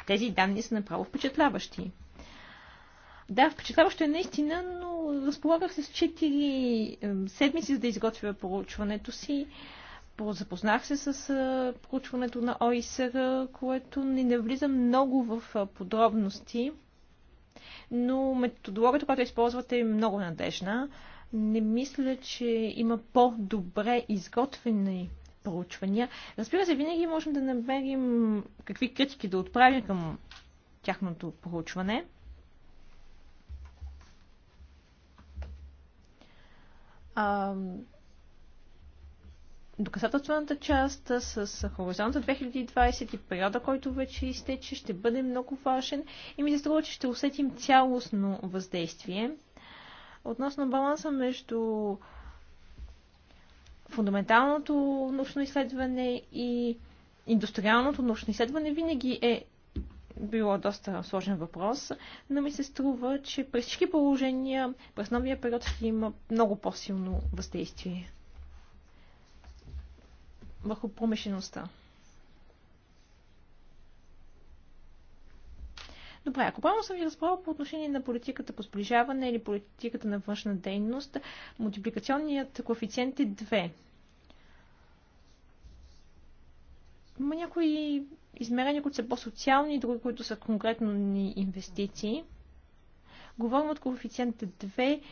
Speaker 3: тези данни са направо впечатляващи. Да, впечатляващо е наистина, но разполагах се с 4 е, седмици, за да изготвя проучването си. Запознах се с е, проучването на ОИСР, което не навлиза много в е, подробности, но методологията, която използвате, е много надежна. Не мисля, че има по-добре изготвени проучвания. Разбира се, винаги можем да намерим какви критики да отправим към тяхното проучване. а, доказателствената част с хоризонта 2020 и периода, който вече изтече, ще бъде много важен и ми се струва, че ще усетим цялостно въздействие. Относно баланса между фундаменталното научно изследване и индустриалното научно изследване винаги е било доста сложен въпрос, но ми се струва, че през всички положения през новия период ще има много по-силно въздействие върху промишлеността. Добре, ако правилно съм ви разбрала по отношение на политиката по сближаване или политиката на външна дейност, мултипликационният коефициент е 2. Има някои измерения, които са по-социални, други, които са конкретно ни инвестиции. Говорим от коефициента 2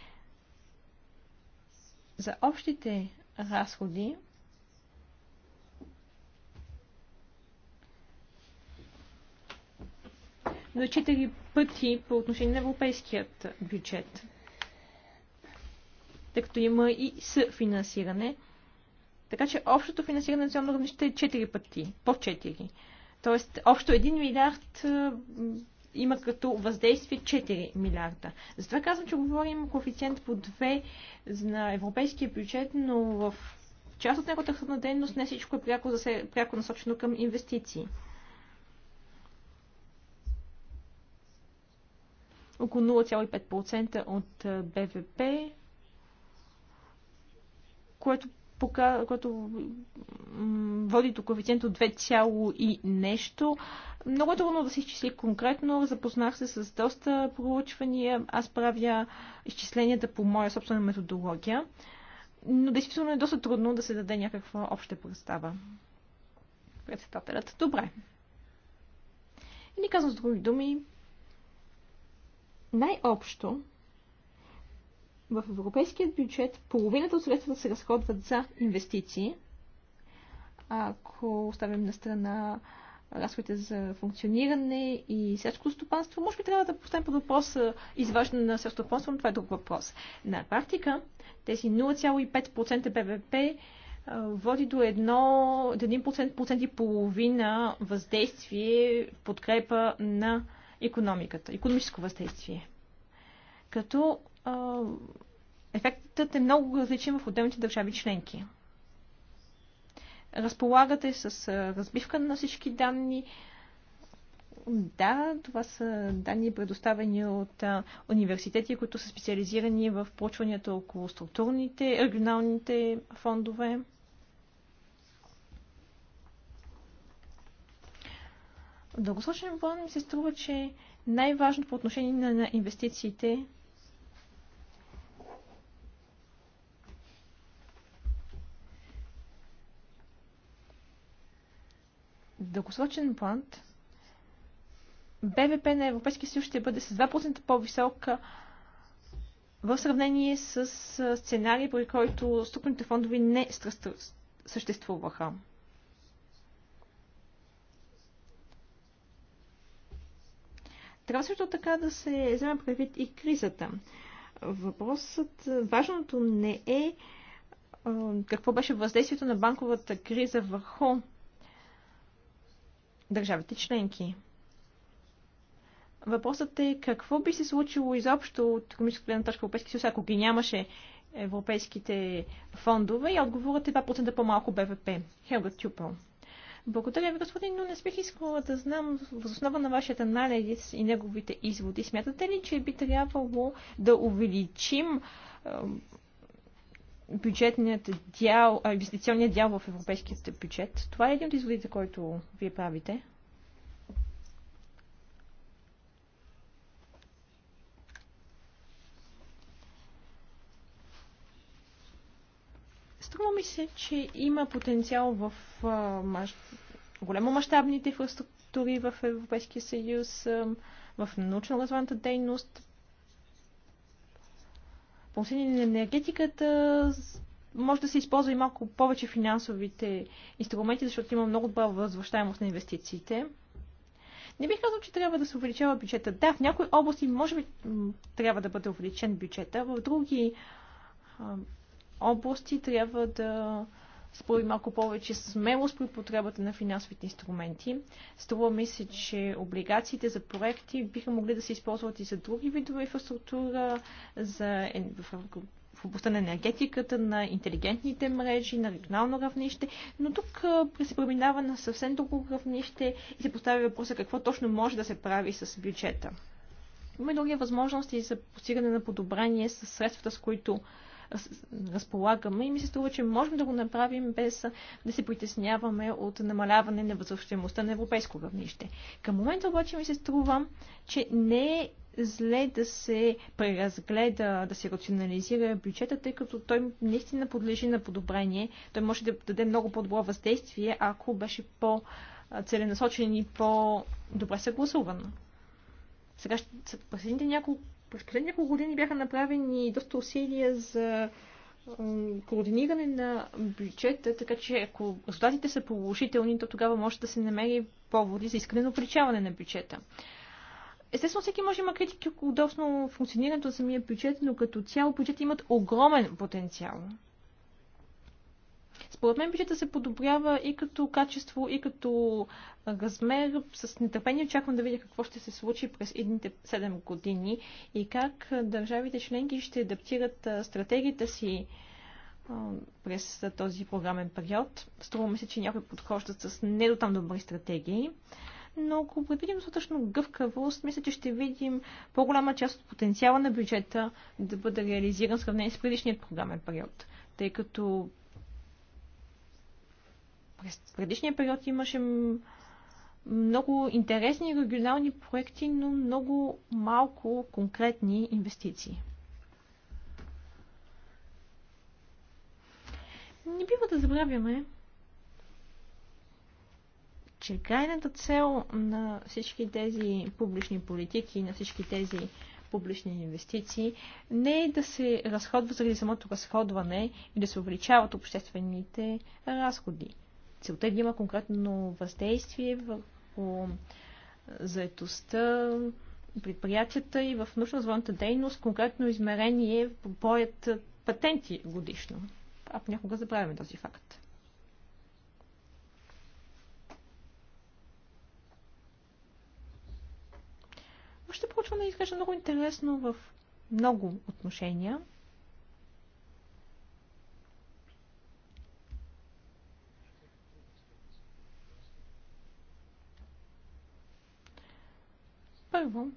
Speaker 3: за общите разходи, на 4 пъти по отношение на европейският бюджет, тъй като има и съфинансиране. Така че общото финансиране на национално равнище е 4 пъти, по Тоест, общо 1 милиард има като въздействие 4 милиарда. Затова казвам, че говорим коефициент по 2 на европейския бюджет, но в част от неговата хранна дейност не всичко е пряко, се, пряко насочено към инвестиции. Около 0,5% от БВП, което което води до коефициент от 2, и нещо. Много е трудно да се изчисли конкретно. Запознах се с доста проучвания. Аз правя изчисленията по моя собствена методология. Но действително е доста трудно да се даде някаква обща представа. Председателят. Добре. ни казвам с други думи, най-общо в европейският бюджет половината от средствата се разходват за инвестиции. Ако оставим на страна разходите за функциониране и селско стопанство, може би трябва да поставим под въпрос изваждане на селско стопанство, но това е друг въпрос. На практика тези 0,5% БВП води до едно, до 1%, процент и половина въздействие в подкрепа на економиката, економическо въздействие. Като ефектът е много различен в отделните държави членки. Разполагате с разбивка на всички данни. Да, това са данни предоставени от университети, които са специализирани в проучванията около структурните, регионалните фондове. В дългосрочен план ми се струва, че най-важното по отношение на, на инвестициите дългосрочен план БВП на Европейския съюз ще бъде с 2% по-висока в сравнение с сценария, при който структурните фондове не съществуваха. Трябва също така да се вземе предвид и кризата. Въпросът, важното не е какво беше въздействието на банковата криза върху държавите членки. Въпросът е какво би се случило изобщо от економическа гледна точка Европейския съюз, ако ги нямаше европейските фондове и отговорът е 2% по-малко БВП. Хелга Тюпъл. Благодаря ви, господин, но не бих искала да знам възоснова на вашият анализ и неговите изводи. Смятате ли, че би трябвало да увеличим бюджетният дял, а, инвестиционният дял в европейският бюджет. Това е един от изводите, който вие правите. Струва ми се, че има потенциал в а, маш... големо мащабните инфраструктури в Европейския съюз, а, в научно-развойната дейност, по отношение на енергетиката може да се използва и малко повече финансовите инструменти, защото има много добра възвръщаемост на инвестициите. Не бих казал, че трябва да се увеличава бюджета. Да, в някои области може би трябва да бъде увеличен бюджета, в други области трябва да спори малко повече смелост при потребата на финансовите инструменти. Струва ми се, че облигациите за проекти биха могли да се използват и за други видове инфраструктура, за, в областта на енергетиката, на интелигентните мрежи, на регионално равнище, но тук се преминава на съвсем друго равнище и се поставя въпроса какво точно може да се прави с бюджета. Има други възможности за постигане на подобрение с средствата, с които разполагаме и ми се струва, че можем да го направим без да се притесняваме от намаляване на възвръщаемостта на европейско равнище. Към момента обаче ми се струва, че не е зле да се преразгледа, да се рационализира бюджета, тъй като той наистина подлежи на подобрение. Той може да даде много по-добро въздействие, ако беше по- целенасочен и по-добре съгласуван. Сега ще последните няколко през последните няколко години бяха направени доста усилия за координиране на бюджета, така че ако резултатите са положителни, то тогава може да се намери поводи за искане на обличаване на бюджета. Естествено, всеки може да има критики удобно функционирането на самия бюджет, но като цяло бюджет имат огромен потенциал. Според мен бюджета се подобрява и като качество, и като размер. С нетърпение очаквам да видя какво ще се случи през едните 7 години и как държавите членки ще адаптират стратегията си през този програмен период. Струваме се, че някои подхождат с не до там добри стратегии. Но ако предвидим достатъчно гъвкавост, мисля, че ще видим по-голяма част от потенциала на бюджета да бъде реализиран в сравнение с предишният програмен период. Тъй като през предишния период имаше много интересни регионални проекти, но много малко конкретни инвестиции. Не бива да забравяме, че крайната цел на всички тези публични политики, на всички тези публични инвестиции, не е да се разходва заради самото разходване и да се увеличават обществените разходи. Целта е да има конкретно въздействие върху заетостта, предприятията и в научно-развойната дейност конкретно измерение боят патенти годишно. А понякога забравяме този факт. Още проучване изглежда много интересно в много отношения. Първо,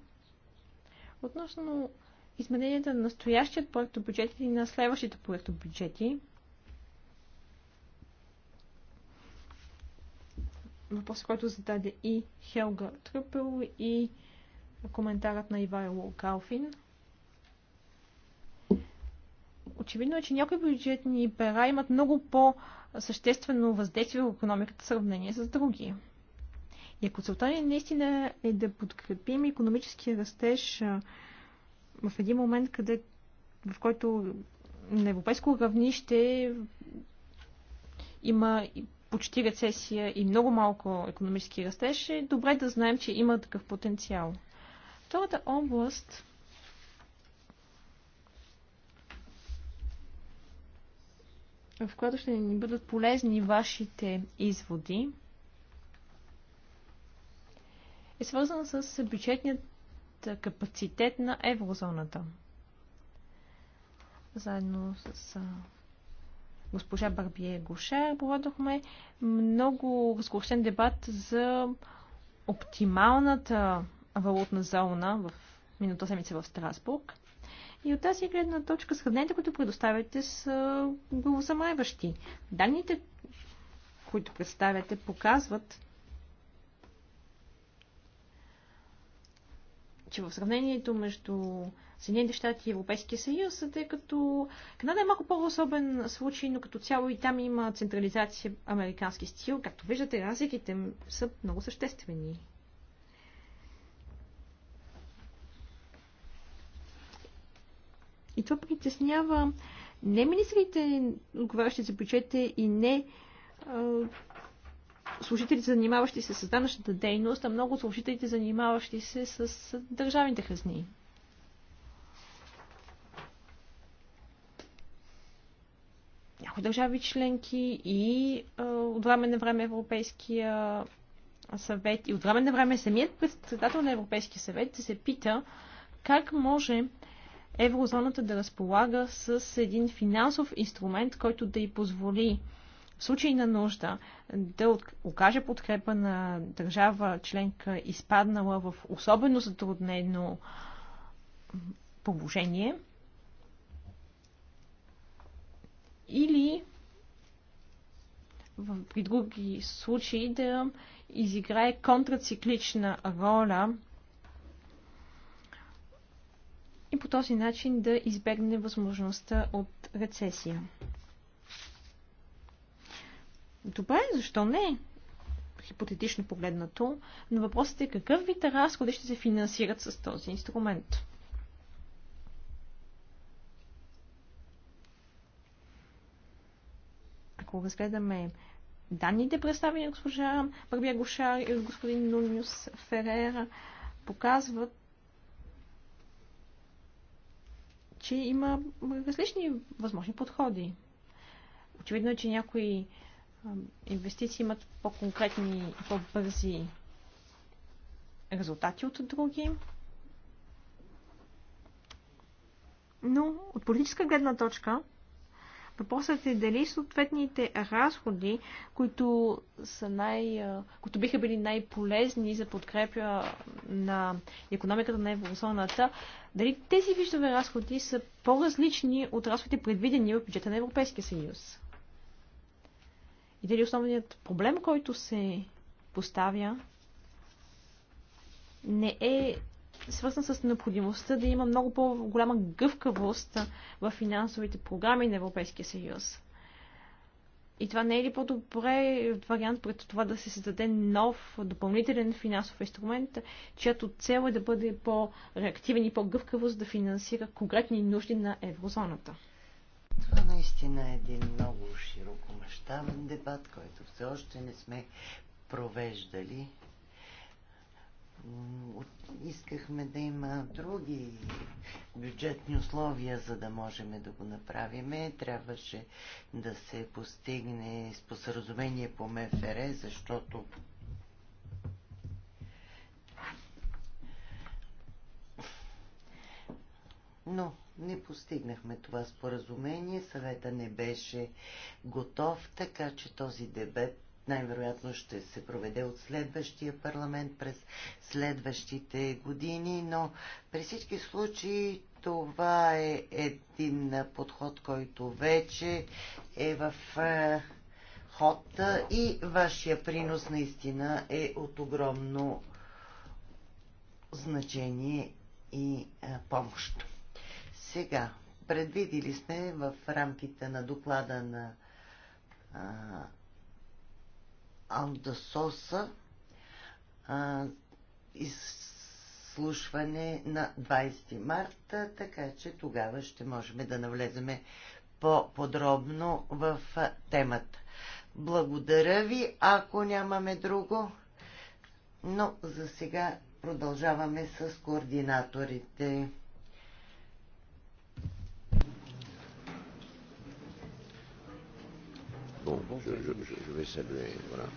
Speaker 3: относно измененията на настоящият проект бюджет и на следващите проект бюджети, въпрос, който зададе и Хелга Тръпел, и коментарът на Ивайло Калфин. Очевидно е, че някои бюджетни пера имат много по-съществено въздействие в економиката в сравнение с други. И ако целта ни наистина е да подкрепим економическия растеж в един момент, къде, в който на европейско равнище има почти рецесия и много малко економически растеж, е добре да знаем, че има такъв потенциал. Втората област в която ще ни бъдат полезни вашите изводи, е свързан с бюджетният капацитет на еврозоната. Заедно с госпожа Барбие Гошер проведохме много разгорещен дебат за оптималната валутна зона в минута седмица в Страсбург. И от тази гледна точка сравненията, които предоставяте, са главозамайващи. Данните, които представяте, показват, че в сравнението между Съединените щати и Европейския съюз, тъй като Канада е малко по-особен случай, но като цяло и там има централизация американски стил. Както виждате, разликите са много съществени. И това притеснява не министрите, отговарящи за бюджета и не служителите, занимаващи се с данъчната дейност, а много от служителите, занимаващи се с държавните хазни. Някои държави членки и а, от време на време Европейския съвет и от време на време самият председател на Европейския съвет се пита как може еврозоната да разполага с един финансов инструмент, който да й позволи в случай на нужда да окаже подкрепа на държава членка, изпаднала в особено затруднено положение, или при други случаи да изиграе контрациклична роля и по този начин да избегне възможността от рецесия. Добре, защо не? Хипотетично погледнато. Но въпросът е какъв вид разходи ще се финансират с този инструмент? Ако разгледаме данните, представени от госпожа Барбия Гошар и от господин Нуниус Ферера, показват, че има различни възможни подходи. Очевидно е, че някои инвестиции имат по-конкретни, по-бързи резултати от други. Но от политическа гледна точка въпросът е дали съответните разходи, които, са най, които биха били най-полезни за подкрепя на економиката на еврозоната, дали тези виждове разходи са по-различни от разходите предвидени в бюджета на Европейския съюз. И дали основният проблем, който се поставя, не е свързан с необходимостта да има много по-голяма гъвкавост в финансовите програми на Европейския съюз. И това не е ли по-добре вариант пред това да се създаде нов допълнителен финансов инструмент, чиято цел е да бъде по-реактивен и по-гъвкавост да финансира конкретни нужди на еврозоната?
Speaker 1: Това наистина е един много широко мащабен дебат, който все още не сме провеждали. Искахме да има други бюджетни условия, за да можем да го направим. Трябваше да се постигне споразумение по МФР, защото Но не постигнахме това споразумение, съвета не беше готов, така че този дебет най-вероятно ще се проведе от следващия парламент през следващите години, но при всички случаи това е един подход, който вече е в е, ход и вашия принос наистина е от огромно значение и е, помощ. Сега, предвидили сме в рамките на доклада на а, Алдасоса а, изслушване на 20 марта, така че тогава ще можем да навлеземе по-подробно в темата. Благодаря ви, ако нямаме друго, но за сега продължаваме с координаторите.
Speaker 2: Bon, je, je, je vais saluer. Voilà.